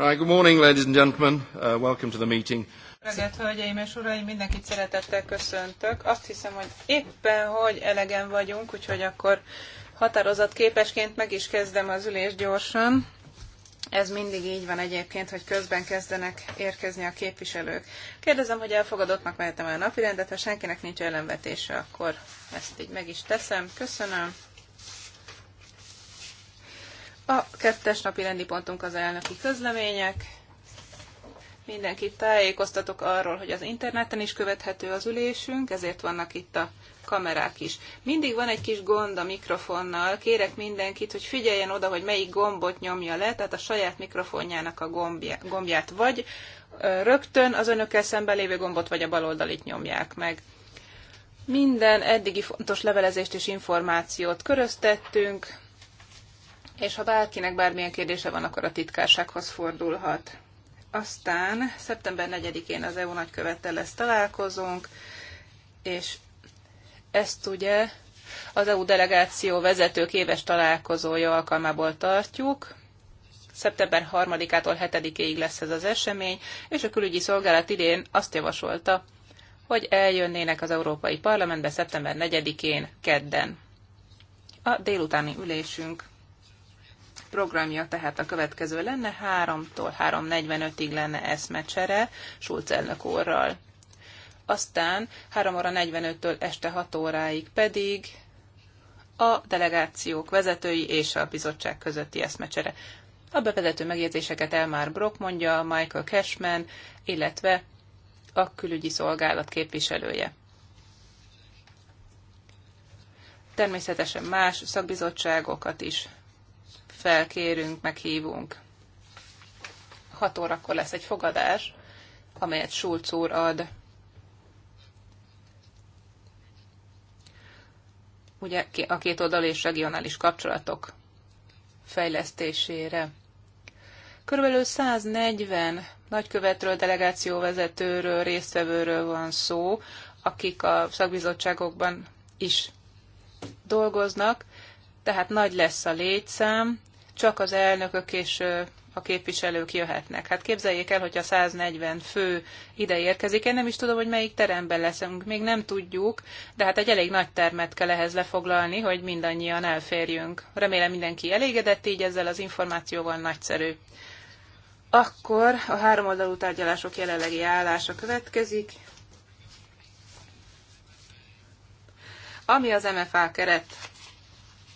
Right, good morning, ladies and gentlemen. Uh, welcome to the meeting. Reggelt, hölgyeim és uraim, mindenkit szeretettel köszöntök. Azt hiszem, hogy éppen hogy elegen vagyunk, úgyhogy akkor határozat képesként meg is kezdem az ülés gyorsan. Ez mindig így van egyébként, hogy közben kezdenek érkezni a képviselők. Kérdezem, hogy elfogadottnak vehetem el a napirendet, ha senkinek nincs ellenvetése, akkor ezt így meg is teszem. Köszönöm. A kettes napi rendi pontunk az elnöki közlemények. Mindenkit tájékoztatok arról, hogy az interneten is követhető az ülésünk, ezért vannak itt a kamerák is. Mindig van egy kis gond a mikrofonnal, kérek mindenkit, hogy figyeljen oda, hogy melyik gombot nyomja le, tehát a saját mikrofonjának a gombját, vagy rögtön az önökkel szemben lévő gombot, vagy a baloldalit nyomják meg. Minden eddigi fontos levelezést és információt köröztettünk, és ha bárkinek bármilyen kérdése van, akkor a titkársághoz fordulhat. Aztán szeptember 4-én az EU nagykövettel lesz találkozunk, és ezt ugye az EU delegáció vezetők éves találkozója alkalmából tartjuk. Szeptember 3-ától 7-ig lesz ez az esemény, és a külügyi szolgálat idén azt javasolta, hogy eljönnének az Európai Parlamentbe szeptember 4-én, kedden. A délutáni ülésünk programja tehát a következő lenne, 3-tól 3.45-ig lenne eszmecsere Schulz elnök úrral. Aztán 3 óra 45-től este 6 óráig pedig a delegációk vezetői és a bizottság közötti eszmecsere. A bevezető megjegyzéseket Elmar Brock mondja, Michael Cashman, illetve a külügyi szolgálat képviselője. Természetesen más szakbizottságokat is felkérünk, meghívunk. 6 órakor lesz egy fogadás, amelyet Schulz úr ad. Ugye a két oldal és regionális kapcsolatok fejlesztésére. Körülbelül 140 nagykövetről, delegációvezetőről, résztvevőről van szó, akik a szakbizottságokban is dolgoznak, tehát nagy lesz a létszám, csak az elnökök és a képviselők jöhetnek. Hát képzeljék el, hogy a 140 fő ide érkezik. Én nem is tudom, hogy melyik teremben leszünk, még nem tudjuk, de hát egy elég nagy termet kell ehhez lefoglalni, hogy mindannyian elférjünk. Remélem mindenki elégedett így ezzel az információval nagyszerű. Akkor a háromoldalú tárgyalások jelenlegi állása következik. Ami az MFA keret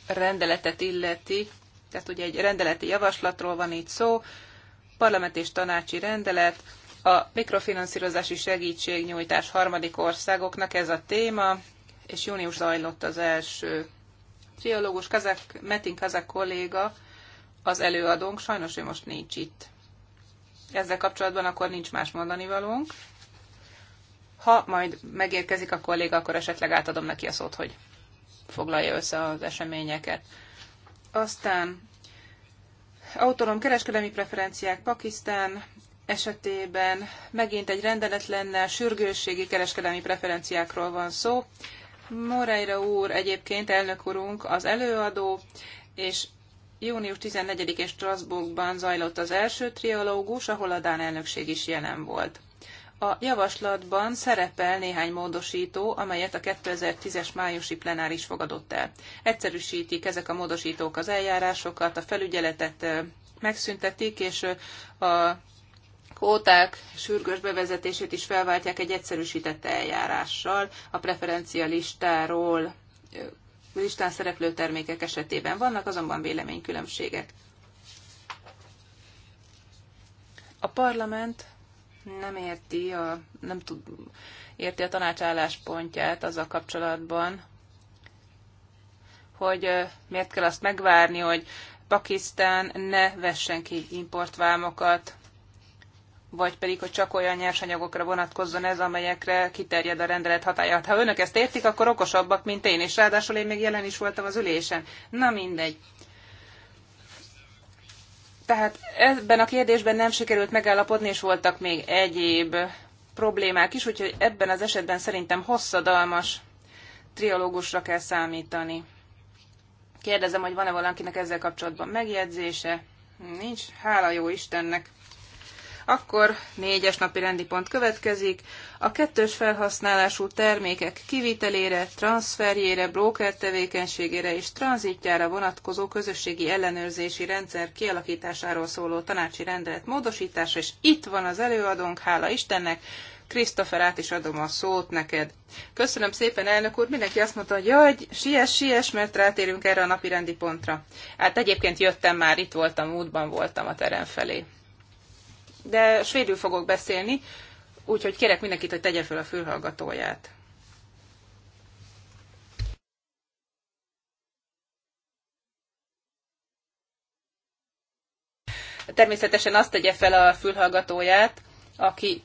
rendeletet illeti, tehát ugye egy rendeleti javaslatról van itt szó, parlament és tanácsi rendelet, a mikrofinanszírozási segítségnyújtás harmadik országoknak ez a téma, és június zajlott az első triológus. Kazak, Metin Kazak kolléga, az előadónk, sajnos ő most nincs itt. Ezzel kapcsolatban akkor nincs más mondani valónk. Ha majd megérkezik a kolléga, akkor esetleg átadom neki a szót, hogy foglalja össze az eseményeket. Aztán autonóm kereskedelmi preferenciák Pakisztán esetében megint egy rendelet lenne, sürgősségi kereskedelmi preferenciákról van szó. Moreira úr egyébként elnök úrunk az előadó, és június 14-én Strasbourgban zajlott az első triológus, ahol a Dán elnökség is jelen volt. A javaslatban szerepel néhány módosító, amelyet a 2010-es májusi plenáris fogadott el. Egyszerűsítik ezek a módosítók az eljárásokat, a felügyeletet megszüntetik, és a kvóták sürgős bevezetését is felváltják egy egyszerűsített eljárással a preferencia listáról listán szereplő termékek esetében. Vannak azonban véleménykülönbségek. A parlament nem érti, a, nem tud, érti a tanács álláspontját a kapcsolatban, hogy miért kell azt megvárni, hogy Pakisztán ne vessen ki importvámokat, vagy pedig, hogy csak olyan nyersanyagokra vonatkozzon ez, amelyekre kiterjed a rendelet hatája. Hát, ha önök ezt értik, akkor okosabbak, mint én, és ráadásul én még jelen is voltam az ülésen. Na mindegy. Tehát ebben a kérdésben nem sikerült megállapodni, és voltak még egyéb problémák is, úgyhogy ebben az esetben szerintem hosszadalmas triológusra kell számítani. Kérdezem, hogy van-e valakinek ezzel kapcsolatban megjegyzése? Nincs. Hála jó Istennek. Akkor négyes napi rendi pont következik. A kettős felhasználású termékek kivitelére, transferjére, broker tevékenységére és tranzitjára vonatkozó közösségi ellenőrzési rendszer kialakításáról szóló tanácsi rendelet módosítása, és itt van az előadónk, hála Istennek, Krisztofer, át is adom a szót neked. Köszönöm szépen, elnök úr. Mindenki azt mondta, hogy jaj, siess, siess, mert rátérünk erre a napi rendi pontra. Hát egyébként jöttem már, itt voltam, útban voltam a terem felé de svédül fogok beszélni, úgyhogy kérek mindenkit, hogy tegye fel a fülhallgatóját. Természetesen azt tegye fel a fülhallgatóját, aki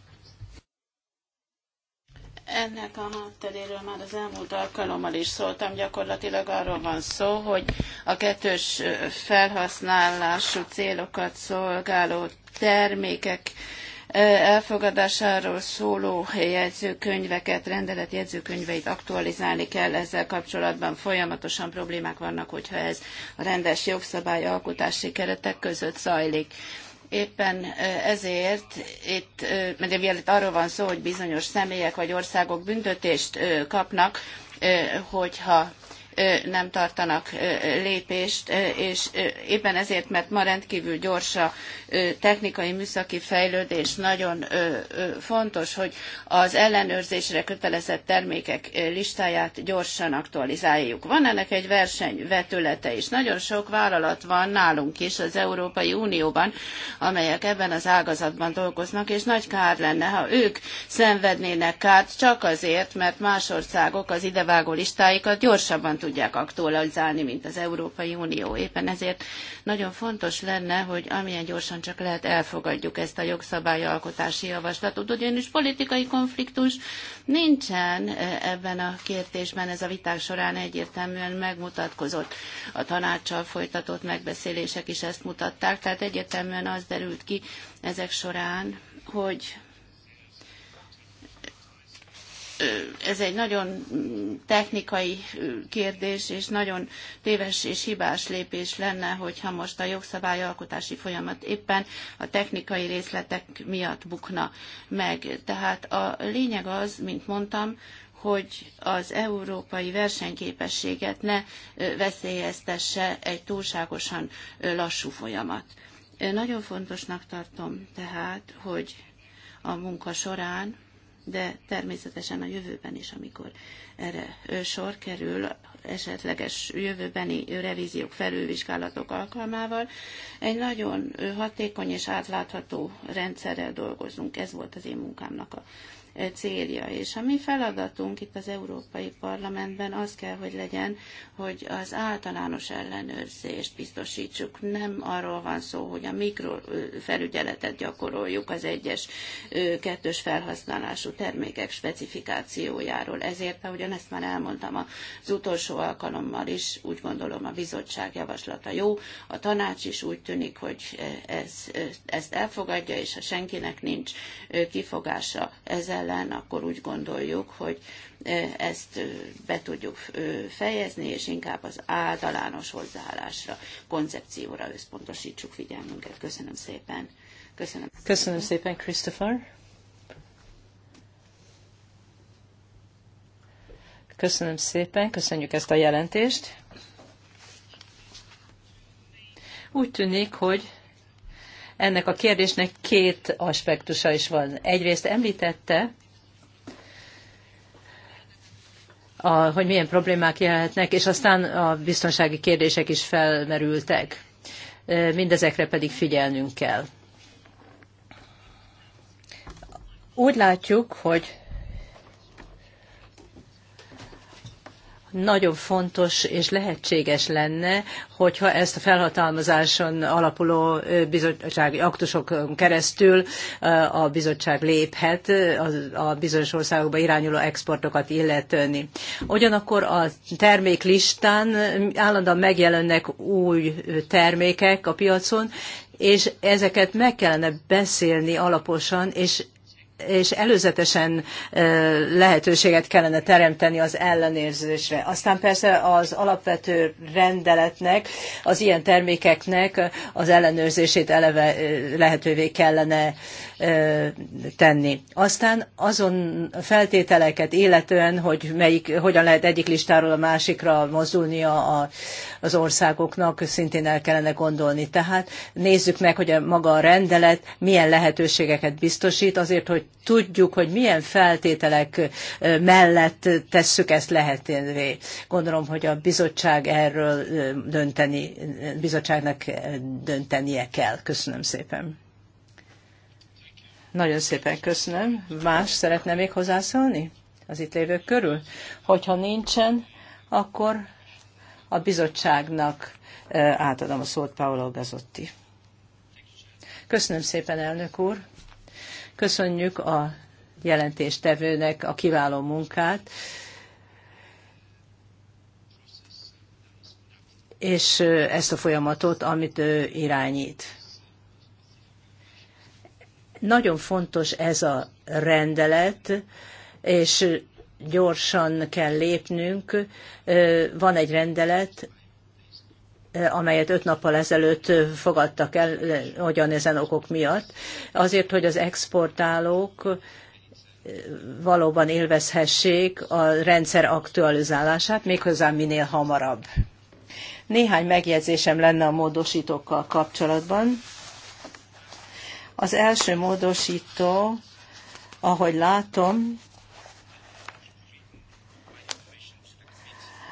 ennek a hátteréről már az elmúlt alkalommal is szóltam, gyakorlatilag arról van szó, hogy a kettős felhasználású célokat szolgáló termékek elfogadásáról szóló jegyzőkönyveket, rendelet jegyzőkönyveit aktualizálni kell ezzel kapcsolatban. Folyamatosan problémák vannak, hogyha ez a rendes jogszabály alkotási keretek között zajlik. Éppen ezért itt, mert ugye itt arról van szó, hogy bizonyos személyek vagy országok büntetést kapnak, hogyha nem tartanak lépést, és éppen ezért, mert ma rendkívül gyors a technikai műszaki fejlődés, nagyon fontos, hogy az ellenőrzésre kötelezett termékek listáját gyorsan aktualizáljuk. Van ennek egy versenyvetülete is. Nagyon sok vállalat van nálunk is az Európai Unióban, amelyek ebben az ágazatban dolgoznak, és nagy kár lenne, ha ők szenvednének kárt csak azért, mert más országok az idevágó listáikat gyorsabban tudják aktualizálni, mint az Európai Unió. Éppen ezért nagyon fontos lenne, hogy amilyen gyorsan csak lehet elfogadjuk ezt a jogszabályalkotási javaslatot, ugyanis politikai konfliktus nincsen e, ebben a kérdésben, ez a viták során egyértelműen megmutatkozott. A tanácssal folytatott megbeszélések is ezt mutatták, tehát egyértelműen az derült ki ezek során, hogy ez egy nagyon mm, technikai kérdés, és nagyon téves és hibás lépés lenne, hogyha most a jogszabályalkotási folyamat éppen a technikai részletek miatt bukna meg. Tehát a lényeg az, mint mondtam, hogy az európai versenyképességet ne veszélyeztesse egy túlságosan lassú folyamat. Nagyon fontosnak tartom tehát, hogy a munka során de természetesen a jövőben is, amikor erre sor kerül, esetleges jövőbeni revíziók, felülvizsgálatok alkalmával, egy nagyon hatékony és átlátható rendszerrel dolgozunk. Ez volt az én munkámnak a célja. És a mi feladatunk itt az Európai Parlamentben az kell, hogy legyen, hogy az általános ellenőrzést biztosítsuk. Nem arról van szó, hogy a mikrofelügyeletet gyakoroljuk az egyes kettős felhasználású termékek specifikációjáról. Ezért, ahogyan ezt már elmondtam az utolsó alkalommal is, úgy gondolom a bizottság javaslata jó, a tanács is úgy tűnik, hogy ez, ezt elfogadja, és ha senkinek nincs kifogása ezzel ellen, akkor úgy gondoljuk, hogy ezt be tudjuk fejezni, és inkább az általános hozzáállásra, koncepcióra összpontosítsuk figyelmünket. Köszönöm szépen. Köszönöm szépen, Köszönöm szépen Christopher. Köszönöm szépen, köszönjük ezt a jelentést. Úgy tűnik, hogy ennek a kérdésnek két aspektusa is van. Egyrészt említette, a, hogy milyen problémák jelentnek, és aztán a biztonsági kérdések is felmerültek. Mindezekre pedig figyelnünk kell. Úgy látjuk, hogy nagyon fontos és lehetséges lenne, hogyha ezt a felhatalmazáson alapuló bizottsági aktusokon keresztül a bizottság léphet a bizonyos országokba irányuló exportokat illetőni. Ugyanakkor a terméklistán állandóan megjelennek új termékek a piacon, és ezeket meg kellene beszélni alaposan, és és előzetesen lehetőséget kellene teremteni az ellenérzésre. Aztán persze az alapvető rendeletnek, az ilyen termékeknek az ellenőrzését eleve lehetővé kellene tenni. Aztán azon feltételeket illetően, hogy melyik, hogyan lehet egyik listáról a másikra mozdulnia a, az országoknak, szintén el kellene gondolni. Tehát nézzük meg, hogy a maga a rendelet milyen lehetőségeket biztosít azért, hogy tudjuk, hogy milyen feltételek mellett tesszük ezt lehetővé. Gondolom, hogy a bizottság erről dönteni, bizottságnak döntenie kell. Köszönöm szépen. Nagyon szépen köszönöm. Más szeretne még hozzászólni az itt lévők körül? Hogyha nincsen, akkor a bizottságnak átadom a szót Paolo Gazotti. Köszönöm szépen, elnök úr. Köszönjük a jelentéstevőnek a kiváló munkát, és ezt a folyamatot, amit ő irányít. Nagyon fontos ez a rendelet, és gyorsan kell lépnünk. Van egy rendelet, amelyet öt nappal ezelőtt fogadtak el ugyanezen okok miatt, azért, hogy az exportálók valóban élvezhessék a rendszer aktualizálását, méghozzá minél hamarabb. Néhány megjegyzésem lenne a módosítókkal kapcsolatban. Az első módosító, ahogy látom,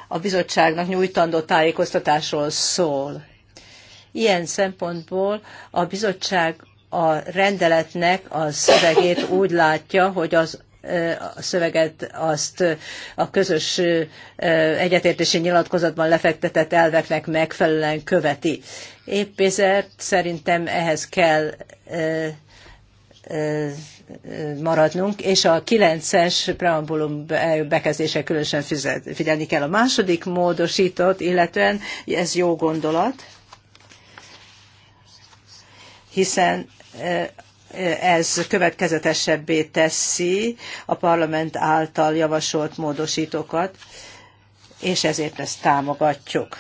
a bizottságnak nyújtandó tájékoztatásról szól. Ilyen szempontból a bizottság a rendeletnek a szövegét úgy látja, hogy az a szöveget azt a közös egyetértési nyilatkozatban lefektetett elveknek megfelelően követi. Épp ezért szerintem ehhez kell maradnunk, és a kilences preambulum bekezdése különösen figyelni kell. A második módosított, illetően ez jó gondolat, hiszen ez következetesebbé teszi a parlament által javasolt módosítókat, és ezért ezt támogatjuk.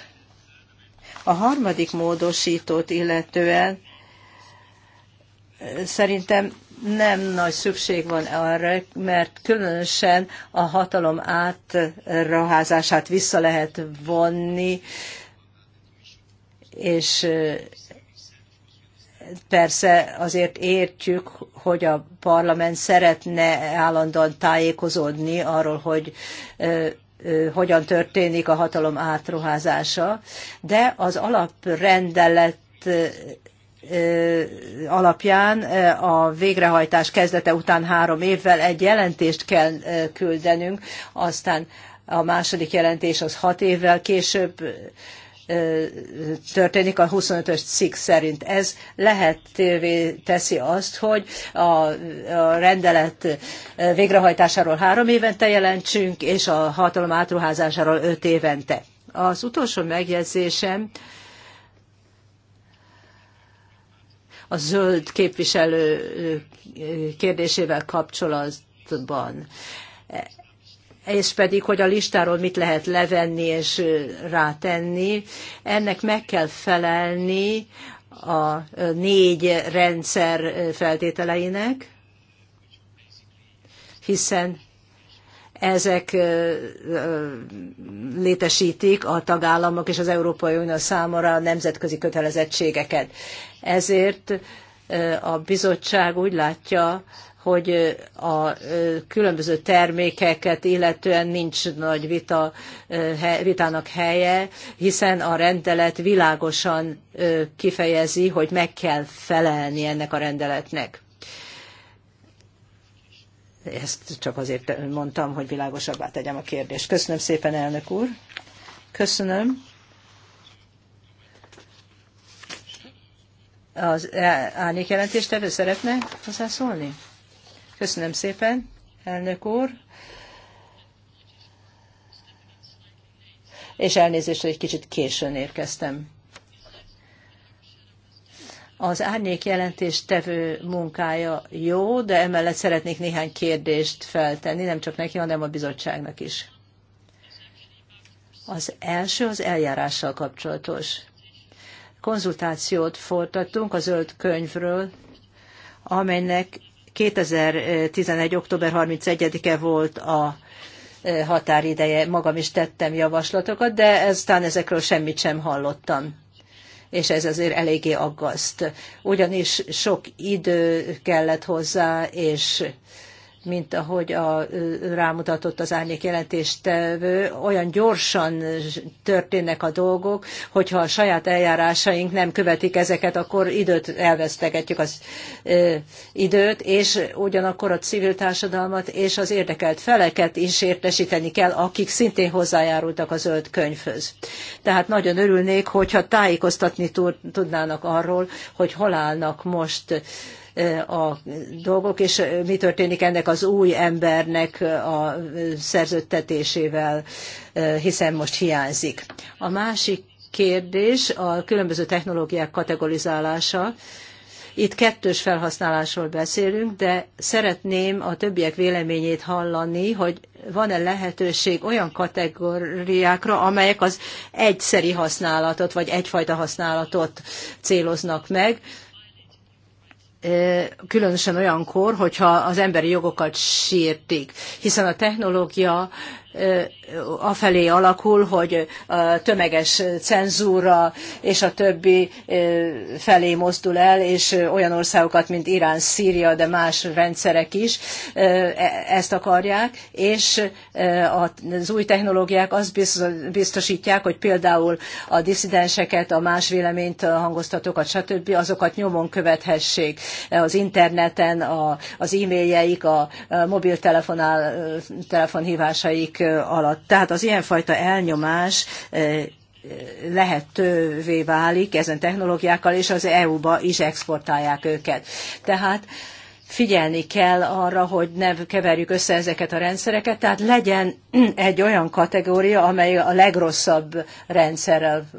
A harmadik módosítót illetően szerintem nem nagy szükség van arra, mert különösen a hatalom átraházását vissza lehet vonni, és persze azért értjük, hogy a parlament szeretne állandóan tájékozódni arról, hogy hogyan történik a hatalom átruházása, de az alaprendelet alapján a végrehajtás kezdete után három évvel egy jelentést kell küldenünk, aztán a második jelentés az hat évvel később történik a 25-ös cikk szerint. Ez lehetővé teszi azt, hogy a, rendelet végrehajtásáról három évente jelentsünk, és a hatalom átruházásáról öt évente. Az utolsó megjegyzésem, a zöld képviselő kérdésével kapcsolatban és pedig, hogy a listáról mit lehet levenni és rátenni. Ennek meg kell felelni a négy rendszer feltételeinek, hiszen ezek létesítik a tagállamok és az Európai Unió számára a nemzetközi kötelezettségeket. Ezért a bizottság úgy látja, hogy a különböző termékeket illetően nincs nagy vita, vitának helye, hiszen a rendelet világosan kifejezi, hogy meg kell felelni ennek a rendeletnek. Ezt csak azért mondtam, hogy világosabbá tegyem a kérdést. Köszönöm szépen, elnök úr. Köszönöm. Az e- árnyék jelentéstevő szeretne hozzászólni? Köszönöm szépen, elnök úr. És elnézést, hogy egy kicsit későn érkeztem. Az árnyék jelentéstevő munkája jó, de emellett szeretnék néhány kérdést feltenni, nem csak neki, hanem a bizottságnak is. Az első az eljárással kapcsolatos. Konzultációt folytattunk a zöld könyvről, amelynek 2011. október 31-e volt a e, határideje. Magam is tettem javaslatokat, de eztán ezekről semmit sem hallottam és ez azért eléggé aggaszt. Ugyanis sok idő kellett hozzá, és mint ahogy a, rámutatott az árnyék jelentéstevő, olyan gyorsan történnek a dolgok, hogyha a saját eljárásaink nem követik ezeket, akkor időt elvesztegetjük az ö, időt, és ugyanakkor a civil társadalmat és az érdekelt feleket is értesíteni kell, akik szintén hozzájárultak a zöld könyvhöz. Tehát nagyon örülnék, hogyha tájékoztatni tudnának arról, hogy hol állnak most a dolgok, és mi történik ennek az új embernek a szerződtetésével, hiszen most hiányzik. A másik kérdés a különböző technológiák kategorizálása. Itt kettős felhasználásról beszélünk, de szeretném a többiek véleményét hallani, hogy van-e lehetőség olyan kategóriákra, amelyek az egyszeri használatot, vagy egyfajta használatot céloznak meg, különösen olyankor, hogyha az emberi jogokat sértik, hiszen a technológia afelé alakul, hogy a tömeges cenzúra és a többi felé mozdul el, és olyan országokat, mint Irán, Szíria, de más rendszerek is e-, ezt akarják, és az új technológiák azt biztosítják, hogy például a disszidenseket, a más véleményt hangoztatókat, stb. azokat nyomon követhessék az interneten, az e-mailjeik, a mobiltelefonhívásaik alatt. Tehát az ilyenfajta elnyomás eh, eh, lehetővé válik ezen technológiákkal, és az EU-ba is exportálják őket. Tehát figyelni kell arra, hogy ne keverjük össze ezeket a rendszereket, tehát legyen egy olyan kategória, amely a legrosszabb rendszerrel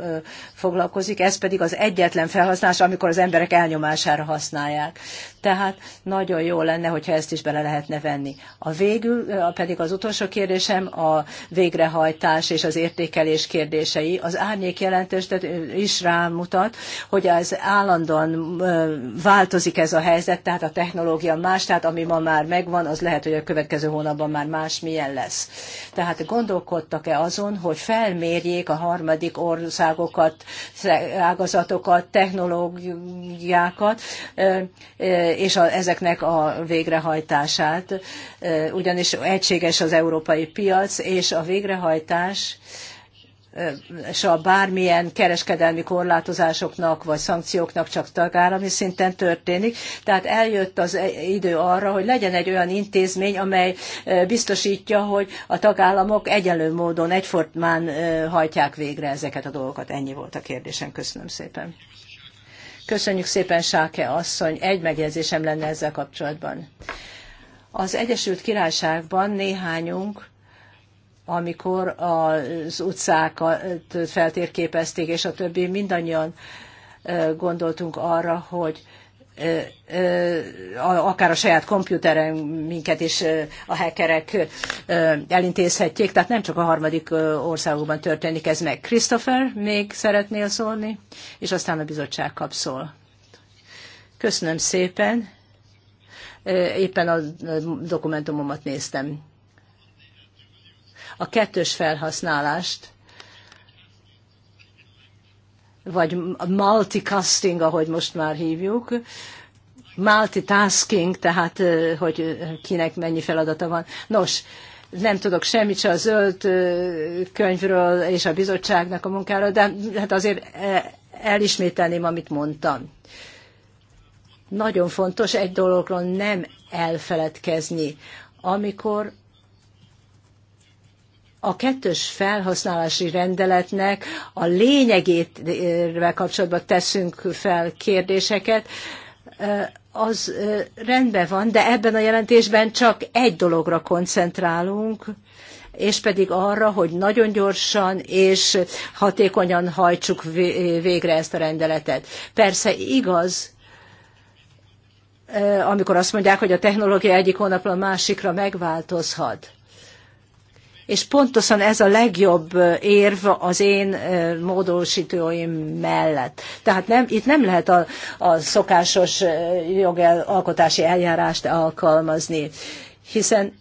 foglalkozik, ez pedig az egyetlen felhasználás, amikor az emberek elnyomására használják tehát nagyon jó lenne, hogyha ezt is bele lehetne venni. A végül pedig az utolsó kérdésem a végrehajtás és az értékelés kérdései. Az árnyék jelentős is rámutat, hogy az állandóan változik ez a helyzet, tehát a technológia más, tehát ami ma már megvan, az lehet, hogy a következő hónapban már más milyen lesz. Tehát gondolkodtak-e azon, hogy felmérjék a harmadik országokat, ágazatokat, technológiákat, és a, ezeknek a végrehajtását, ugyanis egységes az európai piac, és a végrehajtás és a bármilyen kereskedelmi korlátozásoknak vagy szankcióknak csak tagállami szinten történik. Tehát eljött az e, idő arra, hogy legyen egy olyan intézmény, amely biztosítja, hogy a tagállamok egyenlő módon, egyformán hajtják végre ezeket a dolgokat. Ennyi volt a kérdésem. Köszönöm szépen. Köszönjük szépen, Sáke asszony. Egy megjegyzésem lenne ezzel kapcsolatban. Az Egyesült Királyságban néhányunk amikor az utcákat feltérképezték, és a többi, mindannyian gondoltunk arra, hogy akár a saját kompjúteren minket is a hackerek elintézhetjék, tehát nem csak a harmadik országokban történik ez meg. Christopher, még szeretnél szólni? És aztán a bizottság kap szól. Köszönöm szépen. Éppen a dokumentumomat néztem. A kettős felhasználást vagy multicasting, ahogy most már hívjuk, multitasking, tehát hogy kinek mennyi feladata van. Nos, nem tudok semmit se a zöld könyvről és a bizottságnak a munkáról, de hát azért elismételném, amit mondtam. Nagyon fontos egy dologról nem elfeledkezni. Amikor a kettős felhasználási rendeletnek a lényegével kapcsolatban teszünk fel kérdéseket, az rendben van, de ebben a jelentésben csak egy dologra koncentrálunk, és pedig arra, hogy nagyon gyorsan és hatékonyan hajtsuk végre ezt a rendeletet. Persze igaz, amikor azt mondják, hogy a technológia egyik hónapról a másikra megváltozhat és pontosan ez a legjobb érv az én módosítóim mellett. Tehát nem, itt nem lehet a, a szokásos jogalkotási eljárást alkalmazni, hiszen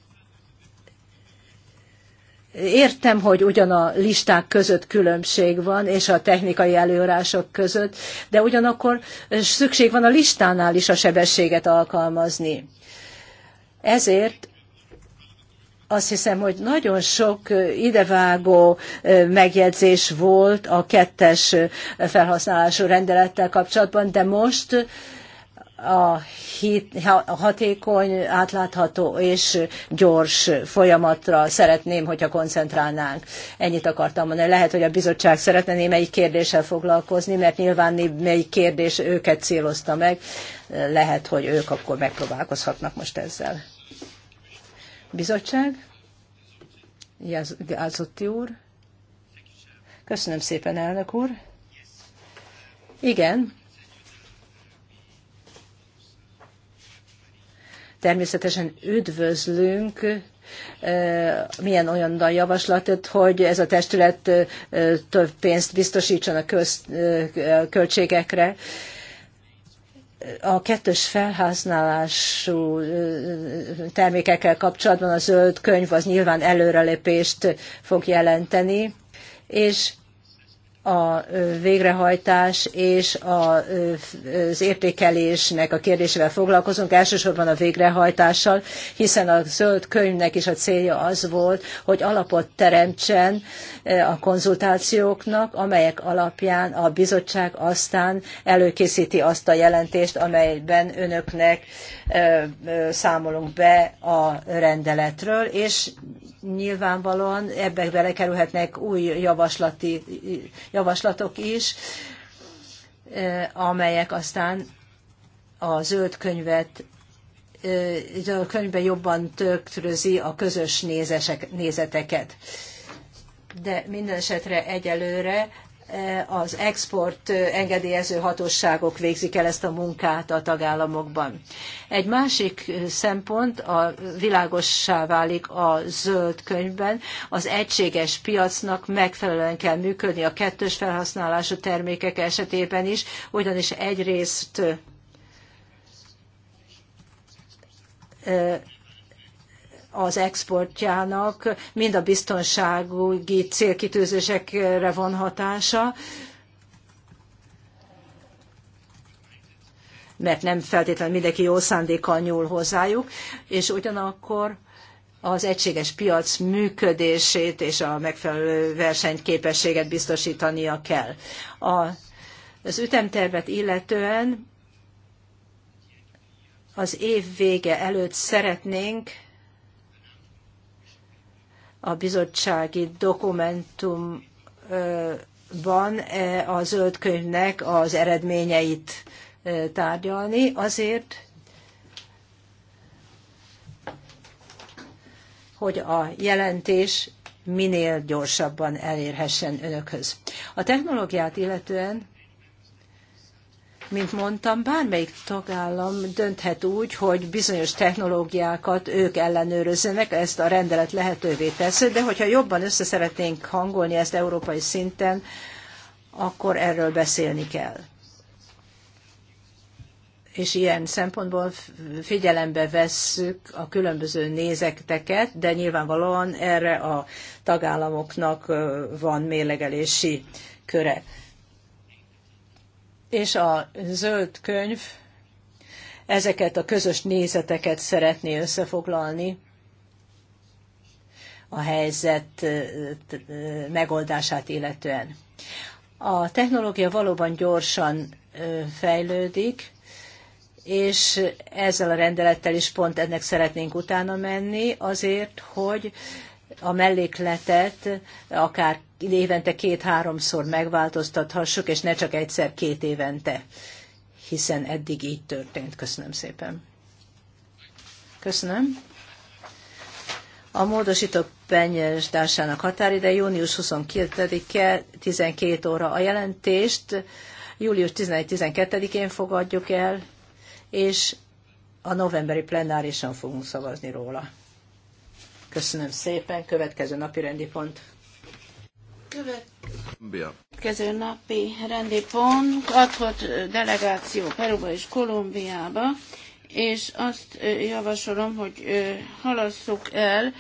Értem, hogy ugyan a listák között különbség van, és a technikai előrások között, de ugyanakkor szükség van a listánál is a sebességet alkalmazni. Ezért azt hiszem, hogy nagyon sok idevágó megjegyzés volt a kettes felhasználású rendelettel kapcsolatban, de most a, hatékony, átlátható és gyors folyamatra szeretném, hogyha koncentrálnánk. Ennyit akartam mondani. Lehet, hogy a bizottság szeretne némelyik kérdéssel foglalkozni, mert nyilván némelyik kérdés őket célozta meg. Lehet, hogy ők akkor megpróbálkozhatnak most ezzel. Bizottság? Gázotti úr? Köszönöm szépen, elnök úr. Igen. Természetesen üdvözlünk milyen olyan javaslatot, hogy ez a testület több pénzt biztosítson a költségekre a kettős felhasználású termékekkel kapcsolatban a zöld könyv az nyilván előrelépést fog jelenteni, és a végrehajtás és az értékelésnek a kérdésével foglalkozunk, elsősorban a végrehajtással, hiszen a zöld könyvnek is a célja az volt, hogy alapot teremtsen a konzultációknak, amelyek alapján a bizottság aztán előkészíti azt a jelentést, amelyben önöknek számolunk be a rendeletről, és nyilvánvalóan ebbe belekerülhetnek új javaslati, javaslatok is, amelyek aztán a zöld könyvet a könyvben jobban töktrözi a közös nézesek, nézeteket. De minden esetre egyelőre az export engedélyező hatóságok végzik el ezt a munkát a tagállamokban. Egy másik szempont a világossá válik a zöld könyvben, az egységes piacnak megfelelően kell működni a kettős felhasználású termékek esetében is, ugyanis egyrészt az exportjának, mind a biztonsági célkitűzésekre van hatása, mert nem feltétlenül mindenki jó szándékkal nyúl hozzájuk, és ugyanakkor az egységes piac működését és a megfelelő versenyképességet biztosítania kell. A, az ütemtervet illetően az év vége előtt szeretnénk a bizottsági dokumentumban e, a zöld könyvnek az eredményeit e, tárgyalni, azért, hogy a jelentés minél gyorsabban elérhessen önökhöz. A technológiát illetően mint mondtam, bármelyik tagállam dönthet úgy, hogy bizonyos technológiákat ők ellenőrözzenek, ezt a rendelet lehetővé teszi, de hogyha jobban össze szeretnénk hangolni ezt európai szinten, akkor erről beszélni kell. És ilyen szempontból figyelembe vesszük a különböző nézeteket, de nyilvánvalóan erre a tagállamoknak van mélegelési köre és a zöld könyv ezeket a közös nézeteket szeretné összefoglalni a helyzet megoldását illetően. A technológia valóban gyorsan fejlődik, és ezzel a rendelettel is pont ennek szeretnénk utána menni, azért, hogy a mellékletet akár évente két-háromszor megváltoztathassuk, és ne csak egyszer két évente, hiszen eddig így történt. Köszönöm szépen. Köszönöm. A módosítók benyújtásának határideje június 22-e 12 óra a jelentést. Július 11-12-én fogadjuk el, és a novemberi plenárison fogunk szavazni róla. Köszönöm szépen. Következő napi rendi pont. Következő napi rendi pont, adhat delegáció Peruba és Kolumbiába, és azt javasolom, hogy halasszuk el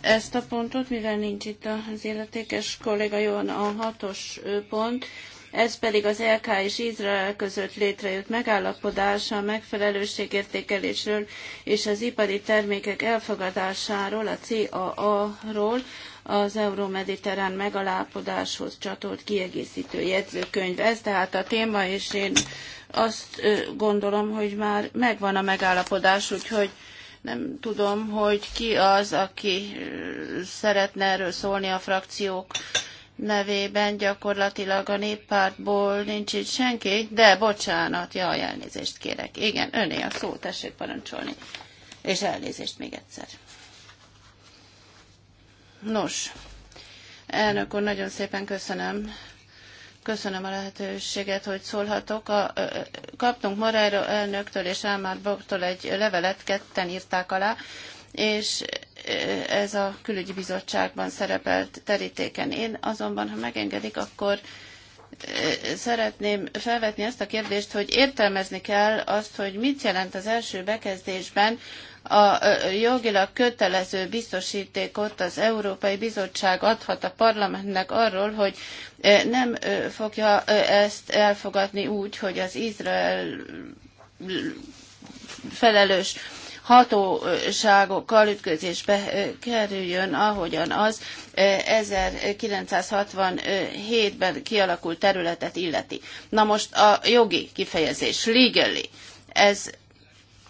ezt a pontot, mivel nincs itt az illetékes kolléga, jó a hatos pont, ez pedig az LK és Izrael között létrejött megállapodása a megfelelőségértékelésről és az ipari termékek elfogadásáról, a CAA-ról, az euró-mediterrán megalapodáshoz csatolt kiegészítő jegyzőkönyv. Ez tehát a téma, és én azt gondolom, hogy már megvan a megállapodás, úgyhogy nem tudom, hogy ki az, aki szeretne erről szólni a frakciók nevében gyakorlatilag a néppártból nincs itt senki, de bocsánat, jaj, elnézést kérek. Igen, öné a szó, tessék parancsolni. És elnézést még egyszer. Nos, elnök úr, nagyon szépen köszönöm. Köszönöm a lehetőséget, hogy szólhatok. A, ö, kaptunk Marajra elnöktől és Ámár Boktól egy levelet, ketten írták alá, és ez a külügyi bizottságban szerepelt terítéken. Én azonban, ha megengedik, akkor szeretném felvetni azt a kérdést, hogy értelmezni kell azt, hogy mit jelent az első bekezdésben a jogilag kötelező biztosítékot az Európai Bizottság adhat a parlamentnek arról, hogy nem fogja ezt elfogadni úgy, hogy az Izrael felelős hatóságokkal ütközésbe kerüljön, ahogyan az 1967-ben kialakult területet illeti. Na most a jogi kifejezés, legally, ez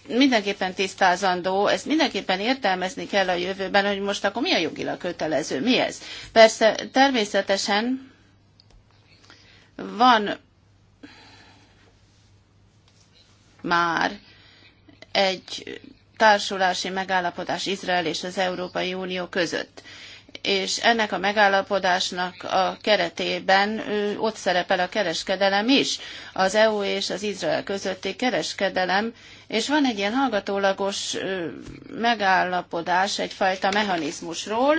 mindenképpen tisztázandó, ezt mindenképpen értelmezni kell a jövőben, hogy most akkor mi a jogilag kötelező, mi ez. Persze természetesen van már egy társulási megállapodás Izrael és az Európai Unió között és ennek a megállapodásnak a keretében ott szerepel a kereskedelem is, az EU és az Izrael közötti kereskedelem, és van egy ilyen hallgatólagos megállapodás egyfajta mechanizmusról,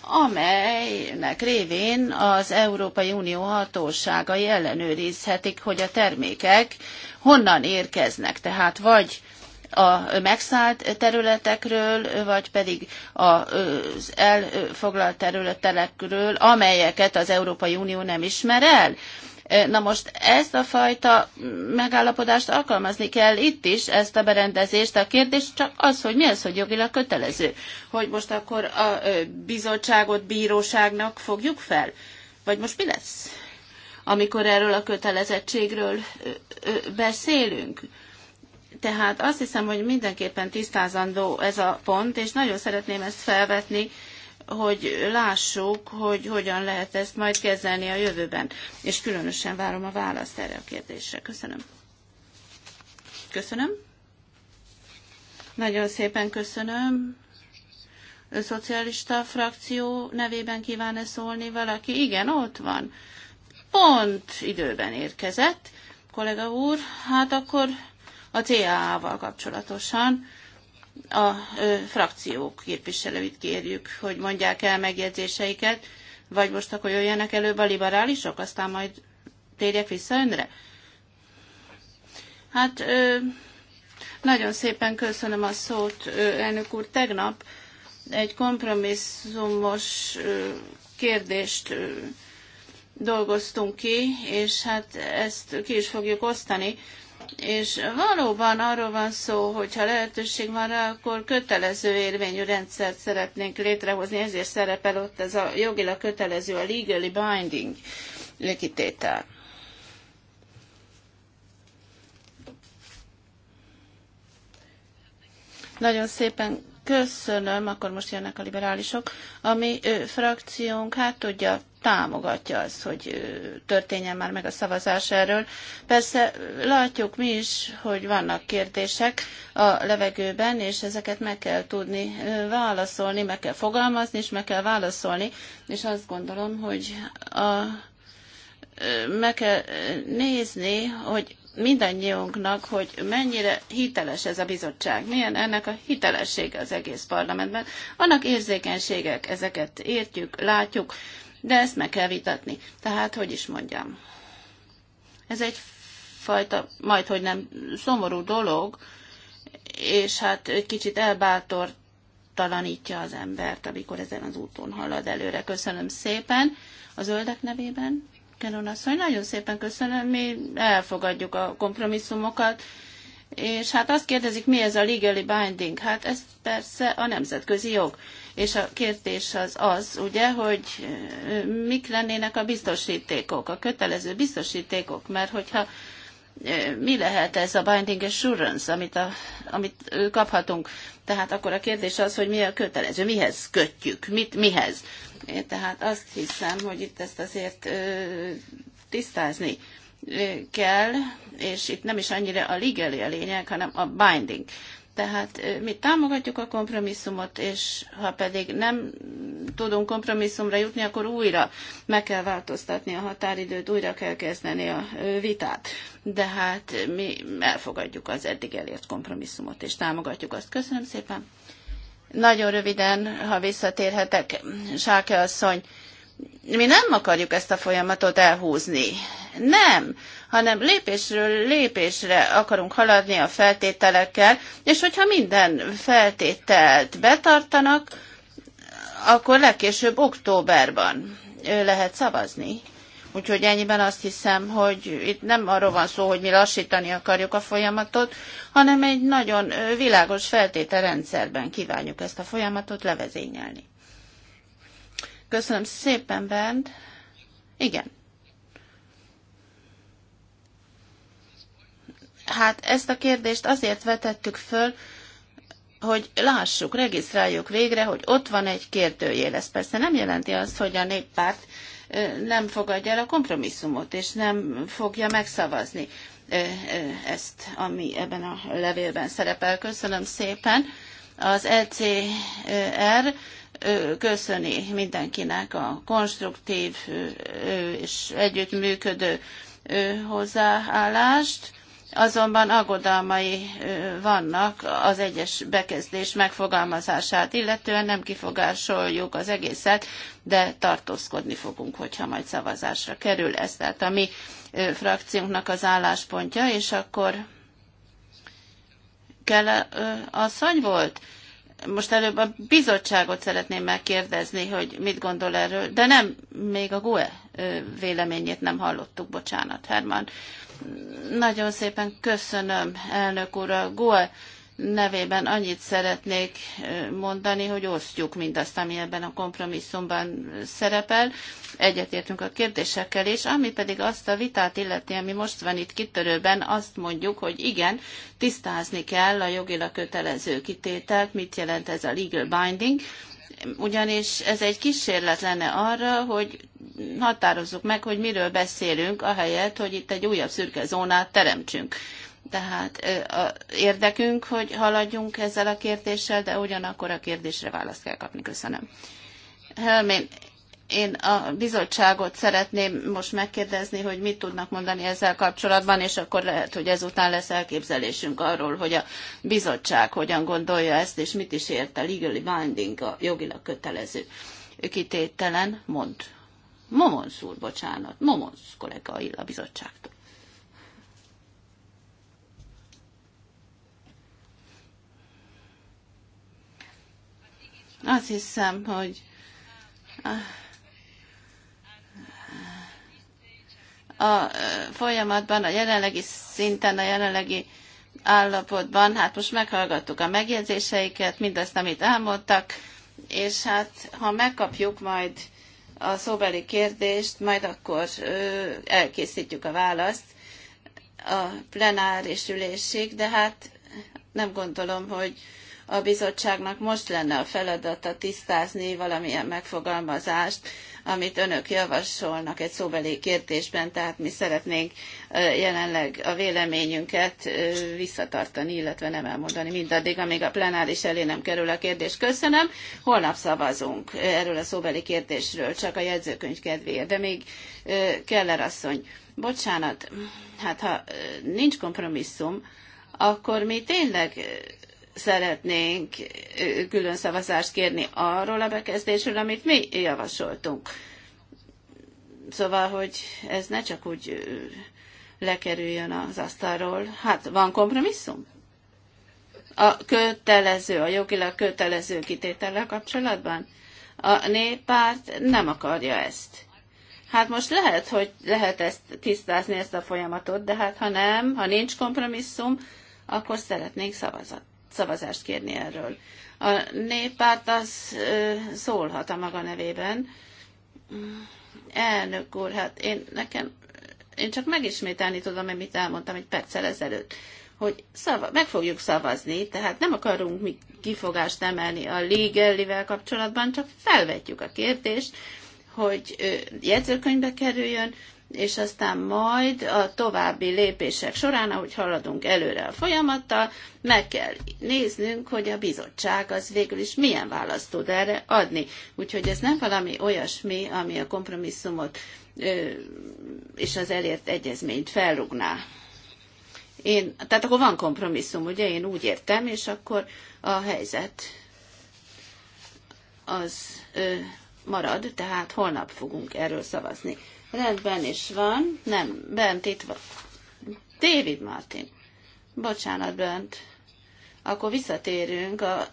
amelynek révén az Európai Unió hatóságai ellenőrizhetik, hogy a termékek honnan érkeznek, tehát vagy a megszállt területekről, vagy pedig az elfoglalt területekről, amelyeket az Európai Unió nem ismer el. Na most ezt a fajta megállapodást alkalmazni kell itt is, ezt a berendezést. A kérdés csak az, hogy mi az, hogy jogilag kötelező. Hogy most akkor a bizottságot bíróságnak fogjuk fel? Vagy most mi lesz, amikor erről a kötelezettségről beszélünk? Tehát azt hiszem, hogy mindenképpen tisztázandó ez a pont, és nagyon szeretném ezt felvetni, hogy lássuk, hogy hogyan lehet ezt majd kezelni a jövőben. És különösen várom a választ erre a kérdésre. Köszönöm. Köszönöm. Nagyon szépen köszönöm. A szocialista frakció nevében kíván-e szólni valaki? Igen, ott van. Pont időben érkezett, kollega úr. Hát akkor a TAA-val kapcsolatosan a ö, frakciók képviselőit kérjük, hogy mondják el megjegyzéseiket, vagy most akkor jöjjenek előbb a liberálisok, aztán majd térjek vissza önre. Hát ö, nagyon szépen köszönöm a szót, ö, elnök úr. Tegnap egy kompromisszumos ö, kérdést ö, dolgoztunk ki, és hát ezt ki is fogjuk osztani és valóban arról van szó, hogy ha lehetőség van rá, akkor kötelező érvényű rendszert szeretnénk létrehozni, ezért szerepel ott ez a jogilag kötelező, a legally binding lekitétel. Nagyon szépen köszönöm, akkor most jönnek a liberálisok. A mi frakciónk, hát tudja, támogatja azt, hogy történjen már meg a szavazás erről. Persze látjuk mi is, hogy vannak kérdések a levegőben, és ezeket meg kell tudni válaszolni, meg kell fogalmazni, és meg kell válaszolni, és azt gondolom, hogy a, meg kell nézni, hogy mindannyiunknak, hogy mennyire hiteles ez a bizottság, milyen ennek a hitelessége az egész parlamentben. Annak érzékenységek, ezeket értjük, látjuk, de ezt meg kell vitatni. Tehát, hogy is mondjam, ez egy fajta, majd hogy nem szomorú dolog, és hát egy kicsit elbátortalanítja az embert, amikor ezen az úton halad előre. Köszönöm szépen a zöldek nevében. Kenon asszony, nagyon szépen köszönöm, mi elfogadjuk a kompromisszumokat, és hát azt kérdezik, mi ez a legally binding? Hát ez persze a nemzetközi jog. És a kérdés az az, ugye, hogy mik lennének a biztosítékok, a kötelező biztosítékok, mert hogyha mi lehet ez a binding assurance, amit, a, amit kaphatunk. Tehát akkor a kérdés az, hogy mi a kötelező, mihez kötjük, mit, mihez. Én tehát azt hiszem, hogy itt ezt azért ö, tisztázni kell, és itt nem is annyira a legal a lényeg, hanem a binding. Tehát mi támogatjuk a kompromisszumot, és ha pedig nem tudunk kompromisszumra jutni, akkor újra meg kell változtatni a határidőt, újra kell kezdeni a vitát. De hát mi elfogadjuk az eddig elért kompromisszumot, és támogatjuk azt. Köszönöm szépen. Nagyon röviden, ha visszatérhetek, Sáke asszony, mi nem akarjuk ezt a folyamatot elhúzni. Nem hanem lépésről lépésre akarunk haladni a feltételekkel, és hogyha minden feltételt betartanak, akkor legkésőbb októberban lehet szavazni. Úgyhogy ennyiben azt hiszem, hogy itt nem arról van szó, hogy mi lassítani akarjuk a folyamatot, hanem egy nagyon világos feltételrendszerben kívánjuk ezt a folyamatot levezényelni. Köszönöm szépen, Bend. Igen. Hát ezt a kérdést azért vetettük föl, hogy lássuk, regisztráljuk végre, hogy ott van egy kérdőjél. Ez persze nem jelenti azt, hogy a néppárt nem fogadja el a kompromisszumot, és nem fogja megszavazni ezt, ami ebben a levélben szerepel. Köszönöm szépen. Az ECR köszöni mindenkinek a konstruktív és együttműködő hozzáállást azonban aggodalmai vannak az egyes bekezdés megfogalmazását, illetően nem kifogásoljuk az egészet, de tartózkodni fogunk, hogyha majd szavazásra kerül ez. Tehát a mi frakciónknak az álláspontja, és akkor kell asszony volt? most előbb a bizottságot szeretném megkérdezni, hogy mit gondol erről, de nem, még a GUE véleményét nem hallottuk, bocsánat, Herman. Nagyon szépen köszönöm, elnök úr, a GUE nevében annyit szeretnék mondani, hogy osztjuk mindazt, ami ebben a kompromisszumban szerepel. Egyetértünk a kérdésekkel, és ami pedig azt a vitát illeti, ami most van itt kitörőben, azt mondjuk, hogy igen, tisztázni kell a jogilag kötelező kitételt, mit jelent ez a legal binding, ugyanis ez egy kísérlet lenne arra, hogy határozzuk meg, hogy miről beszélünk, ahelyett, hogy itt egy újabb szürke zónát teremtsünk tehát a érdekünk, hogy haladjunk ezzel a kérdéssel, de ugyanakkor a kérdésre választ kell kapni. Köszönöm. Helmén, én a bizottságot szeretném most megkérdezni, hogy mit tudnak mondani ezzel kapcsolatban, és akkor lehet, hogy ezután lesz elképzelésünk arról, hogy a bizottság hogyan gondolja ezt, és mit is ért a legally binding, a jogilag kötelező kitételen, mond. Momonsz úr, bocsánat, Momonsz kollega a bizottságtól. Azt hiszem, hogy ah, a eh, folyamatban, a jelenlegi szinten, a jelenlegi állapotban, hát most meghallgattuk a megjegyzéseiket, mindazt, amit elmondtak, és hát ha megkapjuk majd a szóbeli kérdést, majd akkor elkészítjük a választ a plenáris ülésig, de hát nem gondolom, hogy a bizottságnak most lenne a feladata tisztázni valamilyen megfogalmazást, amit önök javasolnak egy szóbeli kérdésben, tehát mi szeretnénk jelenleg a véleményünket visszatartani, illetve nem elmondani mindaddig, amíg a plenáris elé nem kerül a kérdés. Köszönöm. Holnap szavazunk erről a szóbeli kérdésről, csak a jegyzőkönyv kedvéért. De még Keller asszony, bocsánat, hát ha nincs kompromisszum, akkor mi tényleg szeretnénk külön szavazást kérni arról a bekezdésről, amit mi javasoltunk. Szóval, hogy ez ne csak úgy lekerüljön az asztalról. Hát van kompromisszum? A kötelező, a jogilag kötelező kitétellel kapcsolatban? A néppárt nem akarja ezt. Hát most lehet, hogy lehet ezt tisztázni, ezt a folyamatot, de hát ha nem, ha nincs kompromisszum, akkor szeretnénk szavazat, szavazást kérni erről. A néppárt az szólhat a maga nevében. Elnök úr, hát én nekem, én csak megismételni tudom, amit elmondtam egy perccel ezelőtt, hogy szava, meg fogjuk szavazni, tehát nem akarunk mi kifogást emelni a légellivel kapcsolatban, csak felvetjük a kérdést, hogy jegyzőkönyvbe kerüljön, és aztán majd a további lépések során, ahogy haladunk előre a folyamattal, meg kell néznünk, hogy a bizottság az végül is milyen választ tud erre adni. Úgyhogy ez nem valami olyasmi, ami a kompromisszumot és az elért egyezményt felrugná. Én, tehát akkor van kompromisszum, ugye? Én úgy értem, és akkor a helyzet az ö, marad, tehát holnap fogunk erről szavazni. Rendben is van. Nem, bent itt van. David Martin. Bocsánat, bent. Akkor visszatérünk a,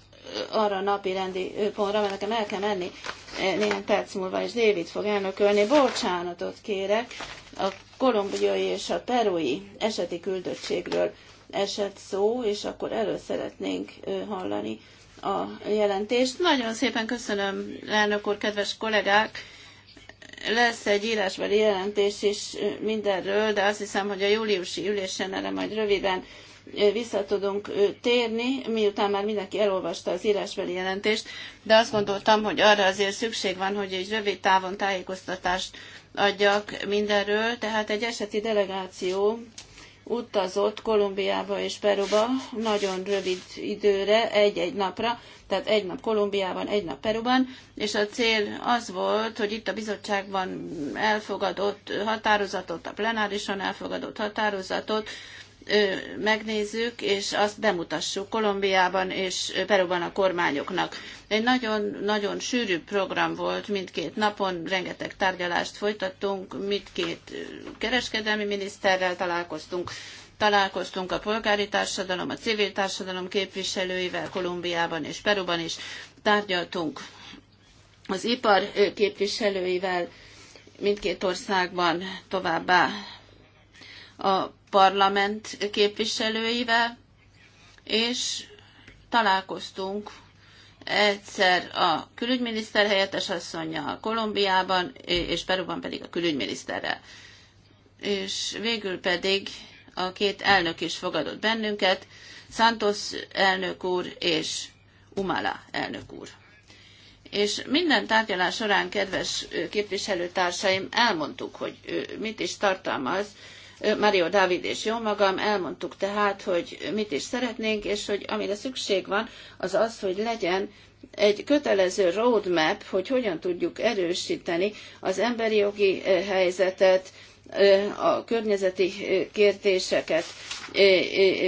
arra a napi rendi pontra, mert nekem el kell menni eh, néhány perc múlva, és David fog elnökölni. Bocsánatot kérek. A kolumbiai és a perui eseti küldöttségről esett szó, és akkor erről szeretnénk hallani a jelentést. Nagyon szépen köszönöm, elnök úr, kedves kollégák! lesz egy írásbeli jelentés is mindenről, de azt hiszem, hogy a júliusi ülésen erre majd röviden vissza tudunk térni, miután már mindenki elolvasta az írásbeli jelentést, de azt gondoltam, hogy arra azért szükség van, hogy egy rövid távon tájékoztatást adjak mindenről, tehát egy eseti delegáció utazott Kolumbiába és Peruba nagyon rövid időre, egy-egy napra, tehát egy nap Kolumbiában, egy nap Peruban, és a cél az volt, hogy itt a bizottságban elfogadott határozatot, a plenárison elfogadott határozatot megnézzük, és azt bemutassuk Kolumbiában és Peruban a kormányoknak. Egy nagyon-nagyon sűrű program volt mindkét napon, rengeteg tárgyalást folytattunk, mindkét kereskedelmi miniszterrel találkoztunk, találkoztunk a polgári társadalom, a civil társadalom képviselőivel Kolumbiában és Peruban is, tárgyaltunk az ipar képviselőivel mindkét országban továbbá a parlament képviselőivel, és találkoztunk egyszer a külügyminiszter helyettes asszonya Kolumbiában, és Peruban pedig a külügyminiszterrel. És végül pedig a két elnök is fogadott bennünket, Santos elnök úr és Umala elnök úr. És minden tárgyalás során, kedves képviselőtársaim, elmondtuk, hogy mit is tartalmaz Mario Dávid és jó magam elmondtuk tehát, hogy mit is szeretnénk, és hogy amire szükség van, az az, hogy legyen egy kötelező roadmap, hogy hogyan tudjuk erősíteni az emberi jogi helyzetet, a környezeti kérdéseket,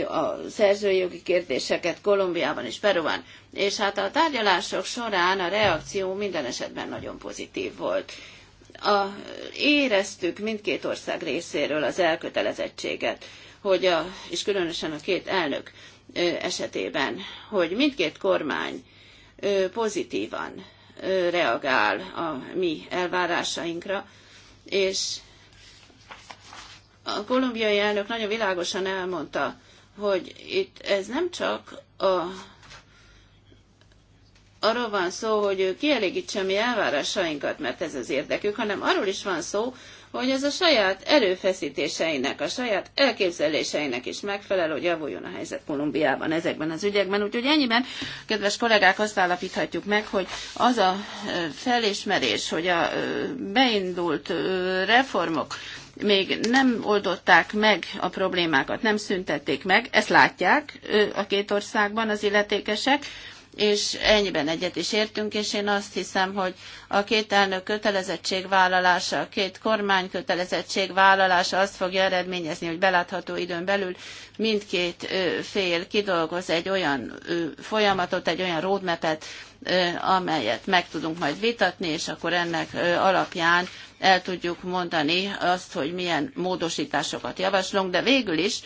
a szerzői jogi kérdéseket Kolumbiában és Peruban. És hát a tárgyalások során a reakció minden esetben nagyon pozitív volt a, éreztük mindkét ország részéről az elkötelezettséget, hogy a, és különösen a két elnök esetében, hogy mindkét kormány pozitívan reagál a mi elvárásainkra, és a kolumbiai elnök nagyon világosan elmondta, hogy itt ez nem csak a arról van szó, hogy ő kielégítse mi elvárásainkat, mert ez az érdekük, hanem arról is van szó, hogy ez a saját erőfeszítéseinek, a saját elképzeléseinek is megfelel, hogy javuljon a helyzet Kolumbiában ezekben az ügyekben. Úgyhogy ennyiben, kedves kollégák, azt állapíthatjuk meg, hogy az a felismerés, hogy a beindult reformok még nem oldották meg a problémákat, nem szüntették meg, ezt látják a két országban az illetékesek, és ennyiben egyet is értünk, és én azt hiszem, hogy a két elnök kötelezettségvállalása, a két kormány kötelezettségvállalása azt fogja eredményezni, hogy belátható időn belül mindkét fél kidolgoz egy olyan folyamatot, egy olyan roadmap-et, amelyet meg tudunk majd vitatni, és akkor ennek alapján el tudjuk mondani azt, hogy milyen módosításokat javaslunk, de végül is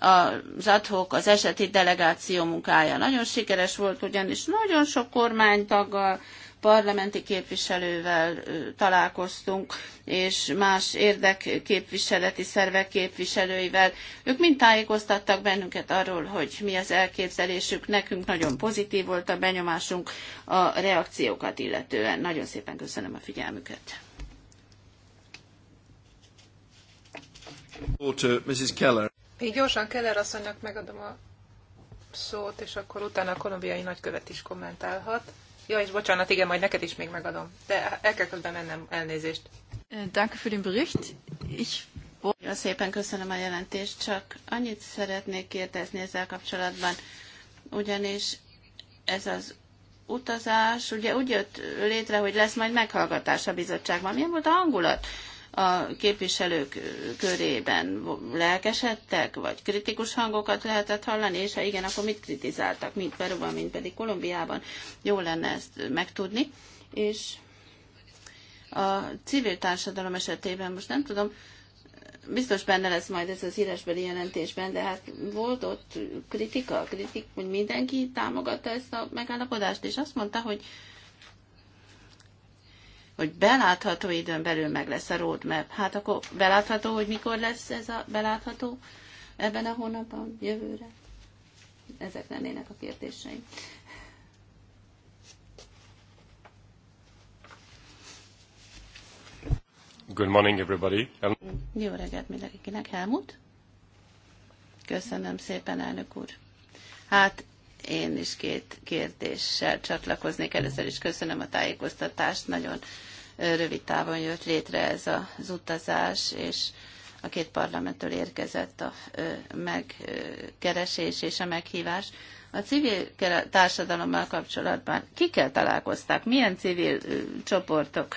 az adhok, az eseti delegáció munkája nagyon sikeres volt, ugyanis nagyon sok kormánytaggal, parlamenti képviselővel találkoztunk, és más érdekképviseleti szervek képviselőivel. Ők mind tájékoztattak bennünket arról, hogy mi az elképzelésük. Nekünk nagyon pozitív volt a benyomásunk a reakciókat illetően. Nagyon szépen köszönöm a figyelmüket. Mrs. Keller. Így gyorsan Keller asszonynak megadom a szót, és akkor utána a kolumbiai nagykövet is kommentálhat. Ja, és bocsánat, igen, majd neked is még megadom. De el kell közben mennem, elnézést. Danke für den Bericht. Ich jó, szépen köszönöm a jelentést, csak annyit szeretnék kérdezni ezzel kapcsolatban, ugyanis ez az utazás, ugye úgy jött létre, hogy lesz majd meghallgatás a bizottságban. Milyen volt a hangulat? a képviselők körében lelkesedtek, vagy kritikus hangokat lehetett hallani, és ha igen, akkor mit kritizáltak, mint Peruban, mint pedig Kolumbiában. Jó lenne ezt megtudni. És a civil társadalom esetében most nem tudom, biztos benne lesz majd ez az írásbeli jelentésben, de hát volt ott kritika, kritik, hogy mindenki támogatta ezt a megállapodást, és azt mondta, hogy hogy belátható időn belül meg lesz a roadmap. Hát akkor belátható, hogy mikor lesz ez a belátható ebben a hónapban, jövőre? Ezek lennének a kérdéseim. Good morning, everybody. Hel Jó reggelt mindenkinek, Helmut. Köszönöm szépen, elnök úr. Hát én is két kérdéssel csatlakoznék. Először is köszönöm a tájékoztatást, nagyon rövid távon jött létre ez az utazás, és a két parlamenttől érkezett a megkeresés és a meghívás. A civil társadalommal kapcsolatban kikkel találkozták? Milyen civil csoportok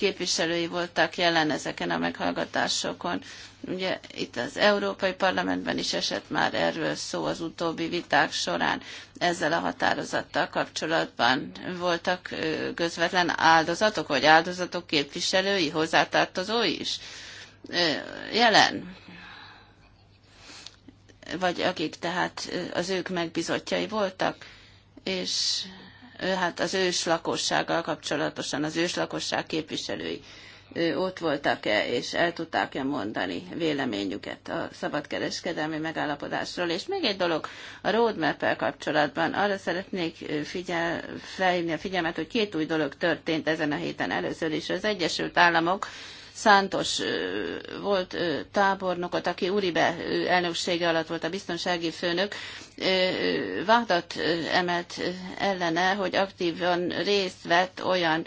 képviselői voltak jelen ezeken a meghallgatásokon. Ugye itt az Európai Parlamentben is esett már erről szó az utóbbi viták során. Ezzel a határozattal kapcsolatban voltak közvetlen áldozatok, vagy áldozatok képviselői, hozzátartozói is jelen vagy akik tehát az ők megbizotjai voltak, és hát az ős lakossággal kapcsolatosan, az ős lakosság képviselői ott voltak-e, és el tudták-e mondani véleményüket a szabadkereskedelmi megállapodásról. És még egy dolog, a roadmap kapcsolatban arra szeretnék figyel, felhívni a figyelmet, hogy két új dolog történt ezen a héten először is. Az Egyesült Államok Szántos volt tábornokot, aki Uribe elnöksége alatt volt a biztonsági főnök, vádat emelt ellene, hogy aktívan részt vett olyan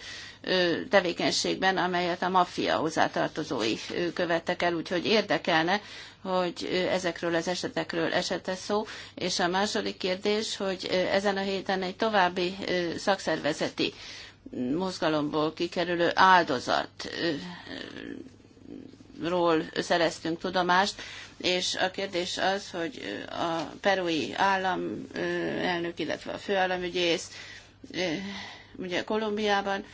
tevékenységben, amelyet a maffia hozzátartozói követtek el, úgyhogy érdekelne, hogy ezekről az esetekről esete szó. És a második kérdés, hogy ezen a héten egy további szakszervezeti mozgalomból kikerülő áldozatról szereztünk tudomást, és a kérdés az, hogy a perui államelnök, illetve a főállamügyész, ugye Kolumbiában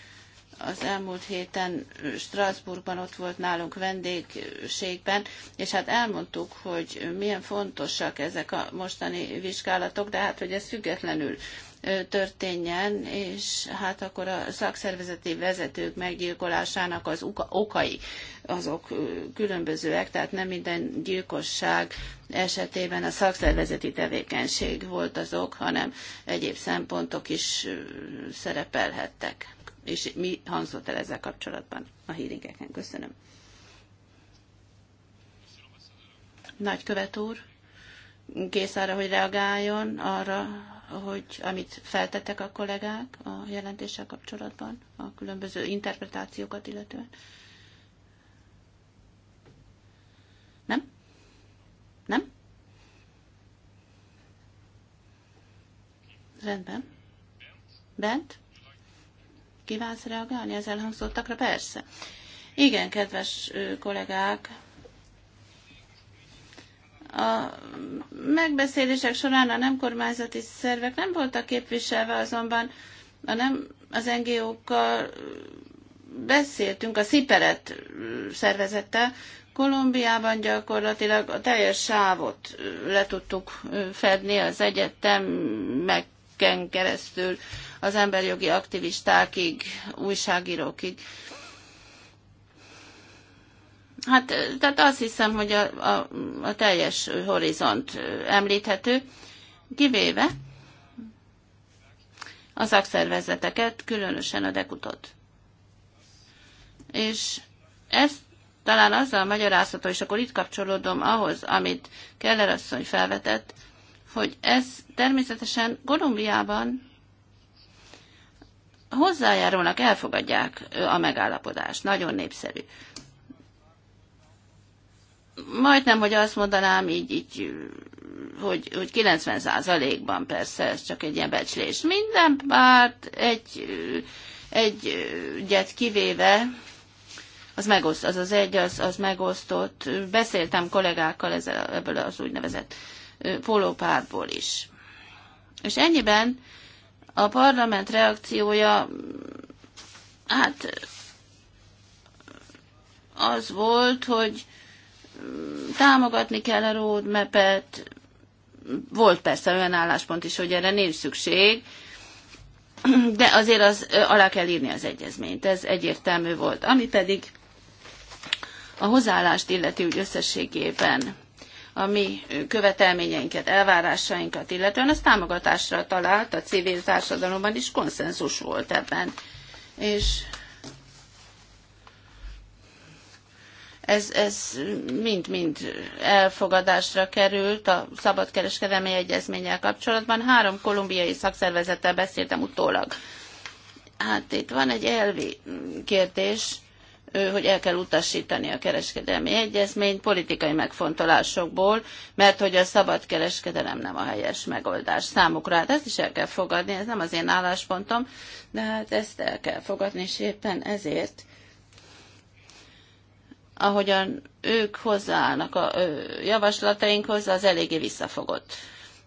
az elmúlt héten Strasbourgban ott volt nálunk vendégségben, és hát elmondtuk, hogy milyen fontosak ezek a mostani vizsgálatok, de hát, hogy ez függetlenül történjen, és hát akkor a szakszervezeti vezetők meggyilkolásának az okai azok különbözőek, tehát nem minden gyilkosság esetében a szakszervezeti tevékenység volt az ok, hanem egyéb szempontok is szerepelhettek. És mi hangzott el ezzel kapcsolatban a híringeken? Köszönöm. Nagykövet úr, kész arra, hogy reagáljon arra, hogy amit feltettek a kollégák a jelentéssel kapcsolatban, a különböző interpretációkat illetően. Nem? Nem? Rendben. Bent? Kívánsz reagálni az elhangzottakra? Persze. Igen, kedves kollégák, a megbeszélések során a nem kormányzati szervek nem voltak képviselve, azonban a nem, az NGO-kkal beszéltünk, a Sziperet szervezettel, Kolumbiában gyakorlatilag a teljes sávot le tudtuk fedni az egyetemeken keresztül az emberjogi aktivistákig, újságírókig. Hát, tehát azt hiszem, hogy a, a, a teljes horizont említhető, kivéve a szakszervezeteket, különösen a dekutot. És ez talán azzal magyarázható, és akkor itt kapcsolódom ahhoz, amit Keller asszony felvetett, hogy ez természetesen Kolumbiában hozzájárulnak, elfogadják a megállapodást. Nagyon népszerű majdnem, hogy azt mondanám így, így hogy, hogy 90%-ban persze, ez csak egy ilyen becslés. Minden párt egy, egy egyet kivéve, az, megoszt, az az egy, az, az megosztott. Beszéltem kollégákkal ezzel, ebből az úgynevezett polópárból is. És ennyiben a parlament reakciója, hát az volt, hogy támogatni kell a roadmap-et. Volt persze olyan álláspont is, hogy erre nincs szükség, de azért az alá kell írni az egyezményt, ez egyértelmű volt. Ami pedig a hozzáállást illeti úgy összességében a mi követelményeinket, elvárásainkat illetően, az támogatásra talált a civil társadalomban is konszenzus volt ebben. És ez, ez mind-mind elfogadásra került a szabadkereskedelmi egyezménnyel kapcsolatban. Három kolumbiai szakszervezettel beszéltem utólag. Hát itt van egy elvi kérdés, hogy el kell utasítani a kereskedelmi egyezményt politikai megfontolásokból, mert hogy a szabad kereskedelem nem a helyes megoldás számukra. Hát ezt is el kell fogadni, ez nem az én álláspontom, de hát ezt el kell fogadni, és éppen ezért ahogyan ők hozzáállnak a javaslatainkhoz, az eléggé visszafogott.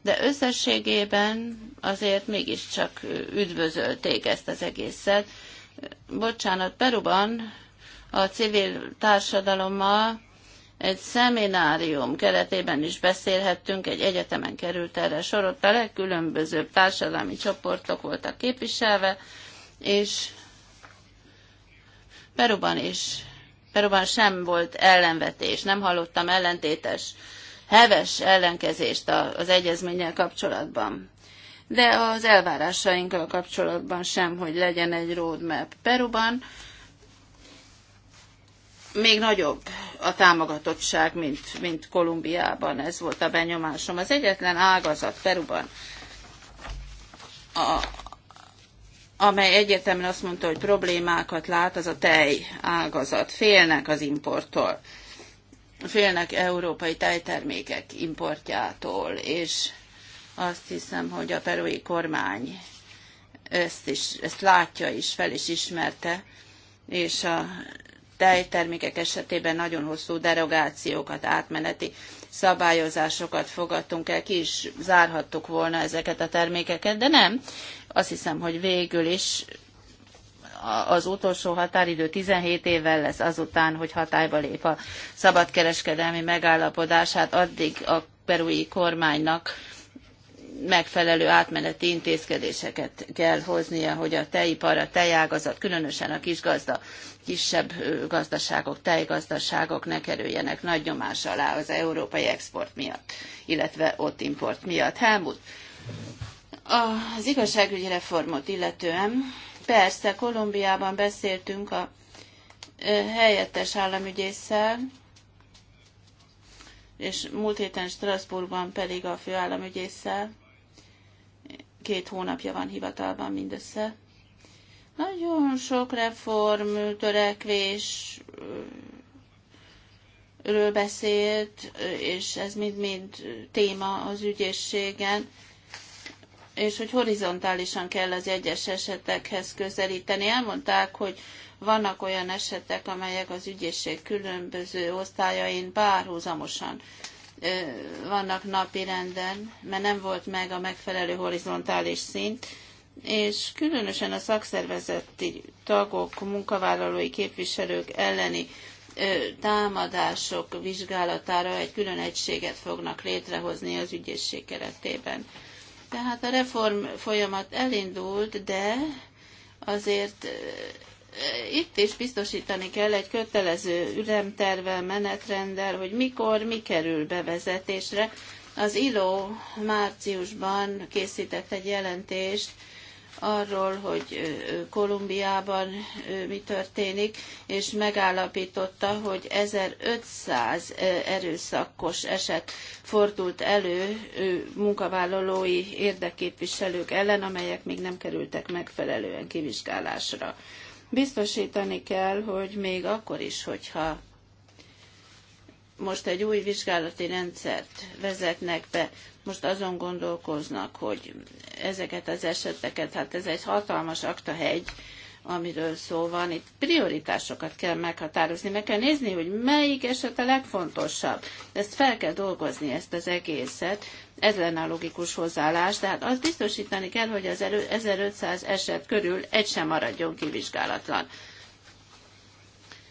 De összességében azért mégiscsak üdvözölték ezt az egészet. Bocsánat, Peruban a civil társadalommal egy szeminárium keretében is beszélhettünk, egy egyetemen került erre sorot, a legkülönbözőbb társadalmi csoportok voltak képviselve, és Peruban is Peruban sem volt ellenvetés, nem hallottam ellentétes, heves ellenkezést az egyezménnyel kapcsolatban. De az elvárásainkkal kapcsolatban sem, hogy legyen egy roadmap Peruban, még nagyobb a támogatottság, mint, mint Kolumbiában. Ez volt a benyomásom. Az egyetlen ágazat Peruban, a, amely egyértelműen azt mondta, hogy problémákat lát, az a tej ágazat. Félnek az importtól. Félnek európai tejtermékek importjától, és azt hiszem, hogy a perui kormány ezt, is, ezt látja is, fel is ismerte, és a tejtermékek esetében nagyon hosszú derogációkat, átmeneti szabályozásokat fogadtunk el, ki is zárhattuk volna ezeket a termékeket, de nem. Azt hiszem, hogy végül is az utolsó határidő 17 évvel lesz azután, hogy hatályba lép a szabadkereskedelmi megállapodás, hát addig a perui kormánynak megfelelő átmeneti intézkedéseket kell hoznia, hogy a tejipar, a tejágazat, különösen a kisgazda, kisebb gazdaságok, tejgazdaságok ne kerüljenek nagy nyomás alá az európai export miatt, illetve ott import miatt. Helmut, az igazságügyi reformot illetően, persze Kolumbiában beszéltünk a helyettes államügyésszel, és múlt héten Strasbourgban pedig a főállamügyésszel két hónapja van hivatalban mindössze. Nagyon sok reform, törekvés ről beszélt, és ez mind-mind téma az ügyészségen, és hogy horizontálisan kell az egyes esetekhez közelíteni. Elmondták, hogy vannak olyan esetek, amelyek az ügyészség különböző osztályain párhuzamosan vannak napirenden, mert nem volt meg a megfelelő horizontális szint, és különösen a szakszervezeti tagok, munkavállalói képviselők elleni támadások vizsgálatára egy külön egységet fognak létrehozni az ügyészség keretében. Tehát a reform folyamat elindult, de azért itt is biztosítani kell egy kötelező üremtervel, menetrenddel, hogy mikor mi kerül bevezetésre. Az ILO márciusban készített egy jelentést arról, hogy Kolumbiában mi történik, és megállapította, hogy 1500 erőszakos eset fordult elő munkavállalói érdekképviselők ellen, amelyek még nem kerültek megfelelően kivizsgálásra Biztosítani kell, hogy még akkor is, hogyha most egy új vizsgálati rendszert vezetnek be, most azon gondolkoznak, hogy ezeket az eseteket, hát ez egy hatalmas aktahegy, amiről szó van. Itt prioritásokat kell meghatározni, meg kell nézni, hogy melyik eset a legfontosabb. Ezt fel kell dolgozni, ezt az egészet. Ez lenne a logikus hozzáállás, tehát azt biztosítani kell, hogy az 1500 eset körül egy sem maradjon kivizsgálatlan.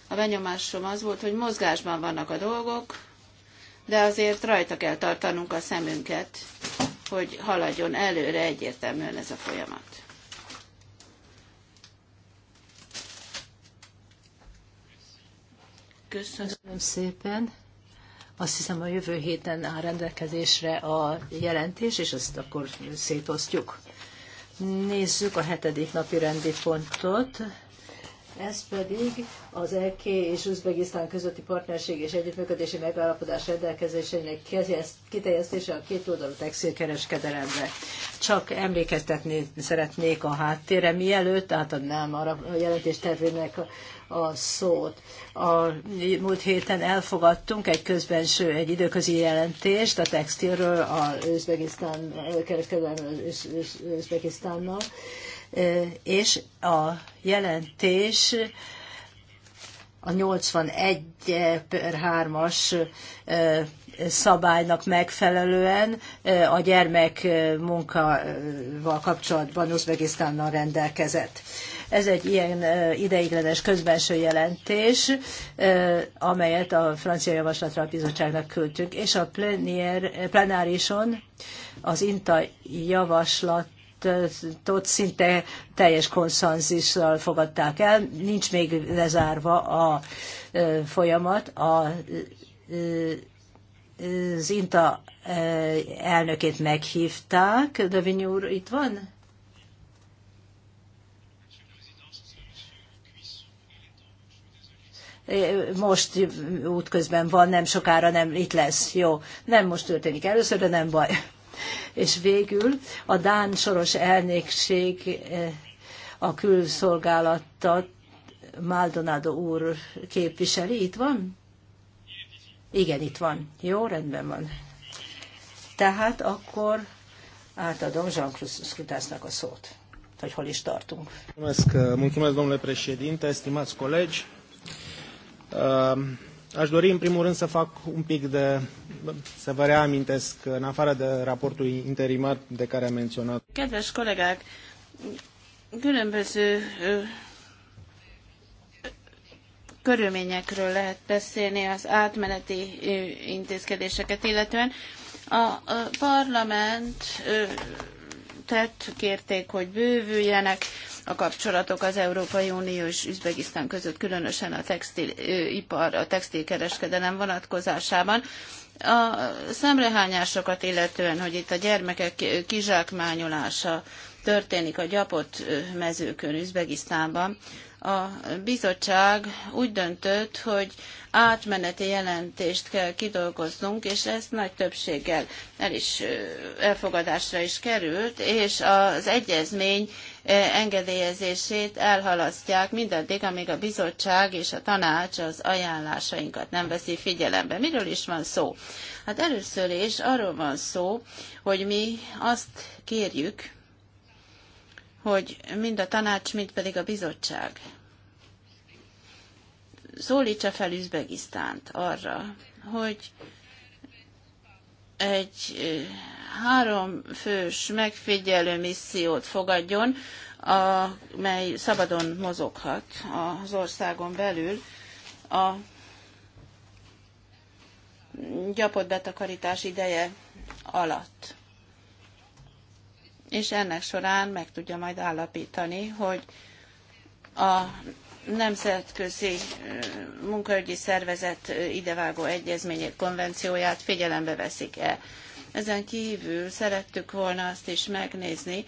A benyomásom az volt, hogy mozgásban vannak a dolgok, de azért rajta kell tartanunk a szemünket, hogy haladjon előre egyértelműen ez a folyamat. Köszönöm szépen. Azt hiszem a jövő héten áll rendelkezésre a jelentés, és ezt akkor szétosztjuk. Nézzük a hetedik napi rendi pontot. Ez pedig az EK és Uzbekisztán közötti partnerség és együttműködési megállapodás rendelkezésének kiterjesztése a két oldalú textilkereskedelemre. Csak emlékeztetni szeretnék a háttérre, mielőtt átadnám arra a jelentéstervének a szót. A múlt héten elfogadtunk egy közbenső, egy időközi jelentést a textilről, az Üzbegisztán kereskedelmi Üzbegisztánnal. Üz, és a jelentés a 81 per 3-as szabálynak megfelelően a gyermek munkával kapcsolatban Uzbekisztánnal rendelkezett. Ez egy ilyen ideiglenes közbenső jelentés, amelyet a francia javaslatra a bizottságnak küldtük, és a plenárison az INTA javaslat ott szinte teljes konszenzissal fogadták el. Nincs még lezárva a folyamat. A, az INTA elnökét meghívták. Döviny úr itt van? most útközben van, nem sokára nem itt lesz. Jó, nem most történik először, de nem baj. És végül a Dán soros elnökség eh, a külszolgálattat Maldonado úr képviseli. Itt van? Igen, itt van. Jó, rendben van. Tehát akkor átadom Jean Scrutásznak a szót, hogy hol is tartunk. Mulțumesc, domnule președinte, estimați colegi. Aș dori în primul rând să fac un pic de, să vă reamintesc, în afară de raportul interimar de care am menționat. Kedves kollégák, különböző körülményekről lehet beszélni az átmeneti intézkedéseket, illetően a, parlament tett, kérték, hogy bővüljenek a kapcsolatok az Európai Unió és Üzbegisztán között, különösen a textilipar, a textilkereskedelem vonatkozásában. A szemrehányásokat illetően, hogy itt a gyermekek kizsákmányolása történik a gyapott mezőkön Üzbegisztánban, a bizottság úgy döntött, hogy átmeneti jelentést kell kidolgoznunk, és ez nagy többséggel el is elfogadásra is került, és az egyezmény engedélyezését elhalasztják mindaddig, amíg a bizottság és a tanács az ajánlásainkat nem veszi figyelembe. Miről is van szó? Hát először is arról van szó, hogy mi azt kérjük, hogy mind a tanács, mind pedig a bizottság szólítsa fel Üzbegisztánt arra, hogy egy három fős megfigyelő missziót fogadjon, amely szabadon mozoghat az országon belül. A gyapott betakarítás ideje alatt és ennek során meg tudja majd állapítani, hogy a nemzetközi munkaügyi szervezet idevágó egyezményét, konvencióját figyelembe veszik-e. Ezen kívül szerettük volna azt is megnézni,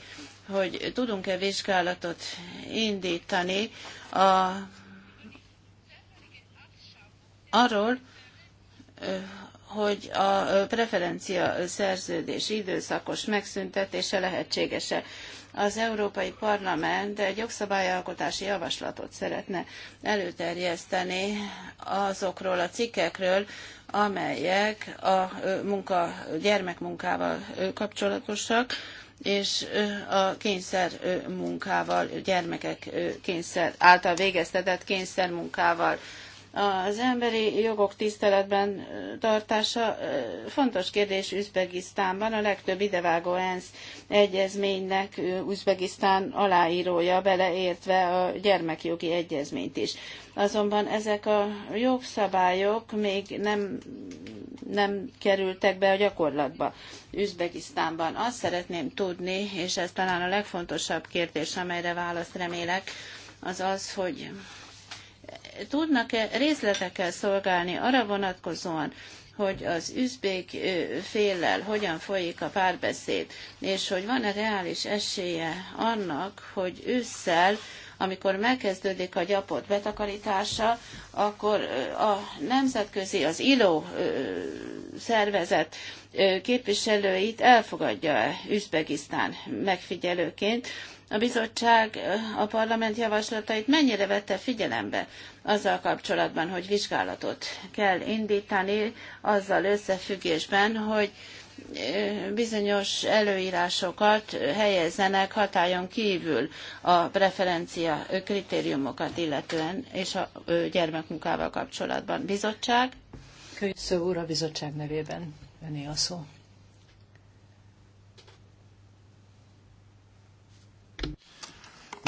hogy tudunk-e vizsgálatot indítani a, arról, hogy a preferencia szerződés időszakos megszüntetése lehetséges-e. Az Európai Parlament egy jogszabályalkotási javaslatot szeretne előterjeszteni azokról a cikkekről, amelyek a munka, gyermekmunkával kapcsolatosak, és a kényszer munkával, gyermekek kényszer, által végeztetett kényszer munkával az emberi jogok tiszteletben tartása fontos kérdés Üzbegisztánban. A legtöbb idevágó ENSZ egyezménynek Üzbegisztán aláírója, beleértve a gyermekjogi egyezményt is. Azonban ezek a jogszabályok még nem, nem kerültek be a gyakorlatba Üzbegisztánban. Azt szeretném tudni, és ez talán a legfontosabb kérdés, amelyre választ remélek, az az, hogy tudnak-e részletekkel szolgálni arra vonatkozóan, hogy az üzbék féllel hogyan folyik a párbeszéd, és hogy van-e reális esélye annak, hogy ősszel, amikor megkezdődik a gyapot betakarítása, akkor a nemzetközi, az ILO szervezet képviselőit elfogadja-e Üzbegisztán megfigyelőként. A bizottság a parlament javaslatait mennyire vette figyelembe azzal kapcsolatban, hogy vizsgálatot kell indítani, azzal összefüggésben, hogy bizonyos előírásokat helyezzenek hatályon kívül a preferencia kritériumokat illetően és a gyermekmunkával kapcsolatban. Bizottság? úr a bizottság nevében öné a szó.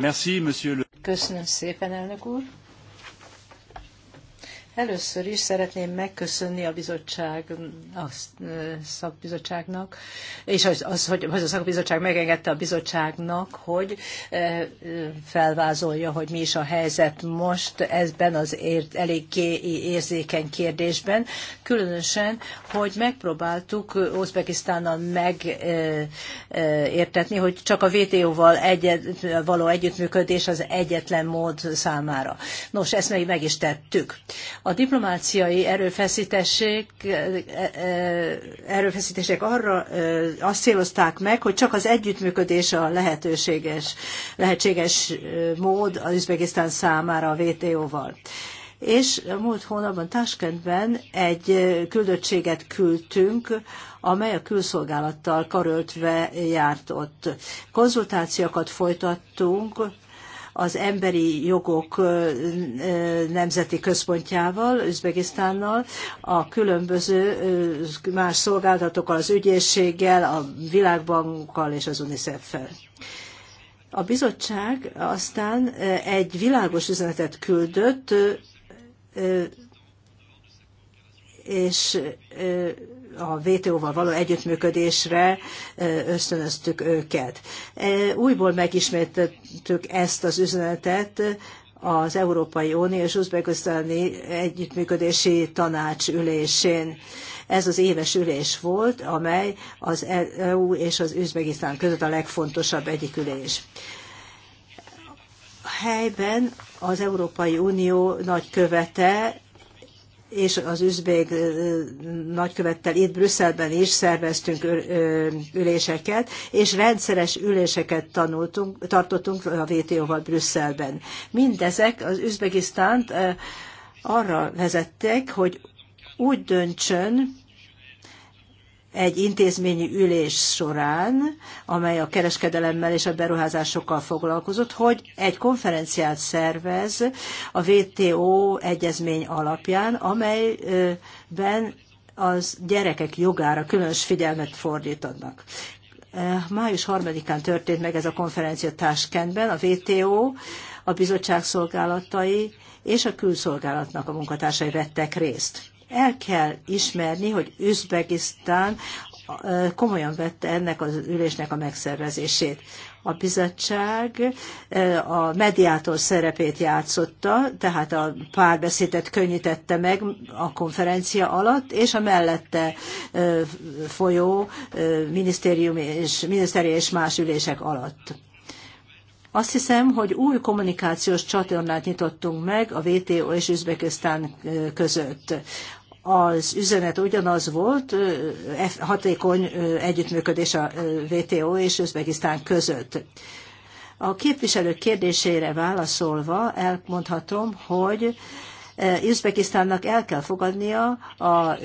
Merci, monsieur le... Köszönöm szépen, elnök úr. Először is szeretném megköszönni a bizottság, a szakbizottságnak, és az, az, hogy az a szakbizottság megengedte a bizottságnak, hogy felvázolja, hogy mi is a helyzet most ezben az ér, eléggé érzékeny kérdésben. Különösen, hogy megpróbáltuk Uzbekisztánnal megértetni, hogy csak a vto val egyet, való együttműködés az egyetlen mód számára. Nos, ezt meg, meg is tettük. A diplomáciai erőfeszítések, erőfeszítések arra azt célozták meg, hogy csak az együttműködés a lehetőséges, lehetséges mód az Üzbegisztán számára a WTO-val és a múlt hónapban Táskentben egy küldöttséget küldtünk, amely a külszolgálattal karöltve járt ott. Konzultációkat folytattunk az emberi jogok nemzeti központjával, Üzbegisztánnal, a különböző más szolgáltatókkal, az ügyészséggel, a világbankkal és az UNICEF-fel. A bizottság aztán egy világos üzenetet küldött, és a VTO-val való együttműködésre ösztönöztük őket. Újból megismertettük ezt az üzenetet az Európai Unió és Uzbekisztáni Együttműködési Tanács ülésén. Ez az éves ülés volt, amely az EU és az Üzbegisztán között a legfontosabb egyik ülés helyben az Európai Unió nagykövete és az üzbék nagykövettel itt Brüsszelben is szerveztünk üléseket, és rendszeres üléseket tanultunk, tartottunk a vto val Brüsszelben. Mindezek az Üzbegisztánt arra vezették, hogy úgy döntsön, egy intézményi ülés során, amely a kereskedelemmel és a beruházásokkal foglalkozott, hogy egy konferenciát szervez a WTO egyezmény alapján, amelyben az gyerekek jogára különös figyelmet fordítanak. Május 3-án történt meg ez a konferencia Táskentben, a WTO, a bizottság szolgálatai és a külszolgálatnak a munkatársai vettek részt. El kell ismerni, hogy Üzbegisztán komolyan vette ennek az ülésnek a megszervezését. A bizottság a mediátor szerepét játszotta, tehát a párbeszédet könnyítette meg a konferencia alatt, és a mellette folyó minisztérium és, miniszteri és más ülések alatt. Azt hiszem, hogy új kommunikációs csatornát nyitottunk meg a WTO és Üzbekisztán között az üzenet ugyanaz volt, hatékony együttműködés a WTO és Özbegisztán között. A képviselők kérdésére válaszolva elmondhatom, hogy Üzbekisztánnak el kell fogadnia a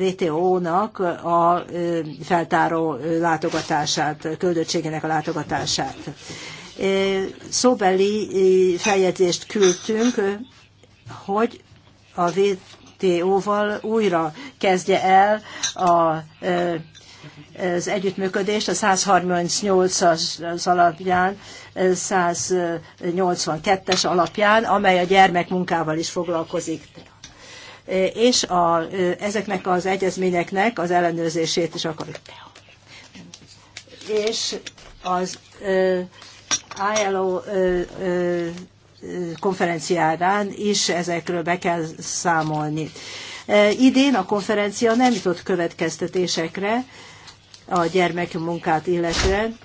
WTO-nak a feltáró látogatását, küldöttségének a látogatását. Szóbeli feljegyzést küldtünk, hogy a WTO-val újra kezdje el a az együttműködést a 138-as alapján, 182-es alapján, amely a gyermekmunkával is foglalkozik. És a, ezeknek az egyezményeknek az ellenőrzését is akarjuk. És az ILO konferenciárán is ezekről be kell számolni. E, idén a konferencia nem jutott következtetésekre a gyermekmunkát illetően,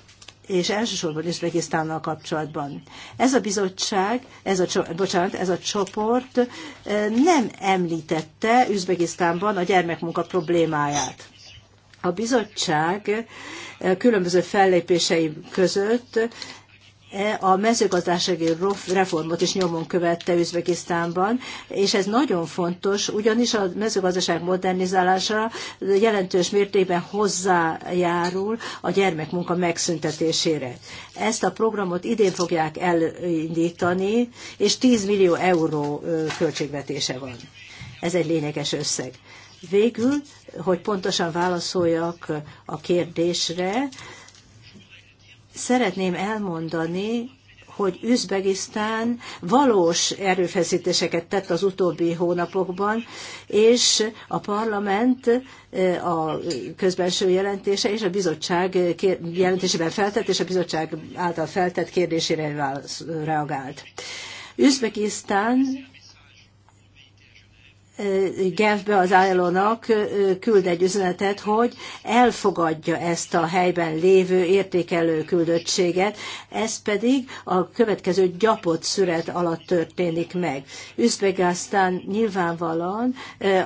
és elsősorban Üzbegisztánnal kapcsolatban. Ez a bizottság, ez a, bocsánat, ez a csoport e, nem említette Üzbegisztánban a gyermekmunka problémáját. A bizottság e, különböző fellépései között E, a mezőgazdasági reformot is nyomon követte Üzbekisztánban, és ez nagyon fontos, ugyanis a mezőgazdaság modernizálása jelentős mértékben hozzájárul a gyermekmunka megszüntetésére. Ezt a programot idén fogják elindítani, és 10 millió euró költségvetése van. Ez egy lényeges összeg. Végül, hogy pontosan válaszoljak a kérdésre, Szeretném elmondani, hogy Üzbegisztán valós erőfeszítéseket tett az utóbbi hónapokban, és a parlament e, a közbenső jelentése és a bizottság jelentésében feltett, és a bizottság által feltett kérdésére reagált. Üzbegisztán Genfbe az ILO-nak küld egy üzenetet, hogy elfogadja ezt a helyben lévő értékelő küldöttséget, ez pedig a következő gyapott szüret alatt történik meg. Üzbegáztán nyilvánvalóan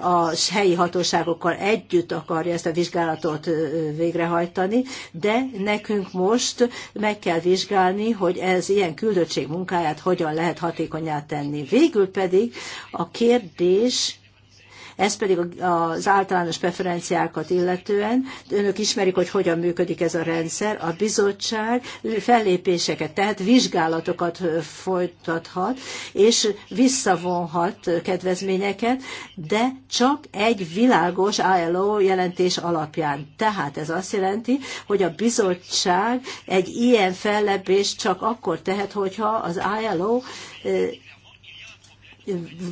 a helyi hatóságokkal együtt akarja ezt a vizsgálatot végrehajtani, de nekünk most meg kell vizsgálni, hogy ez ilyen küldöttség munkáját hogyan lehet hatékonyá tenni. Végül pedig a kérdés, ez pedig az általános preferenciákat illetően, önök ismerik, hogy hogyan működik ez a rendszer, a bizottság fellépéseket, tehát vizsgálatokat folytathat, és visszavonhat kedvezményeket, de csak egy világos ILO jelentés alapján. Tehát ez azt jelenti, hogy a bizottság egy ilyen fellépést csak akkor tehet, hogyha az ILO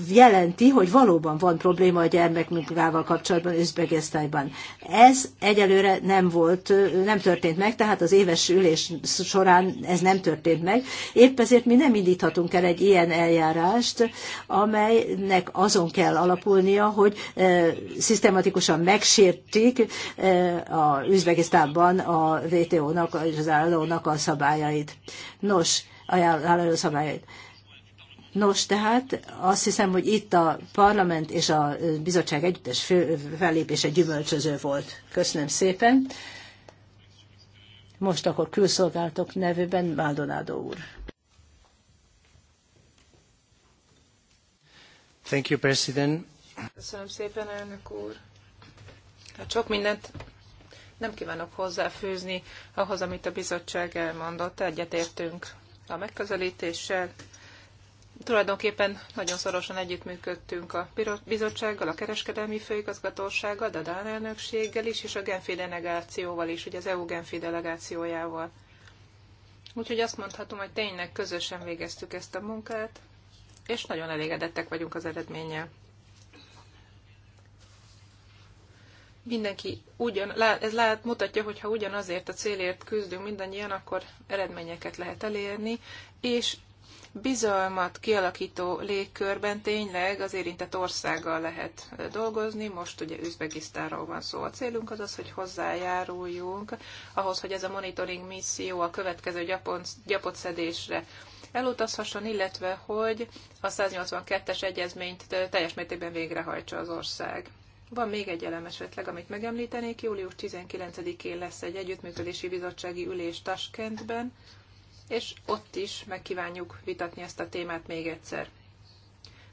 jelenti, hogy valóban van probléma a gyermekmunkával kapcsolatban Özbegisztánban. Ez egyelőre nem volt, nem történt meg, tehát az éves ülés során ez nem történt meg. Épp ezért mi nem indíthatunk el egy ilyen eljárást, amelynek azon kell alapulnia, hogy e, szisztematikusan megsértik e, a Üzbegisztánban a WTO-nak és az állónak a szabályait. Nos, ajánló szabályait. Nos, tehát azt hiszem, hogy itt a parlament és a bizottság együttes fellépése gyümölcsöző volt. Köszönöm szépen. Most akkor külszolgáltok nevében Váldonádó úr. Thank you, President. Köszönöm szépen, elnök úr. Hát sok mindent nem kívánok hozzáfőzni ahhoz, amit a bizottság elmondott. Egyetértünk a megközelítéssel, tulajdonképpen nagyon szorosan együttműködtünk a bizottsággal, a kereskedelmi főigazgatósággal, a Dán elnökséggel is, és a Genfi delegációval is, ugye az EU Genfi delegációjával. Úgyhogy azt mondhatom, hogy tényleg közösen végeztük ezt a munkát, és nagyon elégedettek vagyunk az eredménnyel. Mindenki ugyan, ez lát, mutatja, hogy ha ugyanazért a célért küzdünk mindannyian, akkor eredményeket lehet elérni, és bizalmat kialakító légkörben tényleg az érintett országgal lehet dolgozni. Most ugye Üzbegisztánról van szó. A célunk az az, hogy hozzájáruljunk ahhoz, hogy ez a monitoring misszió a következő gyapotszedésre elutazhasson, illetve hogy a 182-es egyezményt teljes mértékben végrehajtsa az ország. Van még egy elem esetleg, amit megemlítenék. Július 19-én lesz egy együttműködési bizottsági ülés Taskentben és ott is megkívánjuk vitatni ezt a témát még egyszer.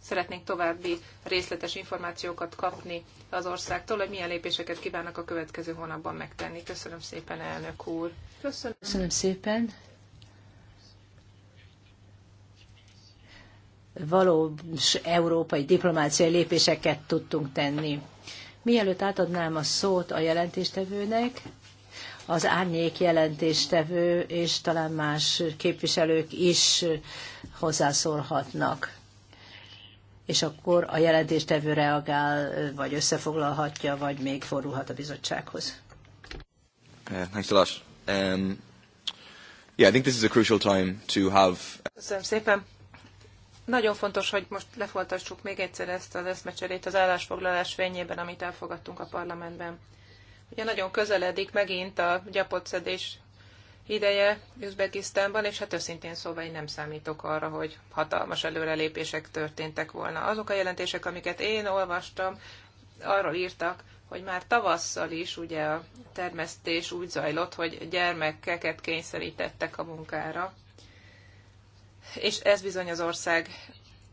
Szeretnénk további részletes információkat kapni az országtól, hogy milyen lépéseket kívánnak a következő hónapban megtenni. Köszönöm szépen, elnök úr. Köszönöm, Köszönöm szépen. valós európai diplomáciai lépéseket tudtunk tenni. Mielőtt átadnám a szót a jelentéstevőnek, az árnyék jelentéstevő és talán más képviselők is hozzászólhatnak. És akkor a jelentéstevő reagál, vagy összefoglalhatja, vagy még fordulhat a bizottsághoz. Eh, thanks a lot. Um, yeah, I think this is a crucial time to have... Köszönöm szépen nagyon fontos, hogy most lefoltassuk még egyszer ezt az eszmecserét az állásfoglalás fényében, amit elfogadtunk a parlamentben. Ugye nagyon közeledik megint a gyapotszedés ideje Üzbegisztánban, és hát őszintén szóval én nem számítok arra, hogy hatalmas előrelépések történtek volna. Azok a jelentések, amiket én olvastam, arról írtak, hogy már tavasszal is ugye a termesztés úgy zajlott, hogy gyermekeket kényszerítettek a munkára, és ez bizony az ország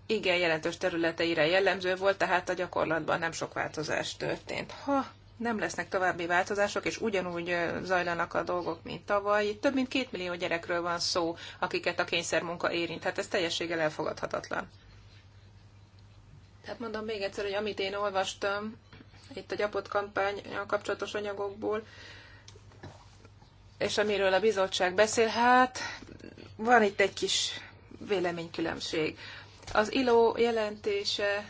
igen jelentős területeire jellemző volt, tehát a gyakorlatban nem sok változás történt. Ha nem lesznek további változások, és ugyanúgy zajlanak a dolgok, mint tavaly. Itt több mint két millió gyerekről van szó, akiket a kényszermunka érint. Hát ez teljességgel elfogadhatatlan. Tehát mondom még egyszer, hogy amit én olvastam itt a gyapott kampány kapcsolatos anyagokból, és amiről a bizottság beszél, hát van itt egy kis véleménykülönbség. Az ILO jelentése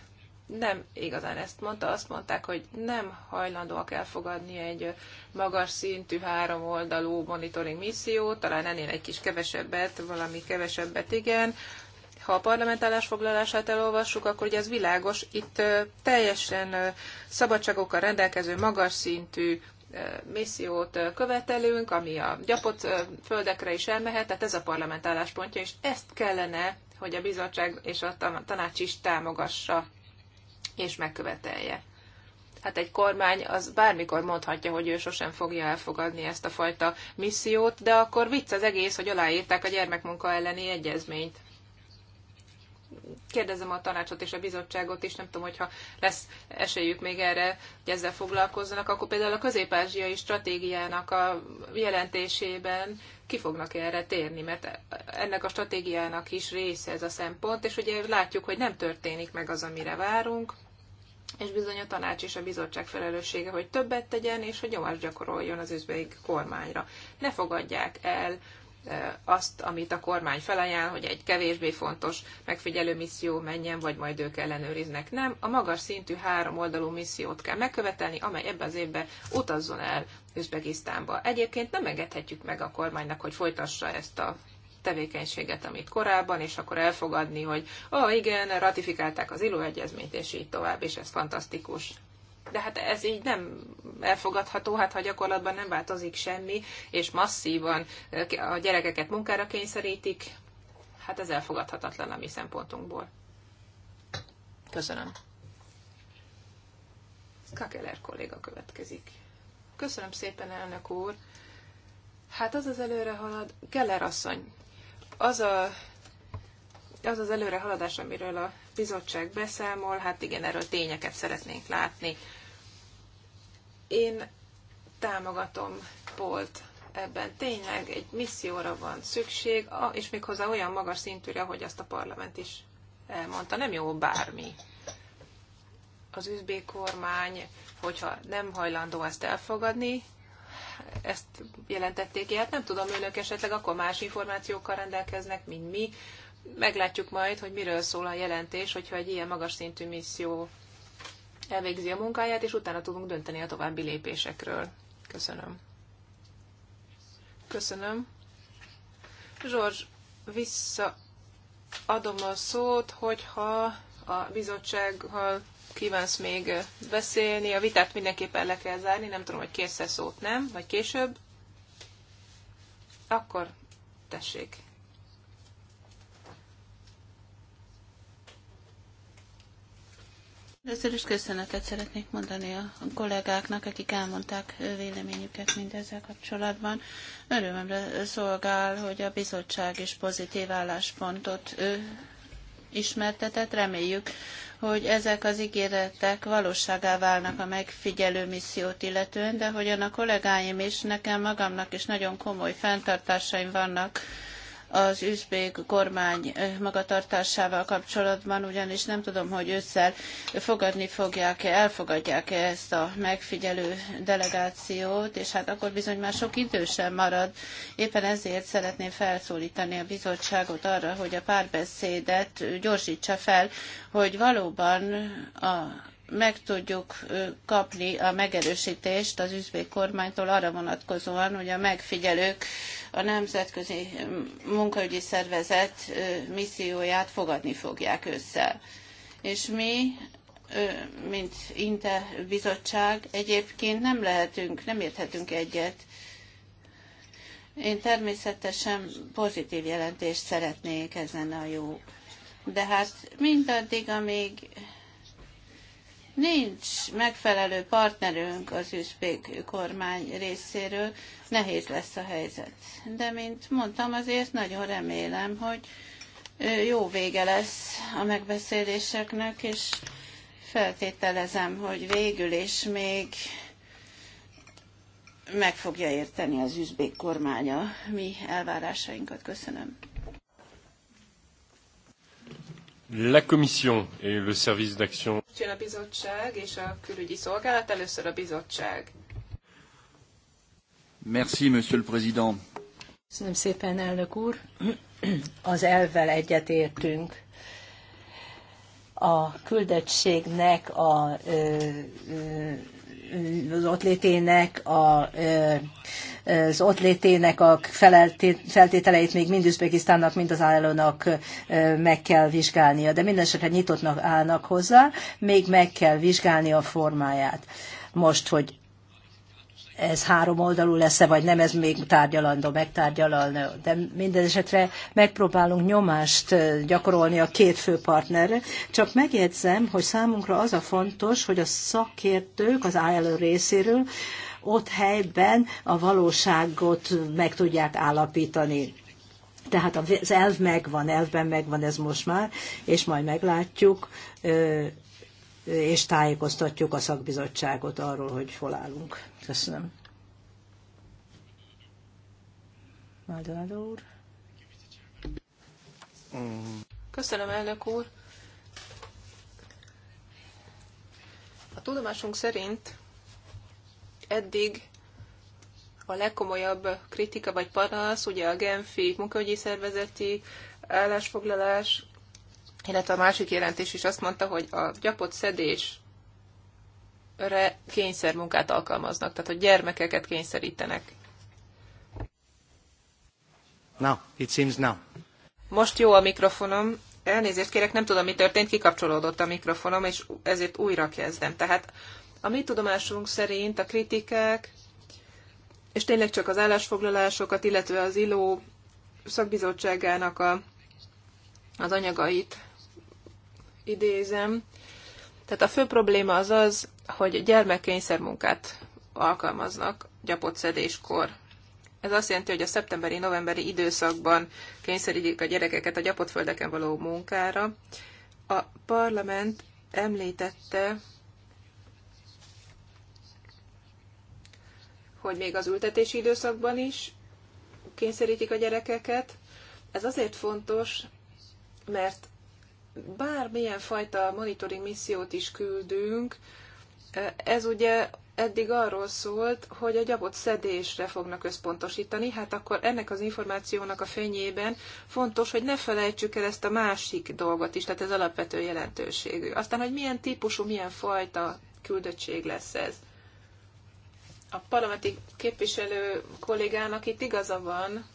nem igazán ezt mondta, azt mondták, hogy nem hajlandóak elfogadni egy magas szintű háromoldalú monitoring missziót, talán ennél egy kis kevesebbet, valami kevesebbet igen. Ha a parlamentálás foglalását elolvassuk, akkor ugye ez világos, itt teljesen szabadságokkal rendelkező magas szintű missziót követelünk, ami a gyapott földekre is elmehet, tehát ez a parlamentálás pontja, és ezt kellene, hogy a bizottság és a tanács is támogassa és megkövetelje. Hát egy kormány az bármikor mondhatja, hogy ő sosem fogja elfogadni ezt a fajta missziót, de akkor vicc az egész, hogy aláírták a gyermekmunka elleni egyezményt kérdezem a tanácsot és a bizottságot is, nem tudom, hogyha lesz esélyük még erre, hogy ezzel foglalkozzanak, akkor például a közép-ázsiai stratégiának a jelentésében ki fognak erre térni, mert ennek a stratégiának is része ez a szempont, és ugye látjuk, hogy nem történik meg az, amire várunk, és bizony a tanács és a bizottság felelőssége, hogy többet tegyen, és hogy nyomást gyakoroljon az üzbék kormányra. Ne fogadják el e, azt, amit a kormány felajánl, hogy egy kevésbé fontos megfigyelő misszió menjen, vagy majd ők ellenőriznek. Nem, a magas szintű három oldalú missziót kell megkövetelni, amely ebbe az évben utazzon el Üzbegisztánba. Egyébként nem engedhetjük meg a kormánynak, hogy folytassa ezt a tevékenységet, amit korábban, és akkor elfogadni, hogy ó, oh, igen, ratifikálták az ILO egyezményt, és így tovább, és ez fantasztikus. De hát ez így nem elfogadható, hát ha gyakorlatban nem változik semmi, és masszívan eh, a gyerekeket munkára kényszerítik, hát ez elfogadhatatlan a mi szempontunkból. Köszönöm. Kakeler kolléga következik. Köszönöm szépen, elnök úr. Hát az az előre halad. Keller asszony, az a az az előrehaladás, amiről a bizottság beszámol, hát igen, erről tényeket szeretnénk látni. Én támogatom Polt ebben. Tényleg egy misszióra van szükség, és méghozzá olyan magas szintűre, hogy azt a parlament is elmondta. Nem jó bármi. Az üzbék kormány, hogyha nem hajlandó ezt elfogadni, ezt jelentették ki. Hát nem tudom, önök esetleg akkor más információkkal rendelkeznek, mint mi. Meglátjuk majd, hogy miről szól a jelentés, hogyha egy ilyen magas szintű misszió elvégzi a munkáját, és utána tudunk dönteni a további lépésekről. Köszönöm. Köszönöm. Zsorzs, visszaadom a szót, hogyha a bizottsággal kívánsz még beszélni. A vitát mindenképpen le kell zárni, nem tudom, hogy kérsz -e szót, nem? Vagy később? Akkor tessék. Először is köszönetet szeretnék mondani a kollégáknak, akik elmondták véleményüket mindezzel kapcsolatban. Örömömre szolgál, hogy a bizottság is pozitív álláspontot ismertetett. Reméljük, hogy ezek az ígéretek valóságá válnak a megfigyelő missziót illetően, de hogyan a kollégáim is, nekem magamnak is nagyon komoly fenntartásaim vannak az üzbék kormány eh, magatartásával kapcsolatban, ugyanis nem tudom, hogy ősszel fogadni fogják-e, elfogadják-e ezt a megfigyelő delegációt, és hát akkor bizony már sok idő sem marad. Éppen ezért szeretném felszólítani a bizottságot arra, hogy a párbeszédet gyorsítsa fel, hogy valóban a meg tudjuk eh, kapni a megerősítést az üzbék kormánytól arra vonatkozóan, hogy a megfigyelők a Nemzetközi Munkaügyi Szervezet misszióját fogadni fogják össze, És mi mint Inte bizottság egyébként nem lehetünk, nem érthetünk egyet. Én természetesen pozitív jelentést szeretnék, ez lenne a jó. De hát mindaddig, amíg Nincs megfelelő partnerünk az üzbék kormány részéről, nehéz lesz a helyzet. De mint mondtam, azért nagyon remélem, hogy jó vége lesz a megbeszéléseknek, és feltételezem, hogy végül is még meg fogja érteni az üzbék kormánya mi elvárásainkat. Köszönöm. La Commission et le service d'action. Merci, Monsieur le Président. Köszönöm szépen, elnök úr. Az elvvel egyetértünk. A küldettségnek a ö, ö, az ott létének a az ott létének a feltételeit még mind Üzbegisztánnak, mind az állónak meg kell vizsgálnia, de esetre nyitottnak állnak hozzá, még meg kell vizsgálni a formáját. Most, hogy ez három oldalú lesz-e, vagy nem, ez még tárgyalandó, megtárgyalandó. De minden esetre megpróbálunk nyomást gyakorolni a két fő partnerre. Csak megjegyzem, hogy számunkra az a fontos, hogy a szakértők az ILO részéről ott helyben a valóságot meg tudják állapítani. Tehát az elv megvan, elvben megvan ez most már, és majd meglátjuk, és tájékoztatjuk a szakbizottságot arról, hogy hol állunk. Köszönöm. Maldonado úr. Köszönöm, elnök úr. A tudomásunk szerint eddig a legkomolyabb kritika vagy panasz, ugye a Genfi munkahogyi szervezeti állásfoglalás illetve a másik jelentés is azt mondta, hogy a gyapott szedésre kényszermunkát alkalmaznak, tehát hogy gyermekeket kényszerítenek. Now, it seems now. Most jó a mikrofonom. Elnézést kérek, nem tudom, mi történt, kikapcsolódott a mikrofonom, és ezért újra kezdem. Tehát a mi tudomásunk szerint a kritikák, és tényleg csak az állásfoglalásokat, illetve az ILO szakbizottságának a, az anyagait idézem. Tehát a fő probléma az az, hogy munkát alkalmaznak gyapotszedéskor. Ez azt jelenti, hogy a szeptemberi-novemberi időszakban kényszerítik a gyerekeket a gyapotföldeken való munkára. A parlament említette, hogy még az ültetési időszakban is kényszerítik a gyerekeket. Ez azért fontos, mert bármilyen fajta monitoring missziót is küldünk, ez ugye eddig arról szólt, hogy a gyapot szedésre fognak összpontosítani, hát akkor ennek az információnak a fényében fontos, hogy ne felejtsük el ezt a másik dolgot is, tehát ez alapvető jelentőségű. Aztán, hogy milyen típusú, milyen fajta küldöttség lesz ez. A parlamenti képviselő kollégának itt igaza van,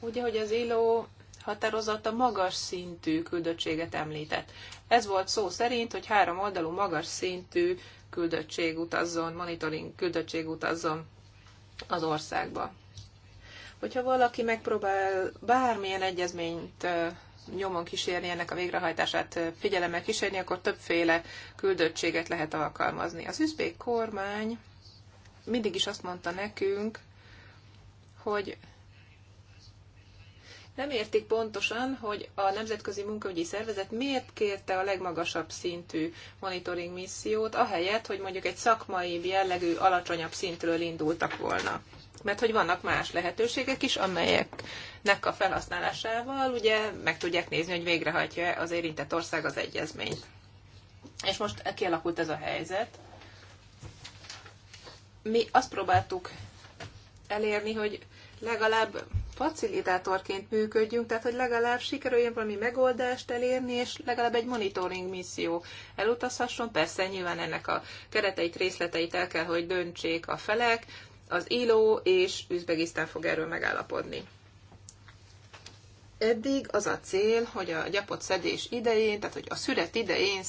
ugye, hogy az ILO határozata magas szintű küldöttséget említett. Ez volt szó szerint, hogy három oldalú magas szintű küldöttség utazzon, monitoring küldöttség utazzon az országba. Hogyha valaki megpróbál bármilyen egyezményt nyomon kísérni, ennek a végrehajtását figyelemmel kísérni, akkor többféle küldöttséget lehet alkalmazni. Az üzbék kormány mindig is azt mondta nekünk, hogy nem értik pontosan, hogy a Nemzetközi Munkaügyi Szervezet miért kérte a legmagasabb szintű monitoring missziót, ahelyett, hogy mondjuk egy szakmai jellegű alacsonyabb szintről indultak volna. Mert hogy vannak más lehetőségek is, amelyeknek a felhasználásával ugye meg tudják nézni, hogy végrehajtja az érintett ország az egyezményt. És most kialakult ez a helyzet. Mi azt próbáltuk elérni, hogy legalább facilitátorként működjünk, tehát hogy legalább sikerüljön valami megoldást elérni, és legalább egy monitoring misszió elutazhasson. Persze nyilván ennek a kereteit, részleteit el kell, hogy döntsék a felek, az ILO és Üzbegisztán fog erről megállapodni. Eddig az a cél, hogy a gyapot szedés idején, tehát hogy a szüret idején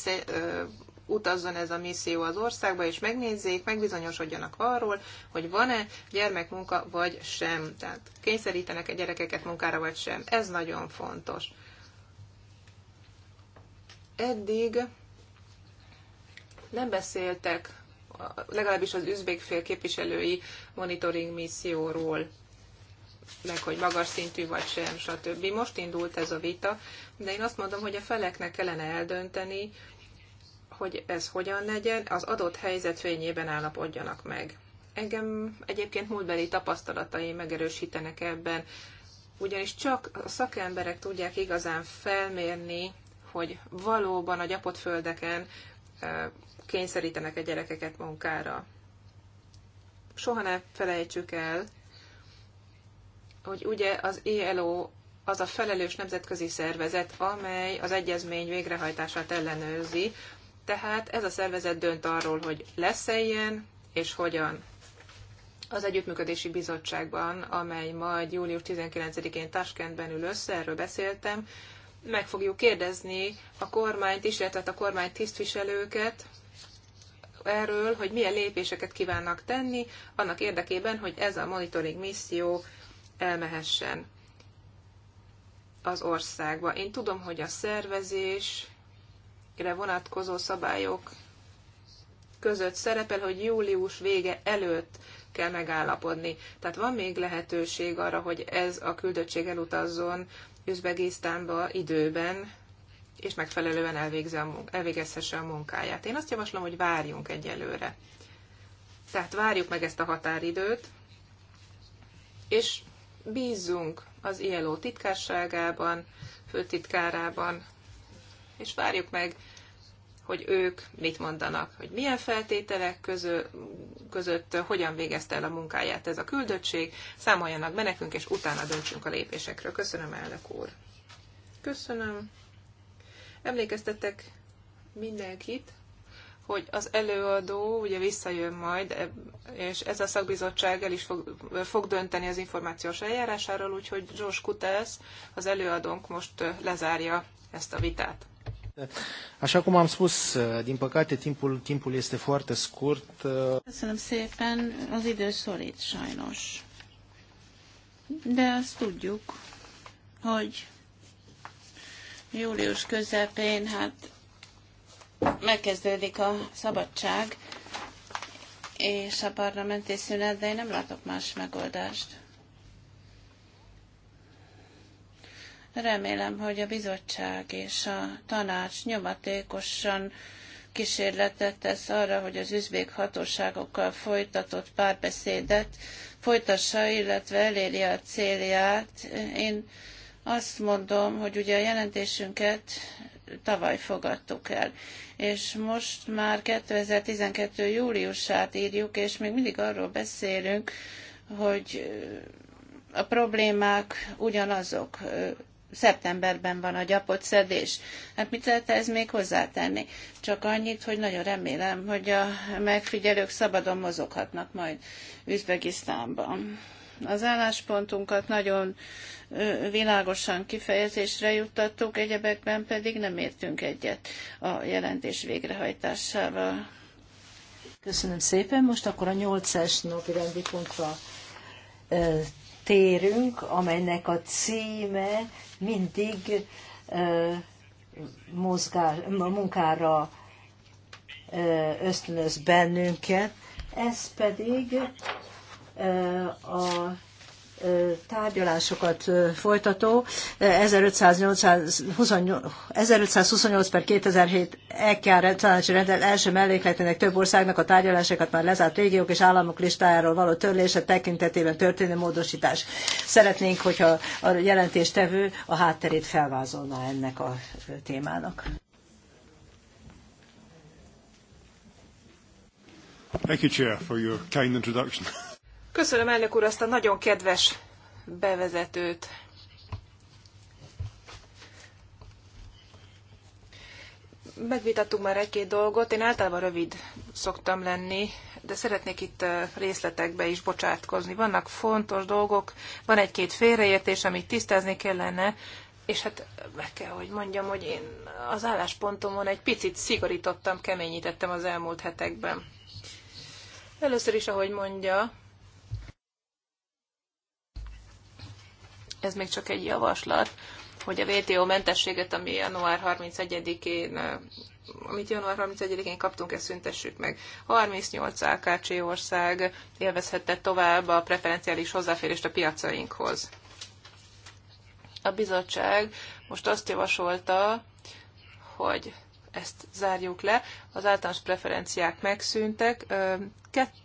utazzon ez a misszió az országba, és megnézzék, megbizonyosodjanak arról, hogy van-e gyermekmunka vagy sem. Tehát kényszerítenek-e gyerekeket munkára vagy sem. Ez nagyon fontos. Eddig nem beszéltek legalábbis az üzbék fél képviselői monitoring misszióról, meg hogy magas szintű vagy sem, stb. Most indult ez a vita, de én azt mondom, hogy a feleknek kellene eldönteni, hogy ez hogyan legyen, az adott helyzet fényében állapodjanak meg. Engem egyébként múltbeli tapasztalatai megerősítenek ebben, ugyanis csak a szakemberek tudják igazán felmérni, hogy valóban a gyapott földeken kényszerítenek a gyerekeket munkára. Soha ne felejtsük el, hogy ugye az ILO az a felelős nemzetközi szervezet, amely az egyezmény végrehajtását ellenőrzi, tehát ez a szervezet dönt arról, hogy lesz-e ilyen, és hogyan. Az Együttműködési Bizottságban, amely majd július 19-én Taskentben ül össze, erről beszéltem, meg fogjuk kérdezni a kormányt is, illetve hát a kormány tisztviselőket, erről, hogy milyen lépéseket kívánnak tenni annak érdekében, hogy ez a monitoring misszió elmehessen az országba. Én tudom, hogy a szervezés vonatkozó szabályok között szerepel, hogy július vége előtt kell megállapodni. Tehát van még lehetőség arra, hogy ez a küldöttség elutazzon Üzbegisztánba időben, és megfelelően elvégezhesse a munkáját. Én azt javaslom, hogy várjunk egyelőre. Tehát várjuk meg ezt a határidőt, és bízzunk az ILO titkárságában, főtitkárában, és várjuk meg hogy ők mit mondanak, hogy milyen feltételek közö, között hogyan végezte el a munkáját ez a küldöttség, számoljanak be nekünk, és utána döntsünk a lépésekről. Köszönöm, elnök úr. Köszönöm. Emlékeztetek mindenkit, hogy az előadó ugye visszajön majd, e, és ez a szakbizottság el is fog, fog dönteni az információs eljárásáról, úgyhogy Zsós Kutász, az előadónk most e, lezárja ezt a vitát. Așa cum am spus, uh, din păcate timpul, timpul este foarte scurt. Uh, Köszönöm szépen, az idő szorít sajnos. De azt tudjuk, hogy július közepén hát megkezdődik a szabadság és a parlamenti szünet, de én nem látok más megoldást. Remélem, hogy a bizottság és a tanács nyomatékosan kísérletet tesz arra, hogy az üzbék hatóságokkal folytatott párbeszédet folytassa, illetve eléri a célját. Én azt mondom, hogy ugye a jelentésünket tavaly fogadtuk el, és most már 2012. júliusát írjuk, és még mindig arról beszélünk, hogy a problémák ugyanazok szeptemberben van a gyapot szedés. Hát mit lehet ez még hozzátenni? Csak annyit, hogy nagyon remélem, hogy a megfigyelők szabadon mozoghatnak majd Üzbegisztánban. Az álláspontunkat nagyon világosan kifejezésre juttattuk, egyebekben pedig nem értünk egyet a jelentés végrehajtásával. Köszönöm szépen. Most akkor a 8-es napi rendi pontra térünk, amelynek a címe mindig mozgás, munkára ösztönöz bennünket, ez pedig a tárgyalásokat folytató 1528 per 2007 EKR tanácsi rendelet első mellékletének több országnak a tárgyalásokat már lezárt régiók és államok listájáról való törlése tekintetében történő módosítás. Szeretnénk, hogyha a jelentéstevő a hátterét felvázolna ennek a témának. Thank you, Chair, for your kind introduction. Köszönöm, elnök úr, azt a nagyon kedves bevezetőt. Megvitattuk már egy-két dolgot, én általában rövid szoktam lenni, de szeretnék itt részletekbe is bocsátkozni. Vannak fontos dolgok, van egy-két félreértés, amit tisztázni kellene, és hát meg kell, hogy mondjam, hogy én az álláspontomon egy picit szigorítottam, keményítettem az elmúlt hetekben. Először is, ahogy mondja, ez még csak egy javaslat, hogy a WTO mentességet, ami január 31-én eh, amit január 31-én kaptunk, ezt szüntessük meg. 38 AKC ország élvezhette tovább a preferenciális hozzáférést a piacainkhoz. A bizottság most azt javasolta, hogy ezt zárjuk le. Az általános preferenciák megszűntek.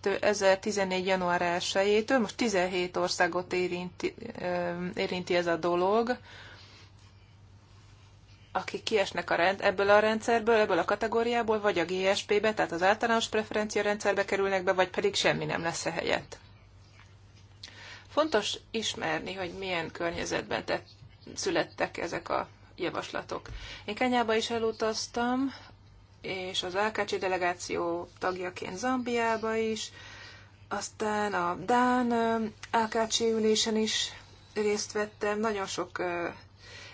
2014. január 1-től most 17 országot érinti, érinti ez a dolog, akik kiesnek a rend, ebből a rendszerből, ebből a kategóriából, vagy a GSP-be, tehát az általános preferencia rendszerbe kerülnek be, vagy pedig semmi nem lesz a e helyett. Fontos ismerni, hogy milyen környezetben tett, születtek ezek a javaslatok. Én Kenyába is elutaztam, és az Ákácsi delegáció tagjaként Zambiába is, aztán a Dán Ákácsi ülésen is részt vettem, nagyon sok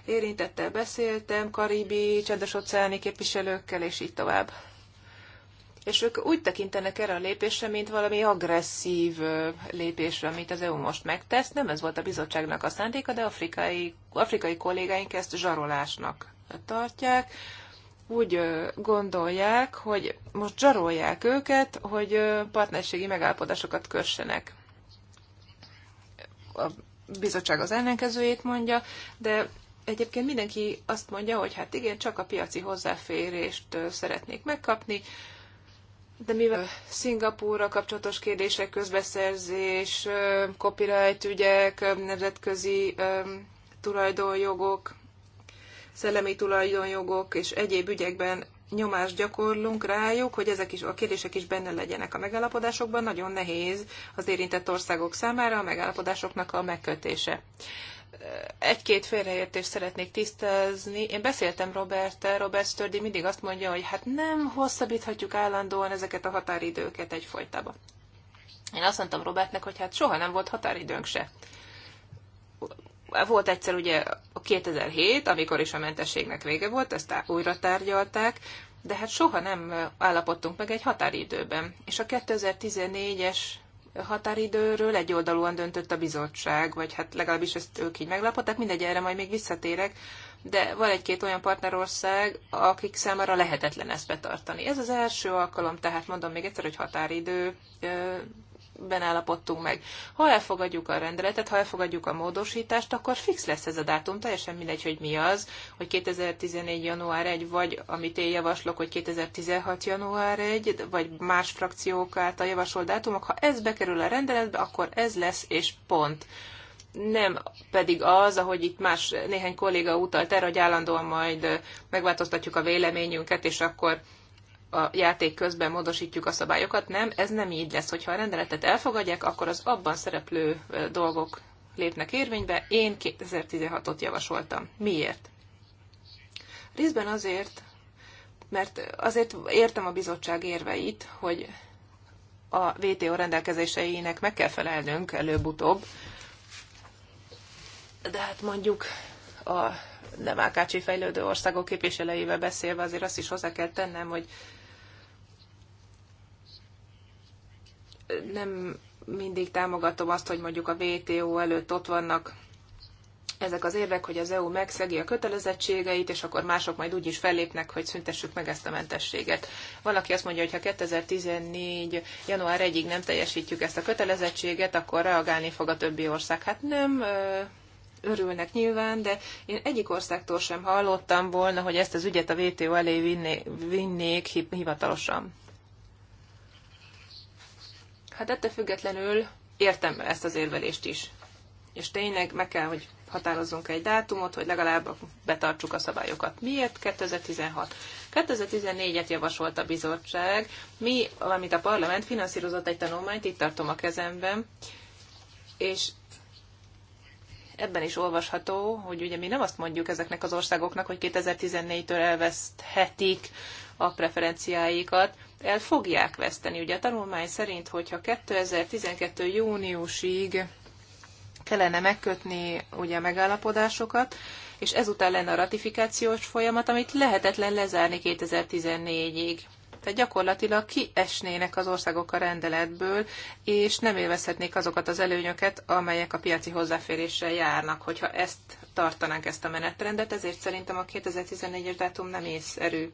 érintettel beszéltem, karibi, csendes óceáni képviselőkkel, és így tovább és ők úgy tekintenek erre a lépésre, mint valami agresszív lépésre, amit az EU most megtesz. Nem ez volt a bizottságnak a szándéka, de afrikai, afrikai kollégáink ezt zsarolásnak tartják. Úgy gondolják, hogy most zsarolják őket, hogy partnerségi megállapodásokat kössenek. A bizottság az ellenkezőjét mondja, de egyébként mindenki azt mondja, hogy hát igen, csak a piaci hozzáférést szeretnék megkapni, de mivel Szingapúrra kapcsolatos kérdések, közbeszerzés, copyright ügyek, nemzetközi tulajdonjogok, szellemi tulajdonjogok és egyéb ügyekben nyomást gyakorlunk rájuk, hogy ezek is, a kérdések is benne legyenek a megállapodásokban, nagyon nehéz az érintett országok számára a megállapodásoknak a megkötése egy-két félreértést szeretnék tisztázni. Én beszéltem robert Robert Stördi mindig azt mondja, hogy hát nem hosszabbíthatjuk állandóan ezeket a határidőket egyfolytában. Én azt mondtam Robertnek, hogy hát soha nem volt határidőnk se. Volt egyszer ugye a 2007, amikor is a mentességnek vége volt, ezt újra tárgyalták, de hát soha nem állapodtunk meg egy határidőben. És a 2014-es határidőről egyoldalúan döntött a bizottság, vagy hát legalábbis ezt ők így meglapották, mindegy, erre majd még visszatérek, de van egy-két olyan partnerország, akik számára lehetetlen ezt betartani. Ez az első alkalom, tehát mondom még egyszer, hogy határidő ben állapodtunk meg. Ha elfogadjuk a rendeletet, ha elfogadjuk a módosítást, akkor fix lesz ez a dátum, teljesen mindegy, hogy mi az, hogy 2014. január 1, vagy amit én javaslok, hogy 2016. január 1, vagy más frakciók által javasolt dátumok, ha ez bekerül a rendeletbe, akkor ez lesz, és pont nem pedig az, ahogy itt más néhány kolléga utalt erre, hogy állandóan majd megváltoztatjuk a véleményünket, és akkor a játék közben módosítjuk a szabályokat, nem, ez nem így lesz. Hogyha a rendeletet elfogadják, akkor az abban szereplő dolgok lépnek érvénybe. Én 2016-ot javasoltam. Miért? Részben azért, mert azért értem a bizottság érveit, hogy a VTO rendelkezéseinek meg kell felelnünk előbb-utóbb. De hát mondjuk a nem ákácsi fejlődő országok képviselőivel beszélve azért azt is hozzá kell tennem, hogy nem mindig támogatom azt, hogy mondjuk a WTO előtt ott vannak ezek az érvek, hogy az EU megszegi a kötelezettségeit, és akkor mások majd úgy is fellépnek, hogy szüntessük meg ezt a mentességet. aki azt mondja, hogy ha 2014. január 1-ig nem teljesítjük ezt a kötelezettséget, akkor reagálni fog a többi ország. Hát nem, örülnek nyilván, de én egyik országtól sem hallottam volna, hogy ezt az ügyet a WTO elé vinnék hivatalosan. Hát ettől függetlenül értem ezt az érvelést is. És tényleg meg kell, hogy határozzunk egy dátumot, hogy legalább betartsuk a szabályokat. Miért 2016? 2014-et javasolt a bizottság. Mi, valamint a parlament finanszírozott egy tanulmányt, itt tartom a kezemben, és ebben is olvasható, hogy ugye mi nem azt mondjuk ezeknek az országoknak, hogy 2014-től elveszthetik a preferenciáikat, el fogják veszteni. Ugye a tanulmány szerint, hogyha 2012. júniusig kellene megkötni ugye a megállapodásokat, és ezután lenne a ratifikációs folyamat, amit lehetetlen lezárni 2014-ig. Tehát gyakorlatilag kiesnének az országok a rendeletből, és nem élvezhetnék azokat az előnyöket, amelyek a piaci hozzáféréssel járnak, hogyha ezt tartanánk ezt a menetrendet, ezért szerintem a 2014-es dátum nem észszerű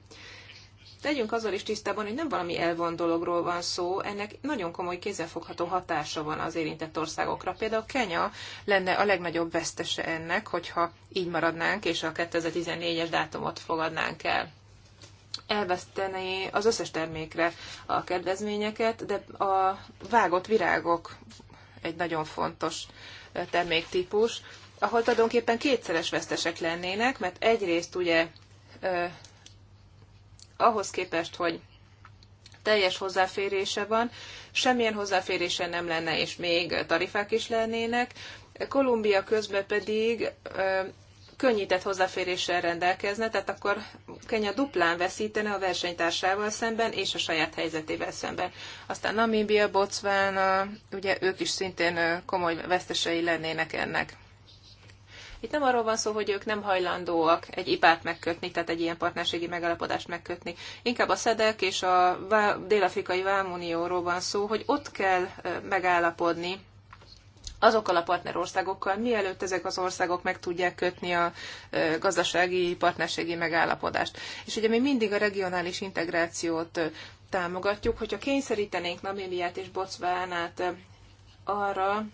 Tegyünk azzal is tisztában, hogy nem valami elvon dologról van szó, ennek nagyon komoly kézzelfogható hatása van az érintett országokra. Például Kenya lenne a legnagyobb vesztese ennek, hogyha így maradnánk, és a 2014-es dátumot fogadnánk el elvesztené az összes termékre a kedvezményeket, de a vágott virágok egy nagyon fontos terméktípus, ahol tulajdonképpen kétszeres vesztesek lennének, mert egyrészt ugye eh, ahhoz képest, hogy teljes hozzáférése van, semmilyen hozzáférése nem lenne, és még tarifák is lennének. Kolumbia közben pedig könnyített hozzáféréssel rendelkezne, tehát akkor Kenya duplán veszítene a versenytársával szemben és a saját helyzetével szemben. Aztán Namíbia, Botswana, ugye ők is szintén komoly vesztesei lennének ennek. Itt nem arról van szó, hogy ők nem hajlandóak egy ipát megkötni, tehát egy ilyen partnerségi megalapodást megkötni. Inkább a SZEDEK és a dél-afrikai Vámunióról van szó, hogy ott kell megállapodni azokkal a partnerországokkal, mielőtt ezek az országok meg tudják kötni a gazdasági partnerségi megállapodást. És ugye mi mindig a regionális integrációt támogatjuk, hogyha kényszerítenénk Namíbiát és Bocvánát arra,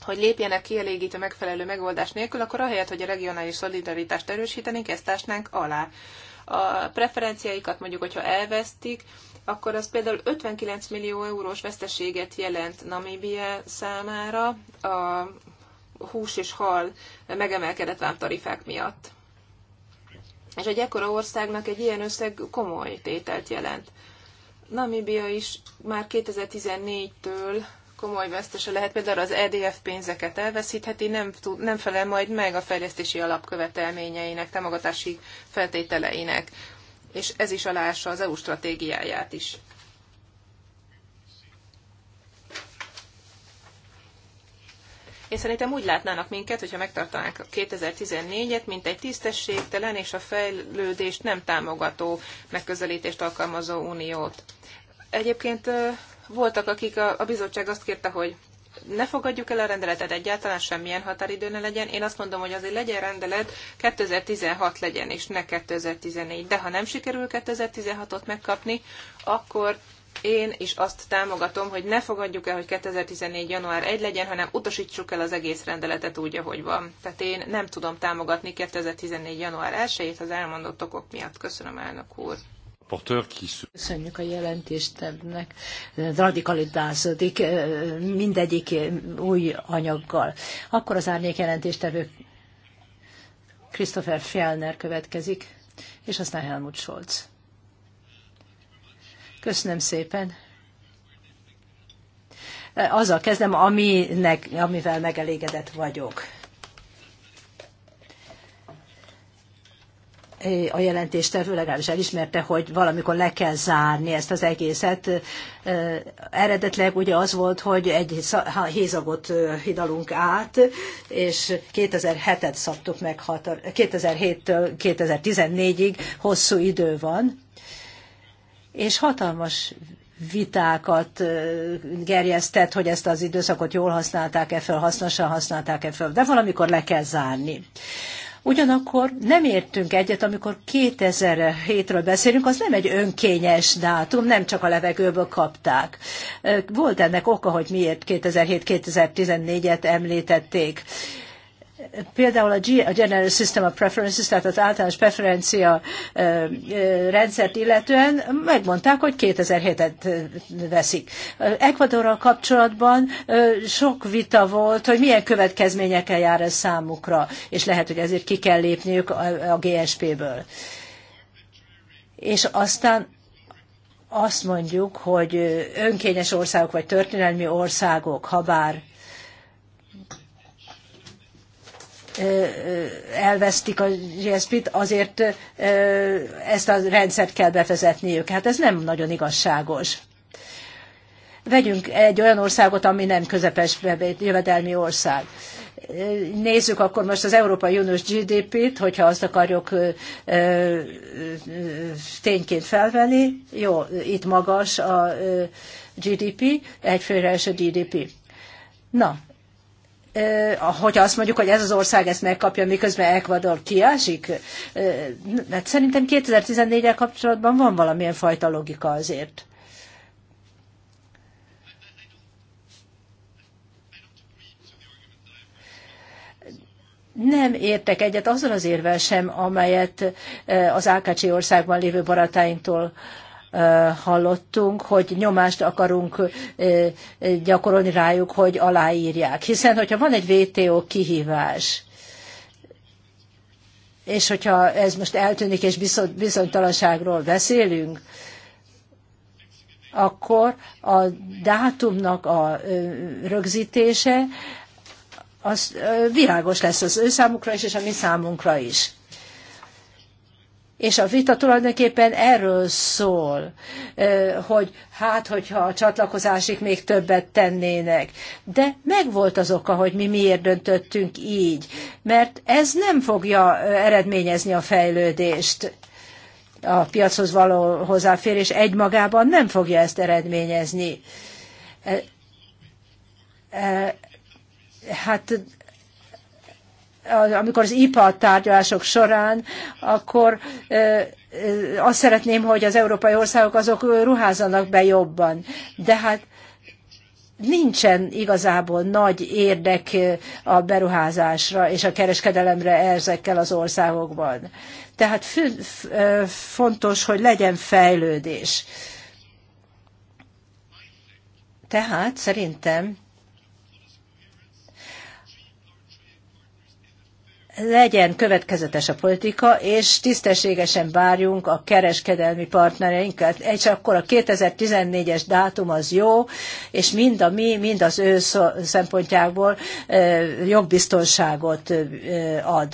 hogy lépjenek kielégítő megfelelő megoldás nélkül, akkor ahelyett, hogy a regionális szolidaritást erősítenénk, ezt ásnánk alá. A preferenciáikat mondjuk, hogyha elvesztik, akkor az például 59 millió eurós veszteséget jelent Namíbia számára a hús és hal megemelkedett vámtarifák miatt. És egy ekkora országnak egy ilyen összeg komoly tételt jelent. Namíbia is már 2014-től komoly vesztese lehet, például az EDF pénzeket elveszítheti, nem, tud, nem felel majd meg a fejlesztési alapkövetelményeinek, támogatási feltételeinek és ez is aláássa az EU stratégiáját is. Én szerintem úgy látnának minket, hogyha megtartanák a 2014-et, mint egy tisztességtelen és a fejlődést nem támogató megközelítést alkalmazó uniót. Egyébként voltak, akik a, a bizottság azt kérte, hogy ne fogadjuk el a rendeletet egyáltalán semmilyen határidő ne legyen. Én azt mondom, hogy azért legyen rendelet, 2016 legyen, és ne 2014. De ha nem sikerül 2016-ot megkapni, akkor én is azt támogatom, hogy ne fogadjuk el, hogy 2014. január 1 legyen, hanem utasítsuk el az egész rendeletet úgy, ahogy van. Tehát én nem tudom támogatni 2014. január 1-ét az elmondott okok miatt. Köszönöm, elnök úr. Köszönjük a jelentéstevnek, radikalizálódik eh, mindegyik eh, új anyaggal. Akkor az árnyék jelentéstevő Christopher Fjellner következik, és aztán Helmut Scholz. Köszönöm szépen. Eh, azzal kezdem, aminek, amivel megelégedett vagyok. a jelentéstevő legalábbis elismerte, hogy valamikor le kell zárni ezt az egészet. Eredetleg ugye az volt, hogy egy hézagot hidalunk át, és 2007-et szabtuk meg, 2007-től 2014-ig hosszú idő van, és hatalmas vitákat gerjesztett, hogy ezt az időszakot jól használták-e föl, hasznosan használták-e föl, de valamikor le kell zárni. Ugyanakkor nem értünk egyet, amikor 2007-ről beszélünk, az nem egy önkényes dátum, nem csak a levegőből kapták. Volt ennek oka, hogy miért 2007-2014-et említették például a General System of Preferences, tehát az általános preferencia rendszert illetően megmondták, hogy 2007-et veszik. Ecuadorral kapcsolatban sok vita volt, hogy milyen következményekkel jár ez számukra, és lehet, hogy ezért ki kell lépniük a GSP-ből. És aztán azt mondjuk, hogy önkényes országok vagy történelmi országok, habár elvesztik a GSP-t, azért ezt a rendszert kell bevezetniük. Hát ez nem nagyon igazságos. Vegyünk egy olyan országot, ami nem közepes jövedelmi ország nézzük akkor most az Európai Uniós GDP-t, hogyha azt akarjuk tényként felvenni, jó, itt magas a GDP, egyfőre a GDP. Na, hogyha azt mondjuk, hogy ez az ország ezt megkapja, miközben Ecuador kiásik, hát szerintem 2014-el kapcsolatban van valamilyen fajta logika azért. Nem értek egyet azzal az érvel sem, amelyet az Ákácsi országban lévő barátainktól hallottunk, hogy nyomást akarunk gyakorolni rájuk, hogy aláírják. Hiszen, hogyha van egy VTO kihívás, és hogyha ez most eltűnik, és bizonytalanságról beszélünk, akkor a dátumnak a rögzítése az világos lesz az ő számukra is, és a mi számunkra is. És a vita tulajdonképpen erről szól, hogy hát, hogyha a csatlakozásig még többet tennének. De megvolt az oka, hogy mi miért döntöttünk így, mert ez nem fogja eredményezni a fejlődést a piachoz való hozzáférés egymagában nem fogja ezt eredményezni. Hát amikor az IPA tárgyalások során, akkor azt szeretném, hogy az európai országok azok ruházanak be jobban. De hát nincsen igazából nagy érdek a beruházásra és a kereskedelemre ezekkel az országokban. Tehát fontos, hogy legyen fejlődés. Tehát szerintem legyen következetes a politika, és tisztességesen várjunk a kereskedelmi partnereinket. És akkor a 2014-es dátum az jó, és mind a mi, mind az ő szempontjából jogbiztonságot ad.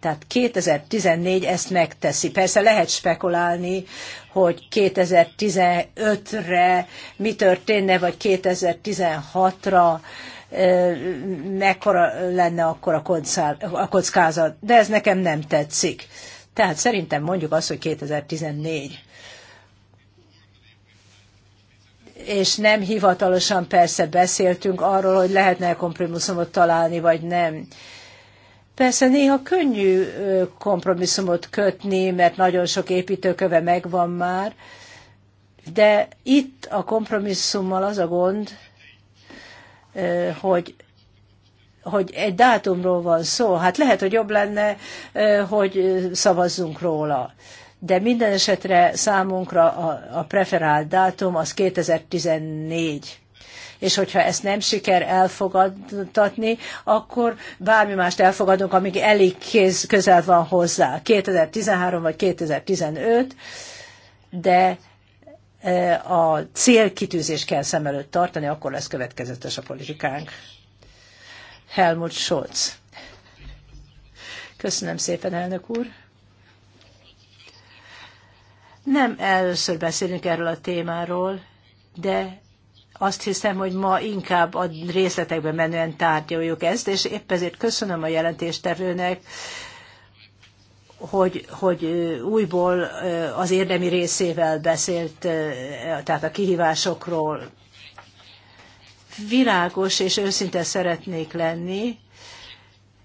Tehát 2014 ezt megteszi. Persze lehet spekulálni, hogy 2015-re mi történne, vagy 2016-ra mekkora lenne akkor a kockázat, de ez nekem nem tetszik. Tehát szerintem mondjuk azt, hogy 2014. És nem hivatalosan persze beszéltünk arról, hogy lehetne -e kompromisszumot találni, vagy nem. Persze néha könnyű kompromisszumot kötni, mert nagyon sok építőköve megvan már, de itt a kompromisszummal az a gond, hogy hogy egy dátumról van szó, hát lehet, hogy jobb lenne, hogy szavazzunk róla. De minden esetre számunkra a, a preferált dátum az 2014 és hogyha ezt nem siker elfogadtatni, akkor bármi mást elfogadunk, amíg elég kéz, közel van hozzá, 2013 vagy 2015, de E, a célkitűzést kell szem előtt tartani, akkor lesz következetes a politikánk. Helmut Scholz. Köszönöm szépen, elnök úr. Nem először beszélünk erről a témáról, de azt hiszem, hogy ma inkább a részletekben menően tárgyaljuk ezt, és épp ezért köszönöm a jelentéstevőnek hogy, hogy újból az érdemi részével beszélt, tehát a kihívásokról. Világos és őszinte szeretnék lenni.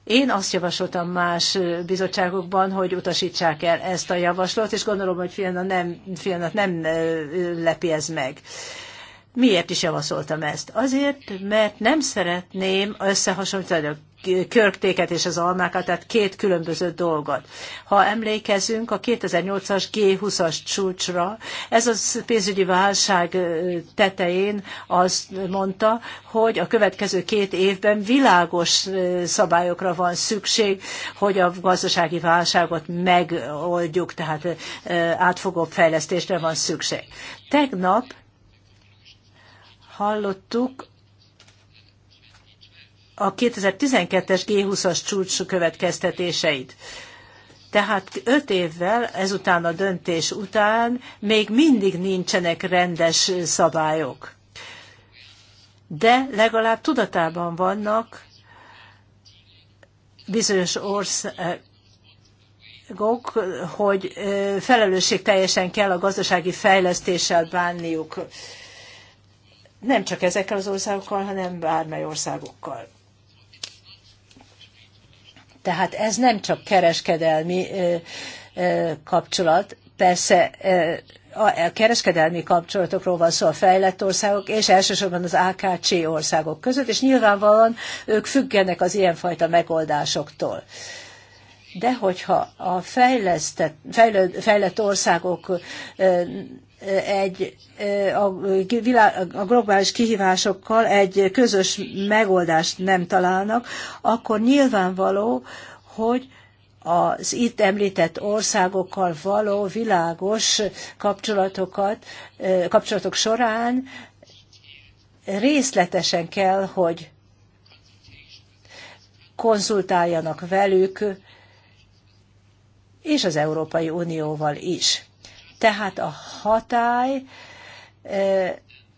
Én azt javasoltam más bizottságokban, hogy utasítsák el ezt a javaslatot, és gondolom, hogy Fiona nem, Fiona nem lepi ez meg. Miért is javasoltam ezt? Azért, mert nem szeretném összehasonlítani a körtéket és az almákat, tehát két különböző dolgot. Ha emlékezünk a 2008-as G20-as csúcsra, ez a pénzügyi válság tetején azt mondta, hogy a következő két évben világos szabályokra van szükség, hogy a gazdasági válságot megoldjuk, tehát átfogóbb fejlesztésre van szükség. Tegnap hallottuk a 2012-es G20-as csúcs következtetéseit. Tehát öt évvel ezután a döntés után még mindig nincsenek rendes szabályok. De legalább tudatában vannak bizonyos országok, hogy teljesen kell a gazdasági fejlesztéssel bánniuk. Nem csak ezekkel az országokkal, hanem bármely országokkal. Tehát ez nem csak kereskedelmi kapcsolat, persze a kereskedelmi kapcsolatokról van szó a fejlett országok, és elsősorban az AKC országok között, és nyilvánvalóan ők függenek az ilyenfajta megoldásoktól. De hogyha a fejlett, fejlett országok egy a, a globális kihívásokkal egy közös megoldást nem találnak, akkor nyilvánvaló, hogy az itt említett országokkal való világos kapcsolatokat, kapcsolatok során részletesen kell, hogy konzultáljanak velük, és az Európai Unióval is. Tehát a hatály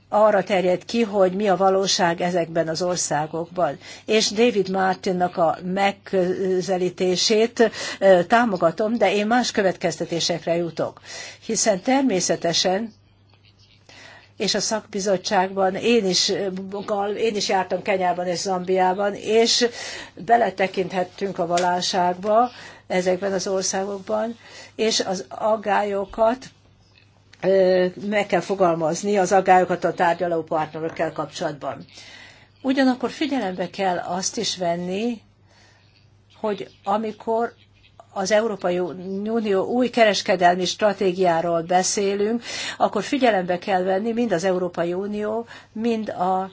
arra terjed ki, hogy mi a valóság ezekben az országokban. És David Martinnak a megközelítését támogatom, de én más következtetésekre jutok. Hiszen természetesen és a szakbizottságban, én is, én is jártam Kenyában és Zambiában, és beletekinthettünk a valóságba, ezekben az országokban, és az aggályokat meg kell fogalmazni, az aggályokat a tárgyaló partnerekkel kapcsolatban. Ugyanakkor figyelembe kell azt is venni, hogy amikor az Európai Unió új kereskedelmi stratégiáról beszélünk, akkor figyelembe kell venni mind az Európai Unió, mind a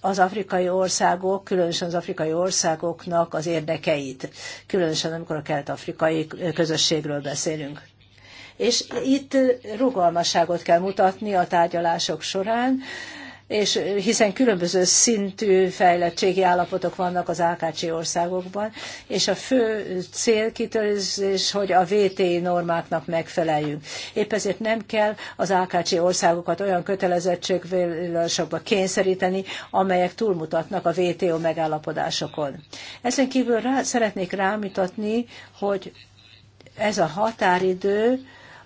az afrikai országok, különösen az afrikai országoknak az érdekeit, különösen amikor a kelet-afrikai közösségről beszélünk. És itt rugalmasságot kell mutatni a tárgyalások során, és hiszen különböző szintű fejlettségi állapotok vannak az AKC országokban, és a fő célkitörés, hogy a VTI normáknak megfeleljünk. Épp ezért nem kell az AKC országokat olyan kötelezettségvállalásokba kényszeríteni, amelyek túlmutatnak a VTO megállapodásokon. Ezen kívül rá, szeretnék rámutatni, hogy ez a határidő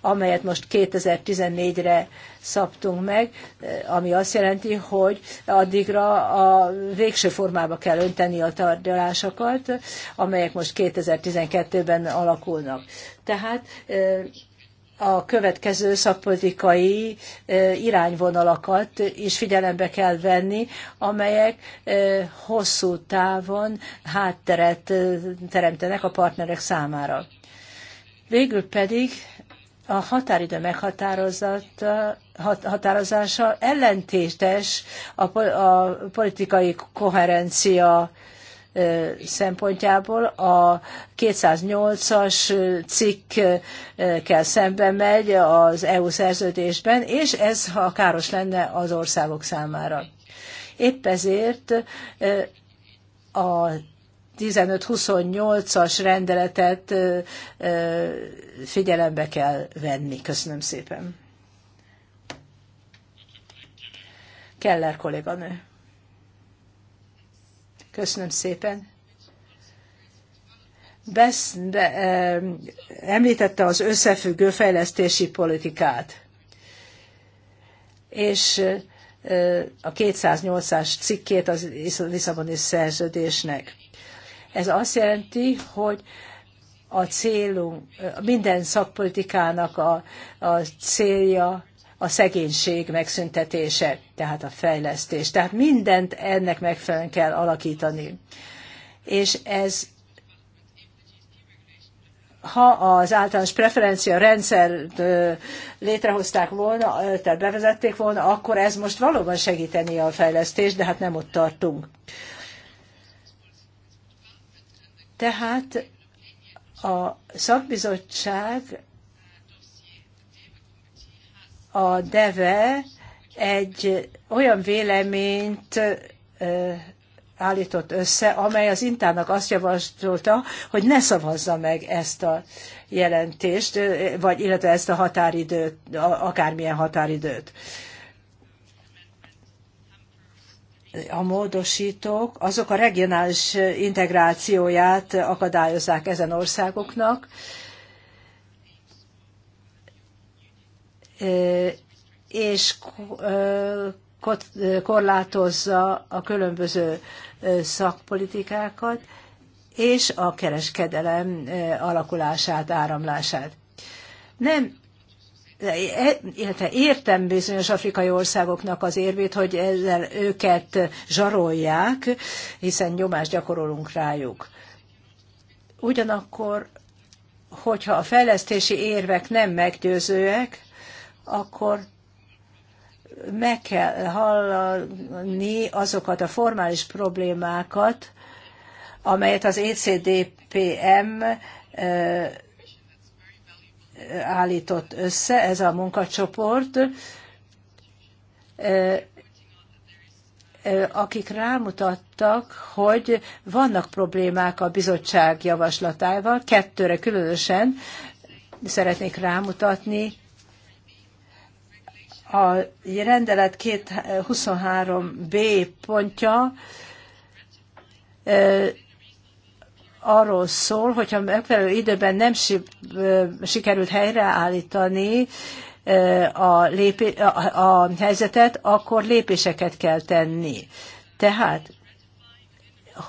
amelyet most 2014-re szabtunk meg, eh, ami azt jelenti, hogy addigra a végső formába kell önteni a tárgyalásokat, amelyek most 2012-ben alakulnak. Tehát eh, a következő szakpolitikai eh, irányvonalakat is figyelembe kell venni, amelyek hosszú távon hátteret teremtenek a partnerek számára. Végül pedig a határidő meghatározása ellentétes a, a politikai koherencia szempontjából a 208-as cikkkel szembe megy az EU szerződésben, és ez ha káros lenne az országok számára. Épp ezért a 15-28-as rendeletet figyelembe kell venni. Köszönöm szépen. Keller kolléganő. Köszönöm szépen. Besz, de, említette az összefüggő fejlesztési politikát. És a 208-as cikkét az Lisszaboni szerződésnek. Ez azt jelenti, hogy a célunk, minden szakpolitikának a, a célja a szegénység megszüntetése, tehát a fejlesztés. Tehát mindent ennek megfelelően kell alakítani. És ez ha az általános preferencia rendszer létrehozták volna, tehát bevezették volna, akkor ez most valóban segíteni a fejlesztést, de hát nem ott tartunk. Tehát a szakbizottság a DEVE egy olyan véleményt állított össze, amely az Intának azt javasolta, hogy ne szavazza meg ezt a jelentést, vagy illetve ezt a határidőt, akármilyen határidőt a módosítók azok a regionális integrációját akadályozzák ezen országoknak, és korlátozza a különböző szakpolitikákat és a kereskedelem alakulását, áramlását. Nem illetve értem bizonyos afrikai országoknak az érvét, hogy ezzel őket zsarolják, hiszen nyomást gyakorolunk rájuk. Ugyanakkor, hogyha a fejlesztési érvek nem meggyőzőek, akkor meg kell hallani azokat a formális problémákat, amelyet az ECDPM állított össze ez a munkacsoport, akik rámutattak, hogy vannak problémák a bizottság javaslatával, kettőre különösen szeretnék rámutatni. A rendelet 23b pontja arról szól, hogyha megfelelő időben nem sikerült helyreállítani a, lépé, a, a helyzetet, akkor lépéseket kell tenni. Tehát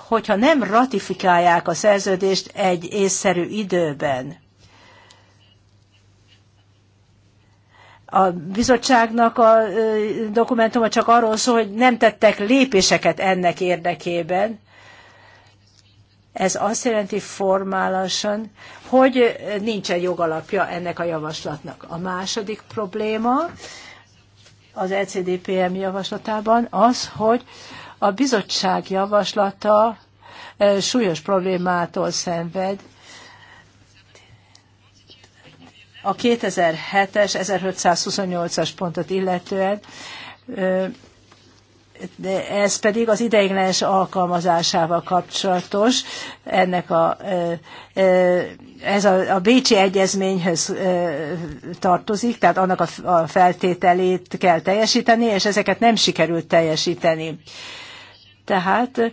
hogyha nem ratifikálják a szerződést egy észszerű időben, a bizottságnak a dokumentuma csak arról szól, hogy nem tettek lépéseket ennek érdekében, ez azt jelenti formálisan, hogy nincsen jogalapja ennek a javaslatnak. A második probléma az ECDPM javaslatában az, hogy a bizottság javaslata e, súlyos problémától szenved, a 2007-es 1528-as pontot illetően e, de ez pedig az ideiglenes alkalmazásával kapcsolatos, ennek a, ez a, a Bécsi Egyezményhöz tartozik, tehát annak a feltételét kell teljesíteni, és ezeket nem sikerült teljesíteni. Tehát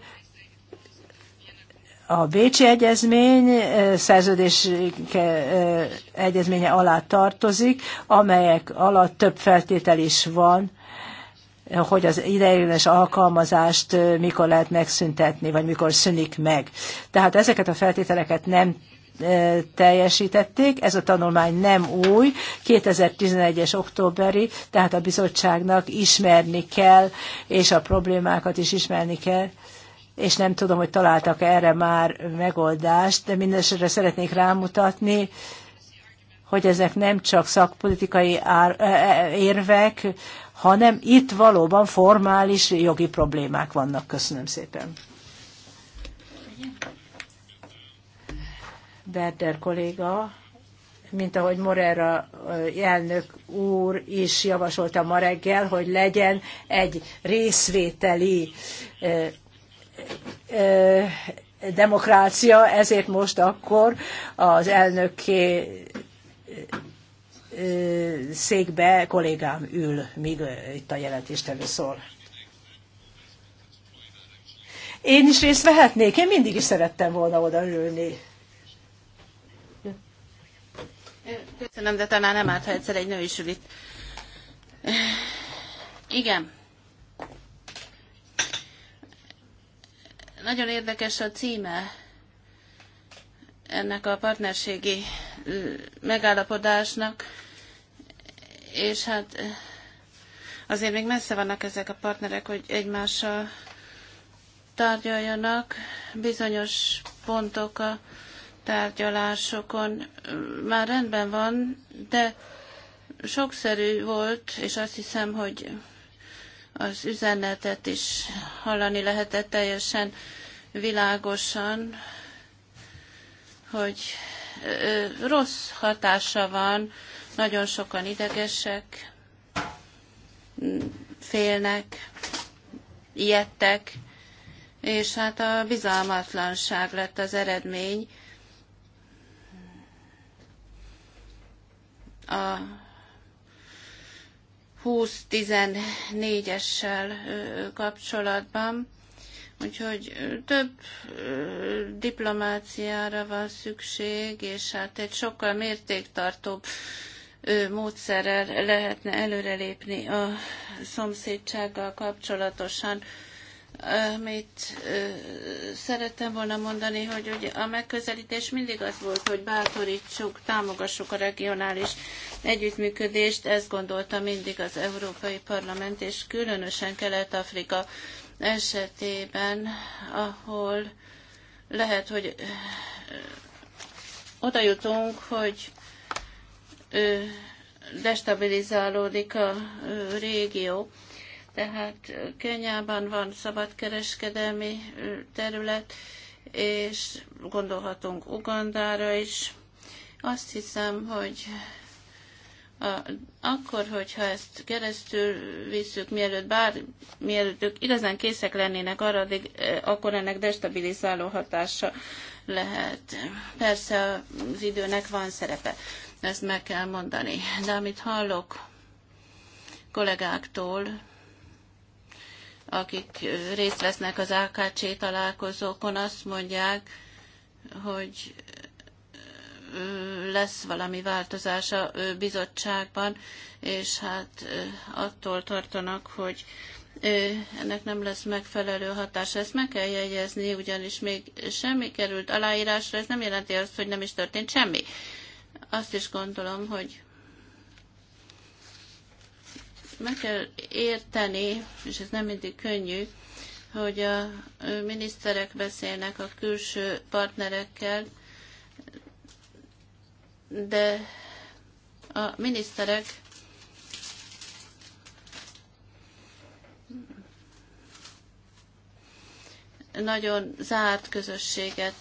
a Bécsi Egyezmény szerződés egyezménye alá tartozik, amelyek alatt több feltétel is van, hogy az ideiglenes alkalmazást mikor lehet megszüntetni, vagy mikor szűnik meg. Tehát ezeket a feltételeket nem teljesítették. Ez a tanulmány nem új, 2011-es októberi, tehát a bizottságnak ismerni kell, és a problémákat is ismerni kell és nem tudom, hogy találtak -e erre már megoldást, de mindesetre szeretnék rámutatni, hogy ezek nem csak szakpolitikai ár, érvek, hanem itt valóban formális jogi problémák vannak. Köszönöm szépen. Berder kolléga, mint ahogy Morera elnök úr is javasolta ma reggel, hogy legyen egy részvételi demokrácia, ezért most akkor az elnöké székbe kollégám ül, míg itt a jelentéstevő szól. Én is részt vehetnék, én mindig is szerettem volna ülni. Köszönöm, de talán nem árt, ha egyszer egy nő is ül itt. Igen. Nagyon érdekes a címe ennek a partnerségi megállapodásnak, és hát eh, azért még messze vannak ezek a partnerek, hogy egymással tárgyaljanak bizonyos pontok a tárgyalásokon. Eh, már rendben van, de sokszerű volt, és azt hiszem, hogy az üzenetet is hallani lehetett teljesen világosan, hogy rossz hatása van, nagyon sokan idegesek, félnek, ijedtek, és hát a bizalmatlanság lett az eredmény. A 20-14-essel kapcsolatban Úgyhogy több diplomáciára van szükség, és hát egy sokkal mértéktartóbb módszerrel lehetne előrelépni a szomszédsággal kapcsolatosan. Amit szerettem volna mondani, hogy ugye a megközelítés mindig az volt, hogy bátorítsuk, támogassuk a regionális együttműködést, ezt gondolta mindig az Európai Parlament, és különösen Kelet-Afrika esetében, ahol lehet, hogy oda jutunk, hogy destabilizálódik a régió. Tehát Kenyában van szabadkereskedelmi terület, és gondolhatunk Ugandára is. Azt hiszem, hogy akkor, hogyha ezt keresztül visszük, mielőtt bár, mielőtt ők igazán készek lennének arra, addig, e, akkor ennek destabilizáló hatása lehet. Persze az időnek van szerepe, ezt meg kell mondani. De amit hallok kollégáktól, akik részt vesznek az AKC találkozókon, azt mondják, hogy lesz valami változás a bizottságban, és hát attól tartanak, hogy ennek nem lesz megfelelő hatása. Ezt meg kell jegyezni, ugyanis még semmi került aláírásra, ez nem jelenti azt, hogy nem is történt semmi. Azt is gondolom, hogy meg kell érteni, és ez nem mindig könnyű, hogy a miniszterek beszélnek a külső partnerekkel, de a miniszterek nagyon zárt közösséget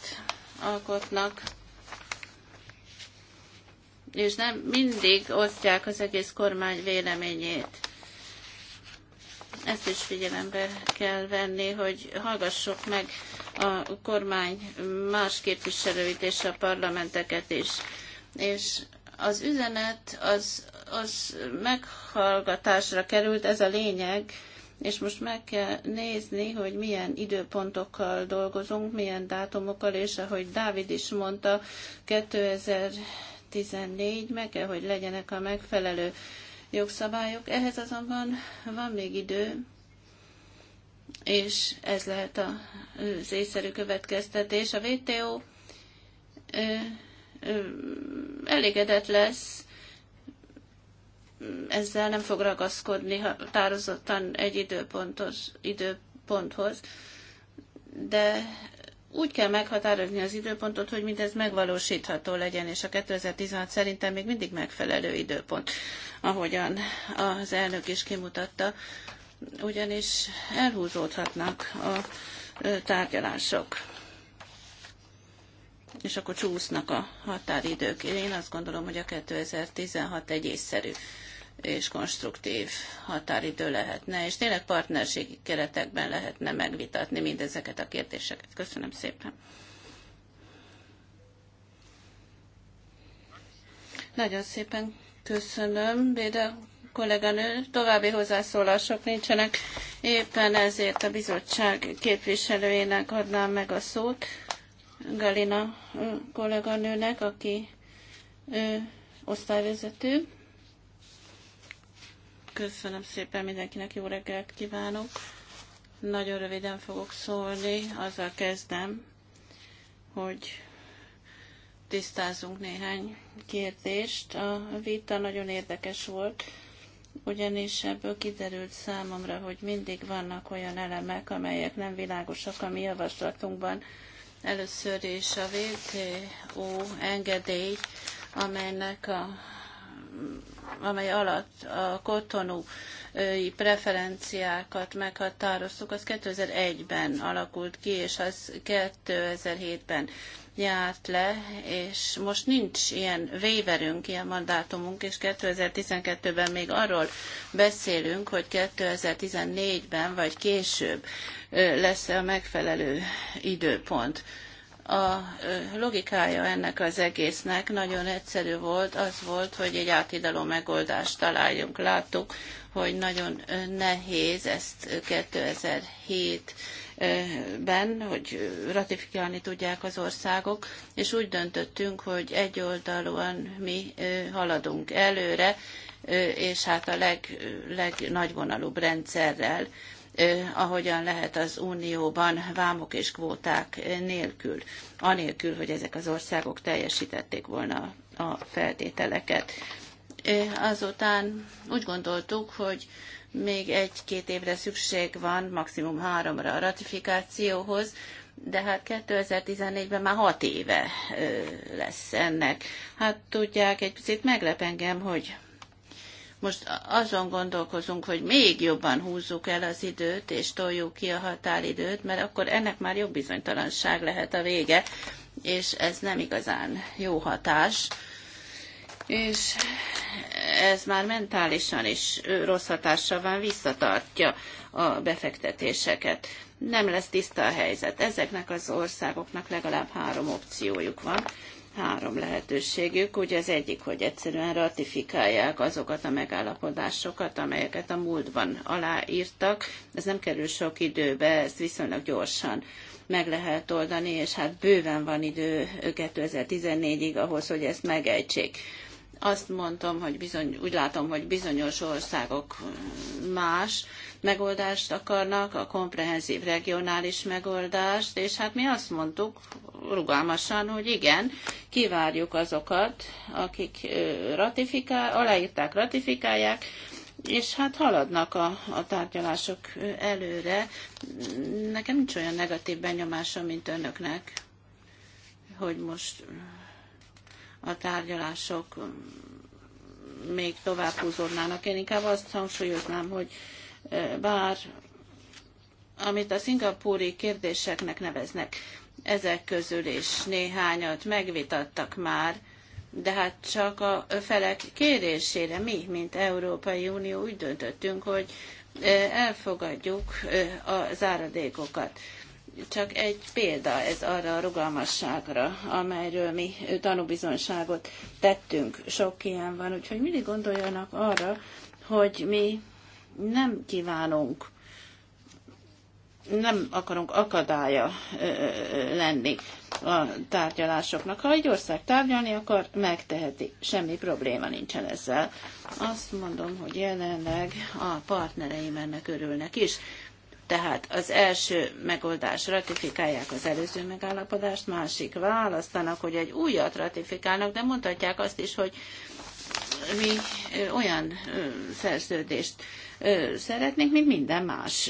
alkotnak, és nem mindig osztják az egész kormány véleményét. Ezt is figyelembe kell venni, hogy hallgassuk meg a kormány más képviselőit és a parlamenteket is és az üzenet az, az meghallgatásra került, ez a lényeg, és most meg kell nézni, hogy milyen időpontokkal dolgozunk, milyen dátumokkal, és ahogy Dávid is mondta, 2014 meg kell, hogy legyenek a megfelelő jogszabályok. Ehhez azonban van még idő, és ez lehet az észszerű következtetés. A WTO elégedett lesz, ezzel nem fog ragaszkodni határozottan egy időponthoz, időponthoz, de úgy kell meghatározni az időpontot, hogy mindez megvalósítható legyen, és a 2016 szerintem még mindig megfelelő időpont, ahogyan az elnök is kimutatta, ugyanis elhúzódhatnak a tárgyalások és akkor csúsznak a határidők. Én azt gondolom, hogy a 2016 egy észszerű és konstruktív határidő lehetne, és tényleg partnerségi keretekben lehetne megvitatni mindezeket a kérdéseket. Köszönöm szépen. Nagyon szépen köszönöm, Béda kolléganő. További hozzászólások nincsenek, éppen ezért a bizottság képviselőjének adnám meg a szót. Galina kolléganőnek, aki ő, osztályvezető. Köszönöm szépen mindenkinek, jó reggelt kívánok. Nagyon röviden fogok szólni, azzal kezdem, hogy tisztázunk néhány kérdést. A vita nagyon érdekes volt, ugyanis ebből kiderült számomra, hogy mindig vannak olyan elemek, amelyek nem világosak a mi javaslatunkban, Először is a VTO engedély, amelynek a amely alatt a kotonúi preferenciákat meghatároztuk, az 2001-ben alakult ki, és az 2007-ben járt le, és most nincs ilyen véverünk, ilyen mandátumunk, és 2012-ben még arról beszélünk, hogy 2014-ben vagy később lesz a megfelelő időpont. A logikája ennek az egésznek nagyon egyszerű volt, az volt, hogy egy átidaló megoldást találjunk. Láttuk, hogy nagyon nehéz ezt 2007 ben, hogy ratifikálni tudják az országok, és úgy döntöttünk, hogy egyoldalúan mi haladunk előre, és hát a leg, legnagyvonalúbb rendszerrel, ahogyan lehet az Unióban vámok és kvóták nélkül, anélkül, hogy ezek az országok teljesítették volna a feltételeket. Azután úgy gondoltuk, hogy még egy-két évre szükség van, maximum háromra a ratifikációhoz, de hát 2014-ben már hat éve lesz ennek. Hát tudják, egy picit meglep engem, hogy most azon gondolkozunk, hogy még jobban húzzuk el az időt, és toljuk ki a határidőt, mert akkor ennek már jobb bizonytalanság lehet a vége, és ez nem igazán jó hatás és ez már mentálisan is rossz hatással van, visszatartja a befektetéseket. Nem lesz tiszta a helyzet. Ezeknek az országoknak legalább három opciójuk van, három lehetőségük. Ugye az egyik, hogy egyszerűen ratifikálják azokat a megállapodásokat, amelyeket a múltban aláírtak. Ez nem kerül sok időbe, ezt viszonylag gyorsan meg lehet oldani, és hát bőven van idő 2014-ig ahhoz, hogy ezt megejtsék azt mondtam, hogy bizony, úgy látom, hogy bizonyos országok más megoldást akarnak, a komprehenzív regionális megoldást, és hát mi azt mondtuk rugalmasan, hogy igen, kivárjuk azokat, akik ratifikál, aláírták, ratifikálják, és hát haladnak a, a tárgyalások előre. Nekem nincs olyan negatív benyomásom, mint önöknek, hogy most a tárgyalások még tovább húzódnának. Én inkább azt hangsúlyoznám, hogy bár amit a szingapúri kérdéseknek neveznek, ezek közül is néhányat megvitattak már, de hát csak a felek kérésére mi, mint Európai Unió úgy döntöttünk, hogy elfogadjuk a záradékokat csak egy példa ez arra a rugalmasságra, amelyről mi tanúbizonságot tettünk. Sok ilyen van, úgyhogy mindig gondoljanak arra, hogy mi nem kívánunk, nem akarunk akadálya lenni a tárgyalásoknak. Ha egy ország tárgyalni akar, megteheti. Semmi probléma nincsen ezzel. Azt mondom, hogy jelenleg a partnereim ennek örülnek is. Tehát az első megoldás ratifikálják az előző megállapodást, másik választanak, hogy egy újat ratifikálnak, de mondhatják azt is, hogy mi olyan szerződést szeretnénk, mint minden más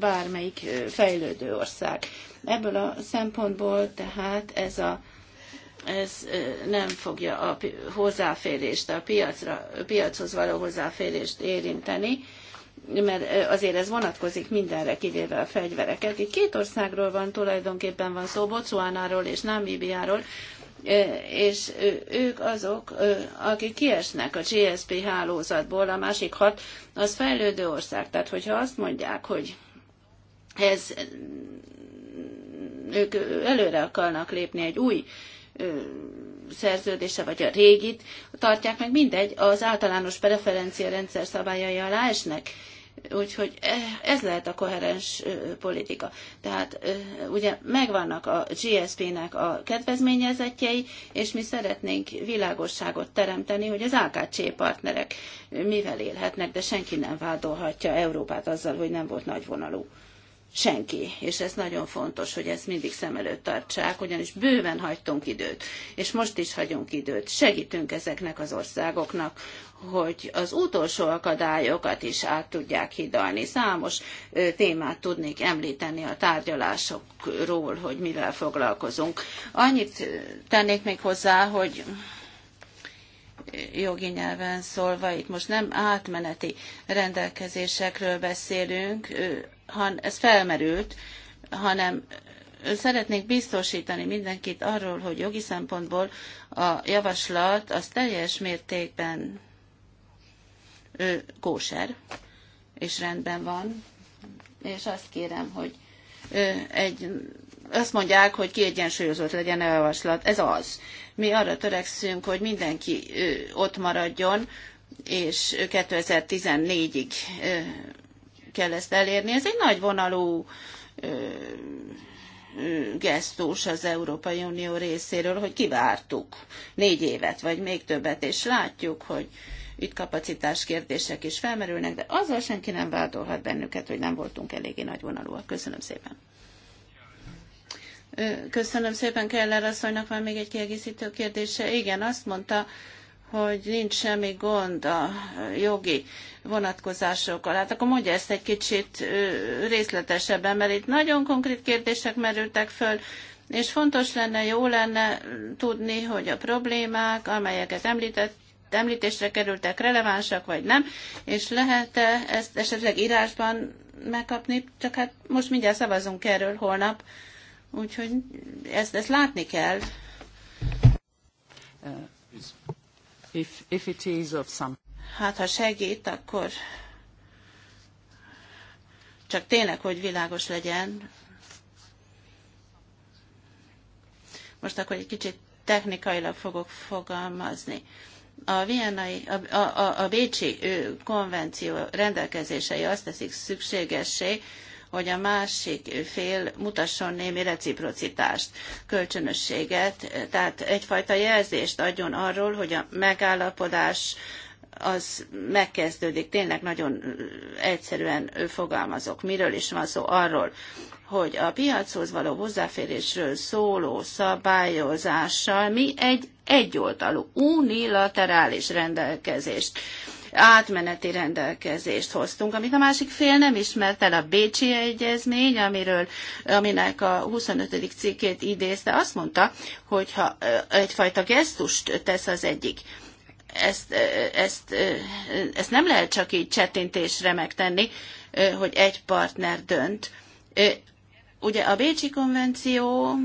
bármelyik fejlődő ország. Ebből a szempontból tehát ez a ez nem fogja a hozzáférést, a piacra, a piachoz való hozzáférést érinteni, mert azért ez vonatkozik mindenre, kivéve a fegyvereket. Itt két országról van tulajdonképpen van szó, Bocuánáról és Namíbiáról, és ők azok, akik kiesnek a GSP hálózatból, a másik hat, az fejlődő ország. Tehát, hogyha azt mondják, hogy ez ők előre akarnak lépni egy új szerződése, vagy a régit tartják meg, mindegy, az általános preferencia rendszer szabályai alá esnek Úgyhogy e, ez lehet a koherens politika. Tehát ugye megvannak a GSP-nek a kedvezményezetjei, és mi szeretnénk világosságot teremteni, hogy az AKC partnerek mivel élhetnek, de senki nem vádolhatja Európát azzal, hogy nem volt nagyvonalú senki, és ez nagyon fontos, hogy ezt mindig szem előtt tartsák, ugyanis bőven hagytunk időt, és most is hagyunk időt. Segítünk ezeknek az országoknak, hogy az utolsó akadályokat is át tudják hidalni. Számos témát tudnék említeni a tárgyalásokról, hogy mivel foglalkozunk. Annyit tennék még hozzá, hogy jogi nyelven szólva, itt most nem átmeneti rendelkezésekről beszélünk, han, ez felmerült, hanem szeretnék biztosítani mindenkit arról, hogy jogi szempontból a javaslat az teljes mértékben ő, kóser, és rendben van, és azt kérem, hogy ő, egy, azt mondják, hogy kiegyensúlyozott legyen a javaslat. Ez az. Mi arra törekszünk, hogy mindenki ő, ott maradjon, és 2014-ig kell ezt elérni. Ez egy nagy vonalú gesztus az Európai Unió részéről, hogy kivártuk négy évet, vagy még többet, és látjuk, hogy itt kapacitás kérdések is felmerülnek, de azzal senki nem vádolhat bennünket, hogy nem voltunk eléggé nagyvonalúak. Köszönöm szépen. Köszönöm szépen Keller asszonynak, van még egy kiegészítő kérdése. Igen, azt mondta, hogy nincs semmi gond a jogi vonatkozásokkal. Hát akkor mondja ezt egy kicsit részletesebben, mert itt nagyon konkrét kérdések merültek föl, és fontos lenne, jó lenne tudni, hogy a problémák, amelyeket említett, említésre kerültek, relevánsak vagy nem, és lehet-e ezt esetleg írásban megkapni, csak hát most mindjárt szavazunk erről holnap, úgyhogy ezt, ezt látni kell. Uh, if, if it is of some... Hát, ha segít, akkor csak tényleg, hogy világos legyen. Most akkor egy kicsit technikailag fogok fogalmazni. A, vienai, a, a, a Bécsi konvenció rendelkezései azt teszik szükségessé, hogy a másik fél mutasson némi reciprocitást, kölcsönösséget, tehát egyfajta jelzést adjon arról, hogy a megállapodás az megkezdődik, tényleg nagyon egyszerűen fogalmazok. Miről is van szó? Arról, hogy a piachoz való hozzáférésről szóló szabályozással mi egy egyoltalú, unilaterális rendelkezést átmeneti rendelkezést hoztunk, amit a másik fél nem ismert el, a Bécsi Egyezmény, amiről, aminek a 25. cikkét idézte, azt mondta, hogy ha egyfajta gesztust tesz az egyik, ezt, ezt, ezt nem lehet csak így csetintésre megtenni, hogy egy partner dönt. Ugye a Bécsi konvenció,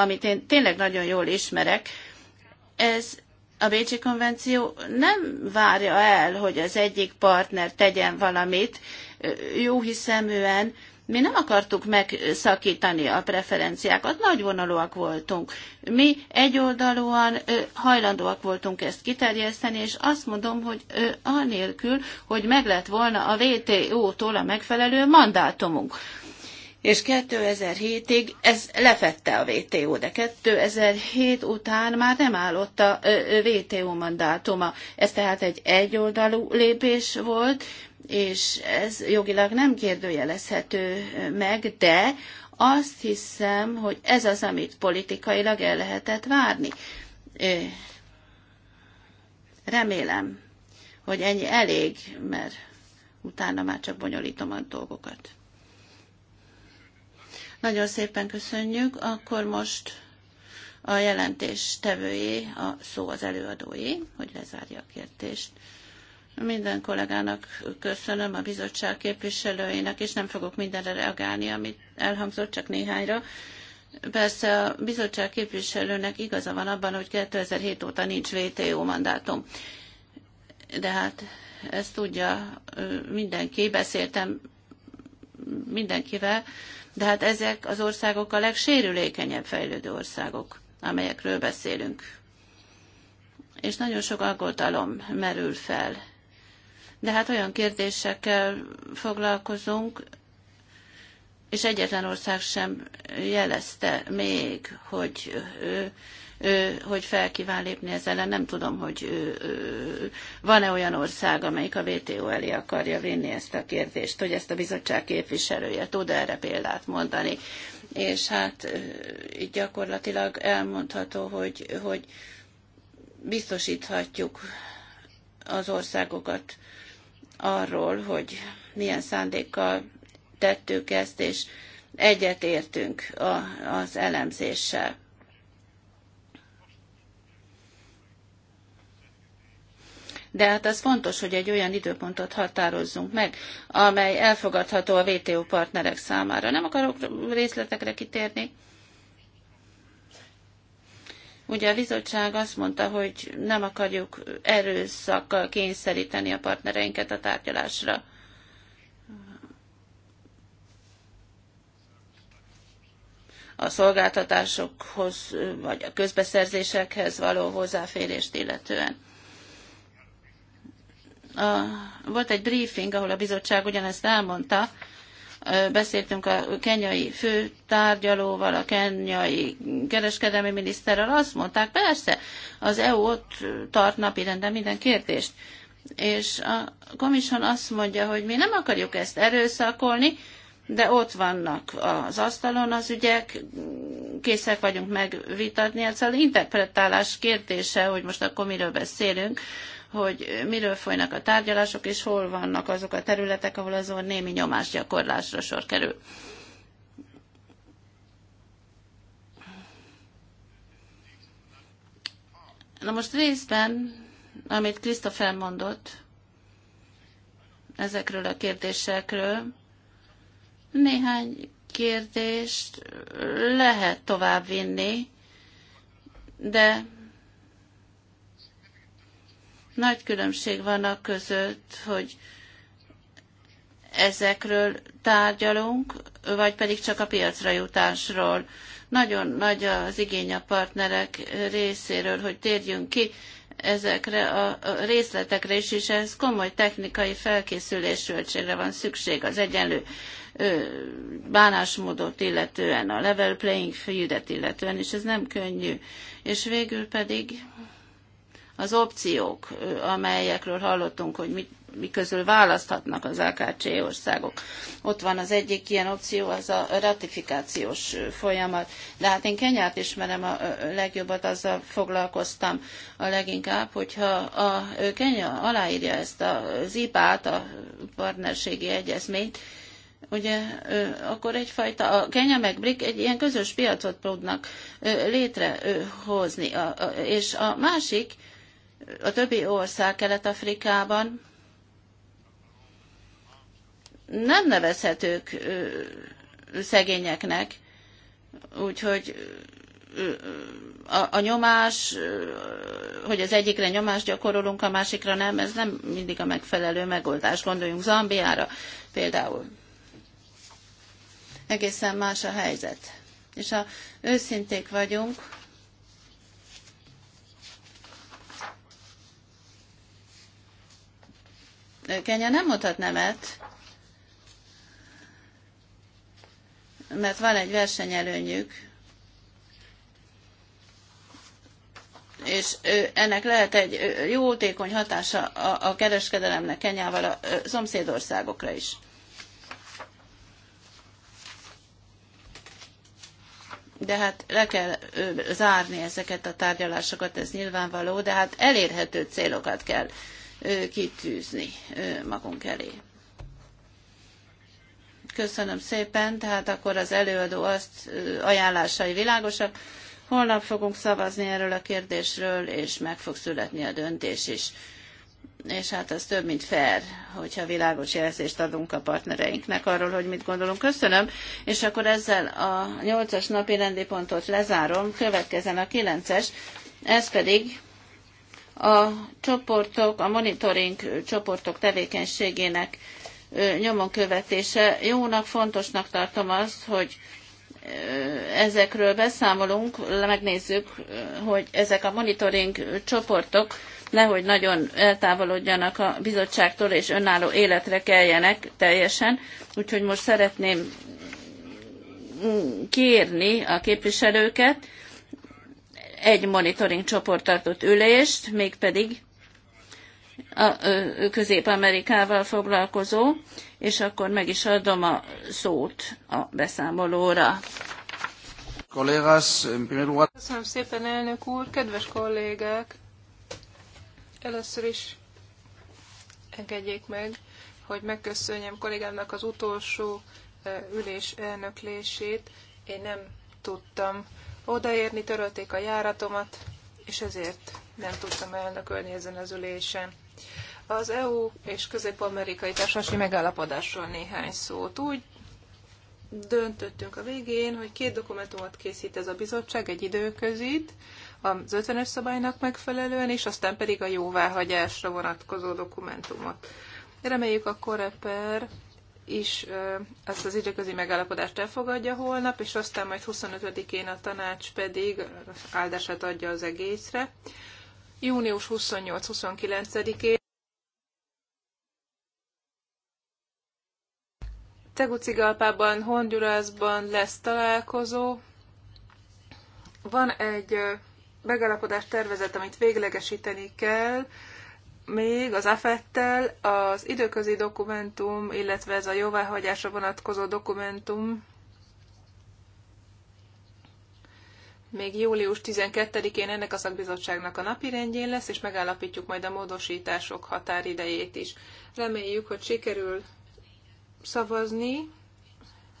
amit én tényleg nagyon jól ismerek, ez a Bécsi konvenció nem várja el, hogy az egyik partner tegyen valamit jó hiszeműen, mi nem akartuk megszakítani a preferenciákat, nagyvonalúak voltunk. Mi egyoldalúan hajlandóak voltunk ezt kiterjeszteni, és azt mondom, hogy anélkül, hogy meg lett volna a WTO-tól a megfelelő mandátumunk és 2007-ig ez lefette a WTO, de 2007 után már nem állott a WTO mandátuma. Ez tehát egy egyoldalú lépés volt, és ez jogilag nem kérdőjelezhető meg, de azt hiszem, hogy ez az, amit politikailag el lehetett várni. Remélem, hogy ennyi elég, mert utána már csak bonyolítom a dolgokat. Nagyon szépen köszönjük. Akkor most a jelentés tevőjé, a szó az előadójé, hogy lezárja a kérdést. Minden kollégának köszönöm, a bizottság képviselőinek, és nem fogok mindenre reagálni, amit elhangzott, csak néhányra. Persze a bizottság képviselőnek igaza van abban, hogy 2007 óta nincs VTO mandátum. De hát ezt tudja mindenki, beszéltem mindenkivel, de hát ezek az országok a legsérülékenyebb fejlődő országok, amelyekről beszélünk. És nagyon sok aggodalom merül fel. De hát olyan kérdésekkel foglalkozunk, és egyetlen ország sem jelezte még, hogy ő hogy fel kíván lépni ezzel ellen. Nem tudom, hogy van-e olyan ország, amelyik a WTO elé akarja vinni ezt a kérdést, hogy ezt a bizottság képviselője tud erre példát mondani. És hát így gyakorlatilag elmondható, hogy, hogy biztosíthatjuk az országokat arról, hogy milyen szándékkal tettük ezt, és egyetértünk a, az elemzéssel. de hát az fontos, hogy egy olyan időpontot határozzunk meg, amely elfogadható a WTO partnerek számára. Nem akarok részletekre kitérni. Ugye a bizottság azt mondta, hogy nem akarjuk erőszakkal kényszeríteni a partnereinket a tárgyalásra. a szolgáltatásokhoz, vagy a közbeszerzésekhez való hozzáférést illetően a, volt egy briefing, ahol a bizottság ugyanezt elmondta, beszéltünk a kenyai főtárgyalóval, a kenyai kereskedelmi miniszterrel, azt mondták, persze, az EU ott tart napirenden minden kérdést. És a komison azt mondja, hogy mi nem akarjuk ezt erőszakolni, de ott vannak az asztalon az ügyek, készek vagyunk megvitatni, ez az interpretálás kérdése, hogy most akkor miről beszélünk, hogy miről folynak a tárgyalások, és hol vannak azok a területek, ahol azon némi nyomásgyakorlásra sor kerül. Na most részben, amit Krisztof elmondott ezekről a kérdésekről, néhány kérdést lehet továbbvinni, de nagy különbség van a között, hogy ezekről tárgyalunk, vagy pedig csak a piacra jutásról. Nagyon nagy az igény a partnerek részéről, hogy térjünk ki ezekre a részletekre is, és ehhez komoly technikai felkészülésültségre van szükség az egyenlő bánásmódot illetően, a level playing fieldet illetően, és ez nem könnyű. És végül pedig az opciók, amelyekről hallottunk, hogy mit, miközül választhatnak az AKC országok. Ott van az egyik ilyen opció, az a ratifikációs folyamat. De hát én Kenyát ismerem a legjobbat, azzal foglalkoztam a leginkább, hogyha a Kenya aláírja ezt az IPA-t, a partnerségi egyezményt, ugye akkor egyfajta, a Kenya meg Brick egy ilyen közös piacot próbnak létrehozni. És a másik, a többi ország Kelet-Afrikában nem nevezhetők szegényeknek, úgyhogy a, nyomás, hogy az egyikre nyomást gyakorolunk, a másikra nem, ez nem mindig a megfelelő megoldás. Gondoljunk Zambiára például. Egészen más a helyzet. És ha őszinték vagyunk, Kenya nem mutat nemet, mert van egy versenyelőnyük, és ennek lehet egy jótékony hatása a kereskedelemnek Kenyával a szomszédországokra is. de hát le kell zárni ezeket a tárgyalásokat, ez nyilvánvaló, de hát elérhető célokat kell kitűzni magunk elé. Köszönöm szépen, tehát akkor az előadó azt ajánlásai világosak. Holnap fogunk szavazni erről a kérdésről, és meg fog születni a döntés is. És hát az több, mint fair, hogyha világos jelzést adunk a partnereinknek arról, hogy mit gondolunk. Köszönöm, és akkor ezzel a nyolcas napi rendi pontot lezárom, következzen a kilences. ez pedig a csoportok, a monitoring csoportok tevékenységének nyomon követése. Jónak, fontosnak tartom azt, hogy ezekről beszámolunk, megnézzük, hogy ezek a monitoring csoportok nehogy nagyon eltávolodjanak a bizottságtól, és önálló életre keljenek teljesen. Úgyhogy most szeretném kérni a képviselőket, egy monitoring csoport tartott ülést, mégpedig a Közép-Amerikával foglalkozó, és akkor meg is adom a szót a beszámolóra. Kollégás, Köszönöm szépen, elnök úr, kedves kollégák! Először is engedjék meg, hogy megköszönjem kollégámnak az utolsó ülés elnöklését. Én nem tudtam odaérni, törölték a járatomat, és ezért nem tudtam elnökölni ezen az ülésen. Az EU és közép-amerikai társasági megállapodásról néhány szót. Úgy döntöttünk a végén, hogy két dokumentumot készít ez a bizottság, egy időközit, az 50-es szabálynak megfelelően, és aztán pedig a jóváhagyásra vonatkozó dokumentumot. Reméljük a Koreper is ezt az időközi megállapodást elfogadja holnap, és aztán majd 25-én a tanács pedig áldását adja az egészre. Június 28-29-én Tegucigalpában, Hondurasban lesz találkozó. Van egy megállapodás tervezet, amit véglegesíteni kell, még az AFET-tel az időközi dokumentum, illetve ez a jóváhagyásra vonatkozó dokumentum még július 12-én ennek a szakbizottságnak a napi rendjén lesz, és megállapítjuk majd a módosítások határidejét is. Reméljük, hogy sikerül szavazni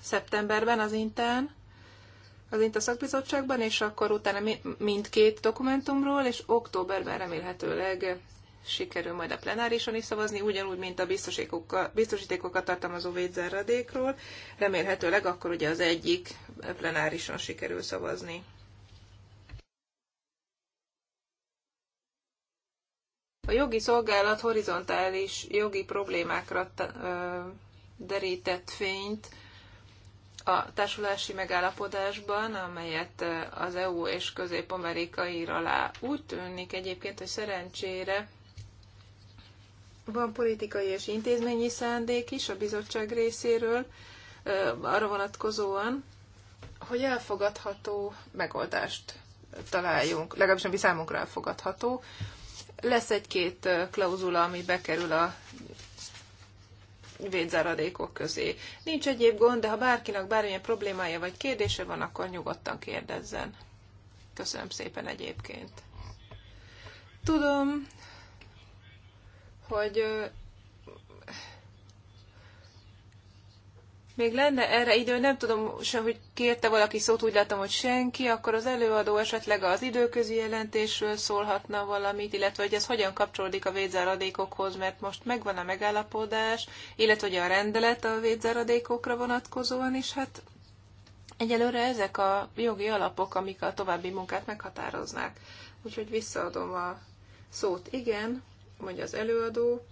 szeptemberben az Intán, az Inta szakbizottságban, és akkor utána mindkét dokumentumról, és októberben remélhetőleg sikerül majd a plenárison is szavazni, ugyanúgy, mint a biztosítékokat tartalmazó védzáradékról. Remélhetőleg akkor ugye az egyik plenárison sikerül szavazni. A jogi szolgálat horizontális jogi problémákra derített fényt a társulási megállapodásban, amelyet az EU és közép-amerikai alá. Úgy tűnik egyébként, hogy szerencsére van politikai és intézményi szándék is a bizottság részéről arra vonatkozóan, hogy elfogadható megoldást találjunk, legalábbis ami számunkra elfogadható. Lesz egy-két klauzula, ami bekerül a védzáradékok közé. Nincs egyéb gond, de ha bárkinek bármilyen problémája vagy kérdése van, akkor nyugodtan kérdezzen. Köszönöm szépen egyébként. Tudom, hogy még lenne erre idő, nem tudom se, hogy kérte valaki szót, úgy látom, hogy senki, akkor az előadó esetleg az időközi jelentésről szólhatna valamit, illetve hogy ez hogyan kapcsolódik a védzáradékokhoz, mert most megvan a megállapodás, illetve hogy a rendelet a védzáradékokra vonatkozóan is, hát egyelőre ezek a jogi alapok, amik a további munkát meghatároznák. Úgyhogy visszaadom a szót. Igen, mondja az előadó.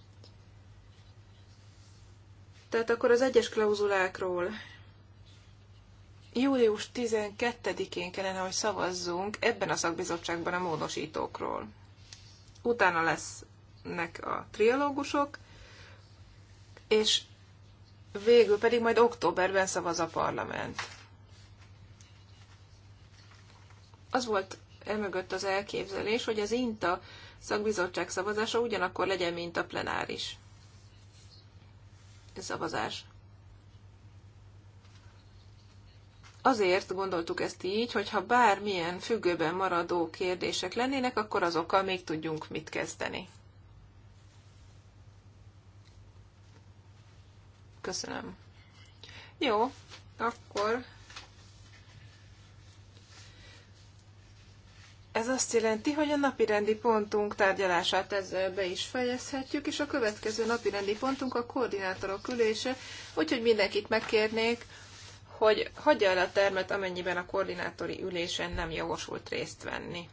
Tehát akkor az egyes klauzulákról július 12-én kellene, hogy szavazzunk ebben a szakbizottságban a módosítókról. Utána lesznek a trialógusok, és végül pedig majd októberben szavaz a parlament. Az volt emögött az elképzelés, hogy az INTA szakbizottság szavazása ugyanakkor legyen, mint a plenáris szavazás. Azért gondoltuk ezt így, hogy ha bármilyen függőben maradó kérdések lennének, akkor azokkal még tudjunk mit kezdeni. Köszönöm. Jó, akkor Ez azt jelenti, hogy a napirendi pontunk tárgyalását ezzel be is fejezhetjük, és a következő napirendi pontunk a koordinátorok ülése, úgyhogy mindenkit megkérnék, hogy hagyja el a termet, amennyiben a koordinátori ülésen nem javasolt részt venni.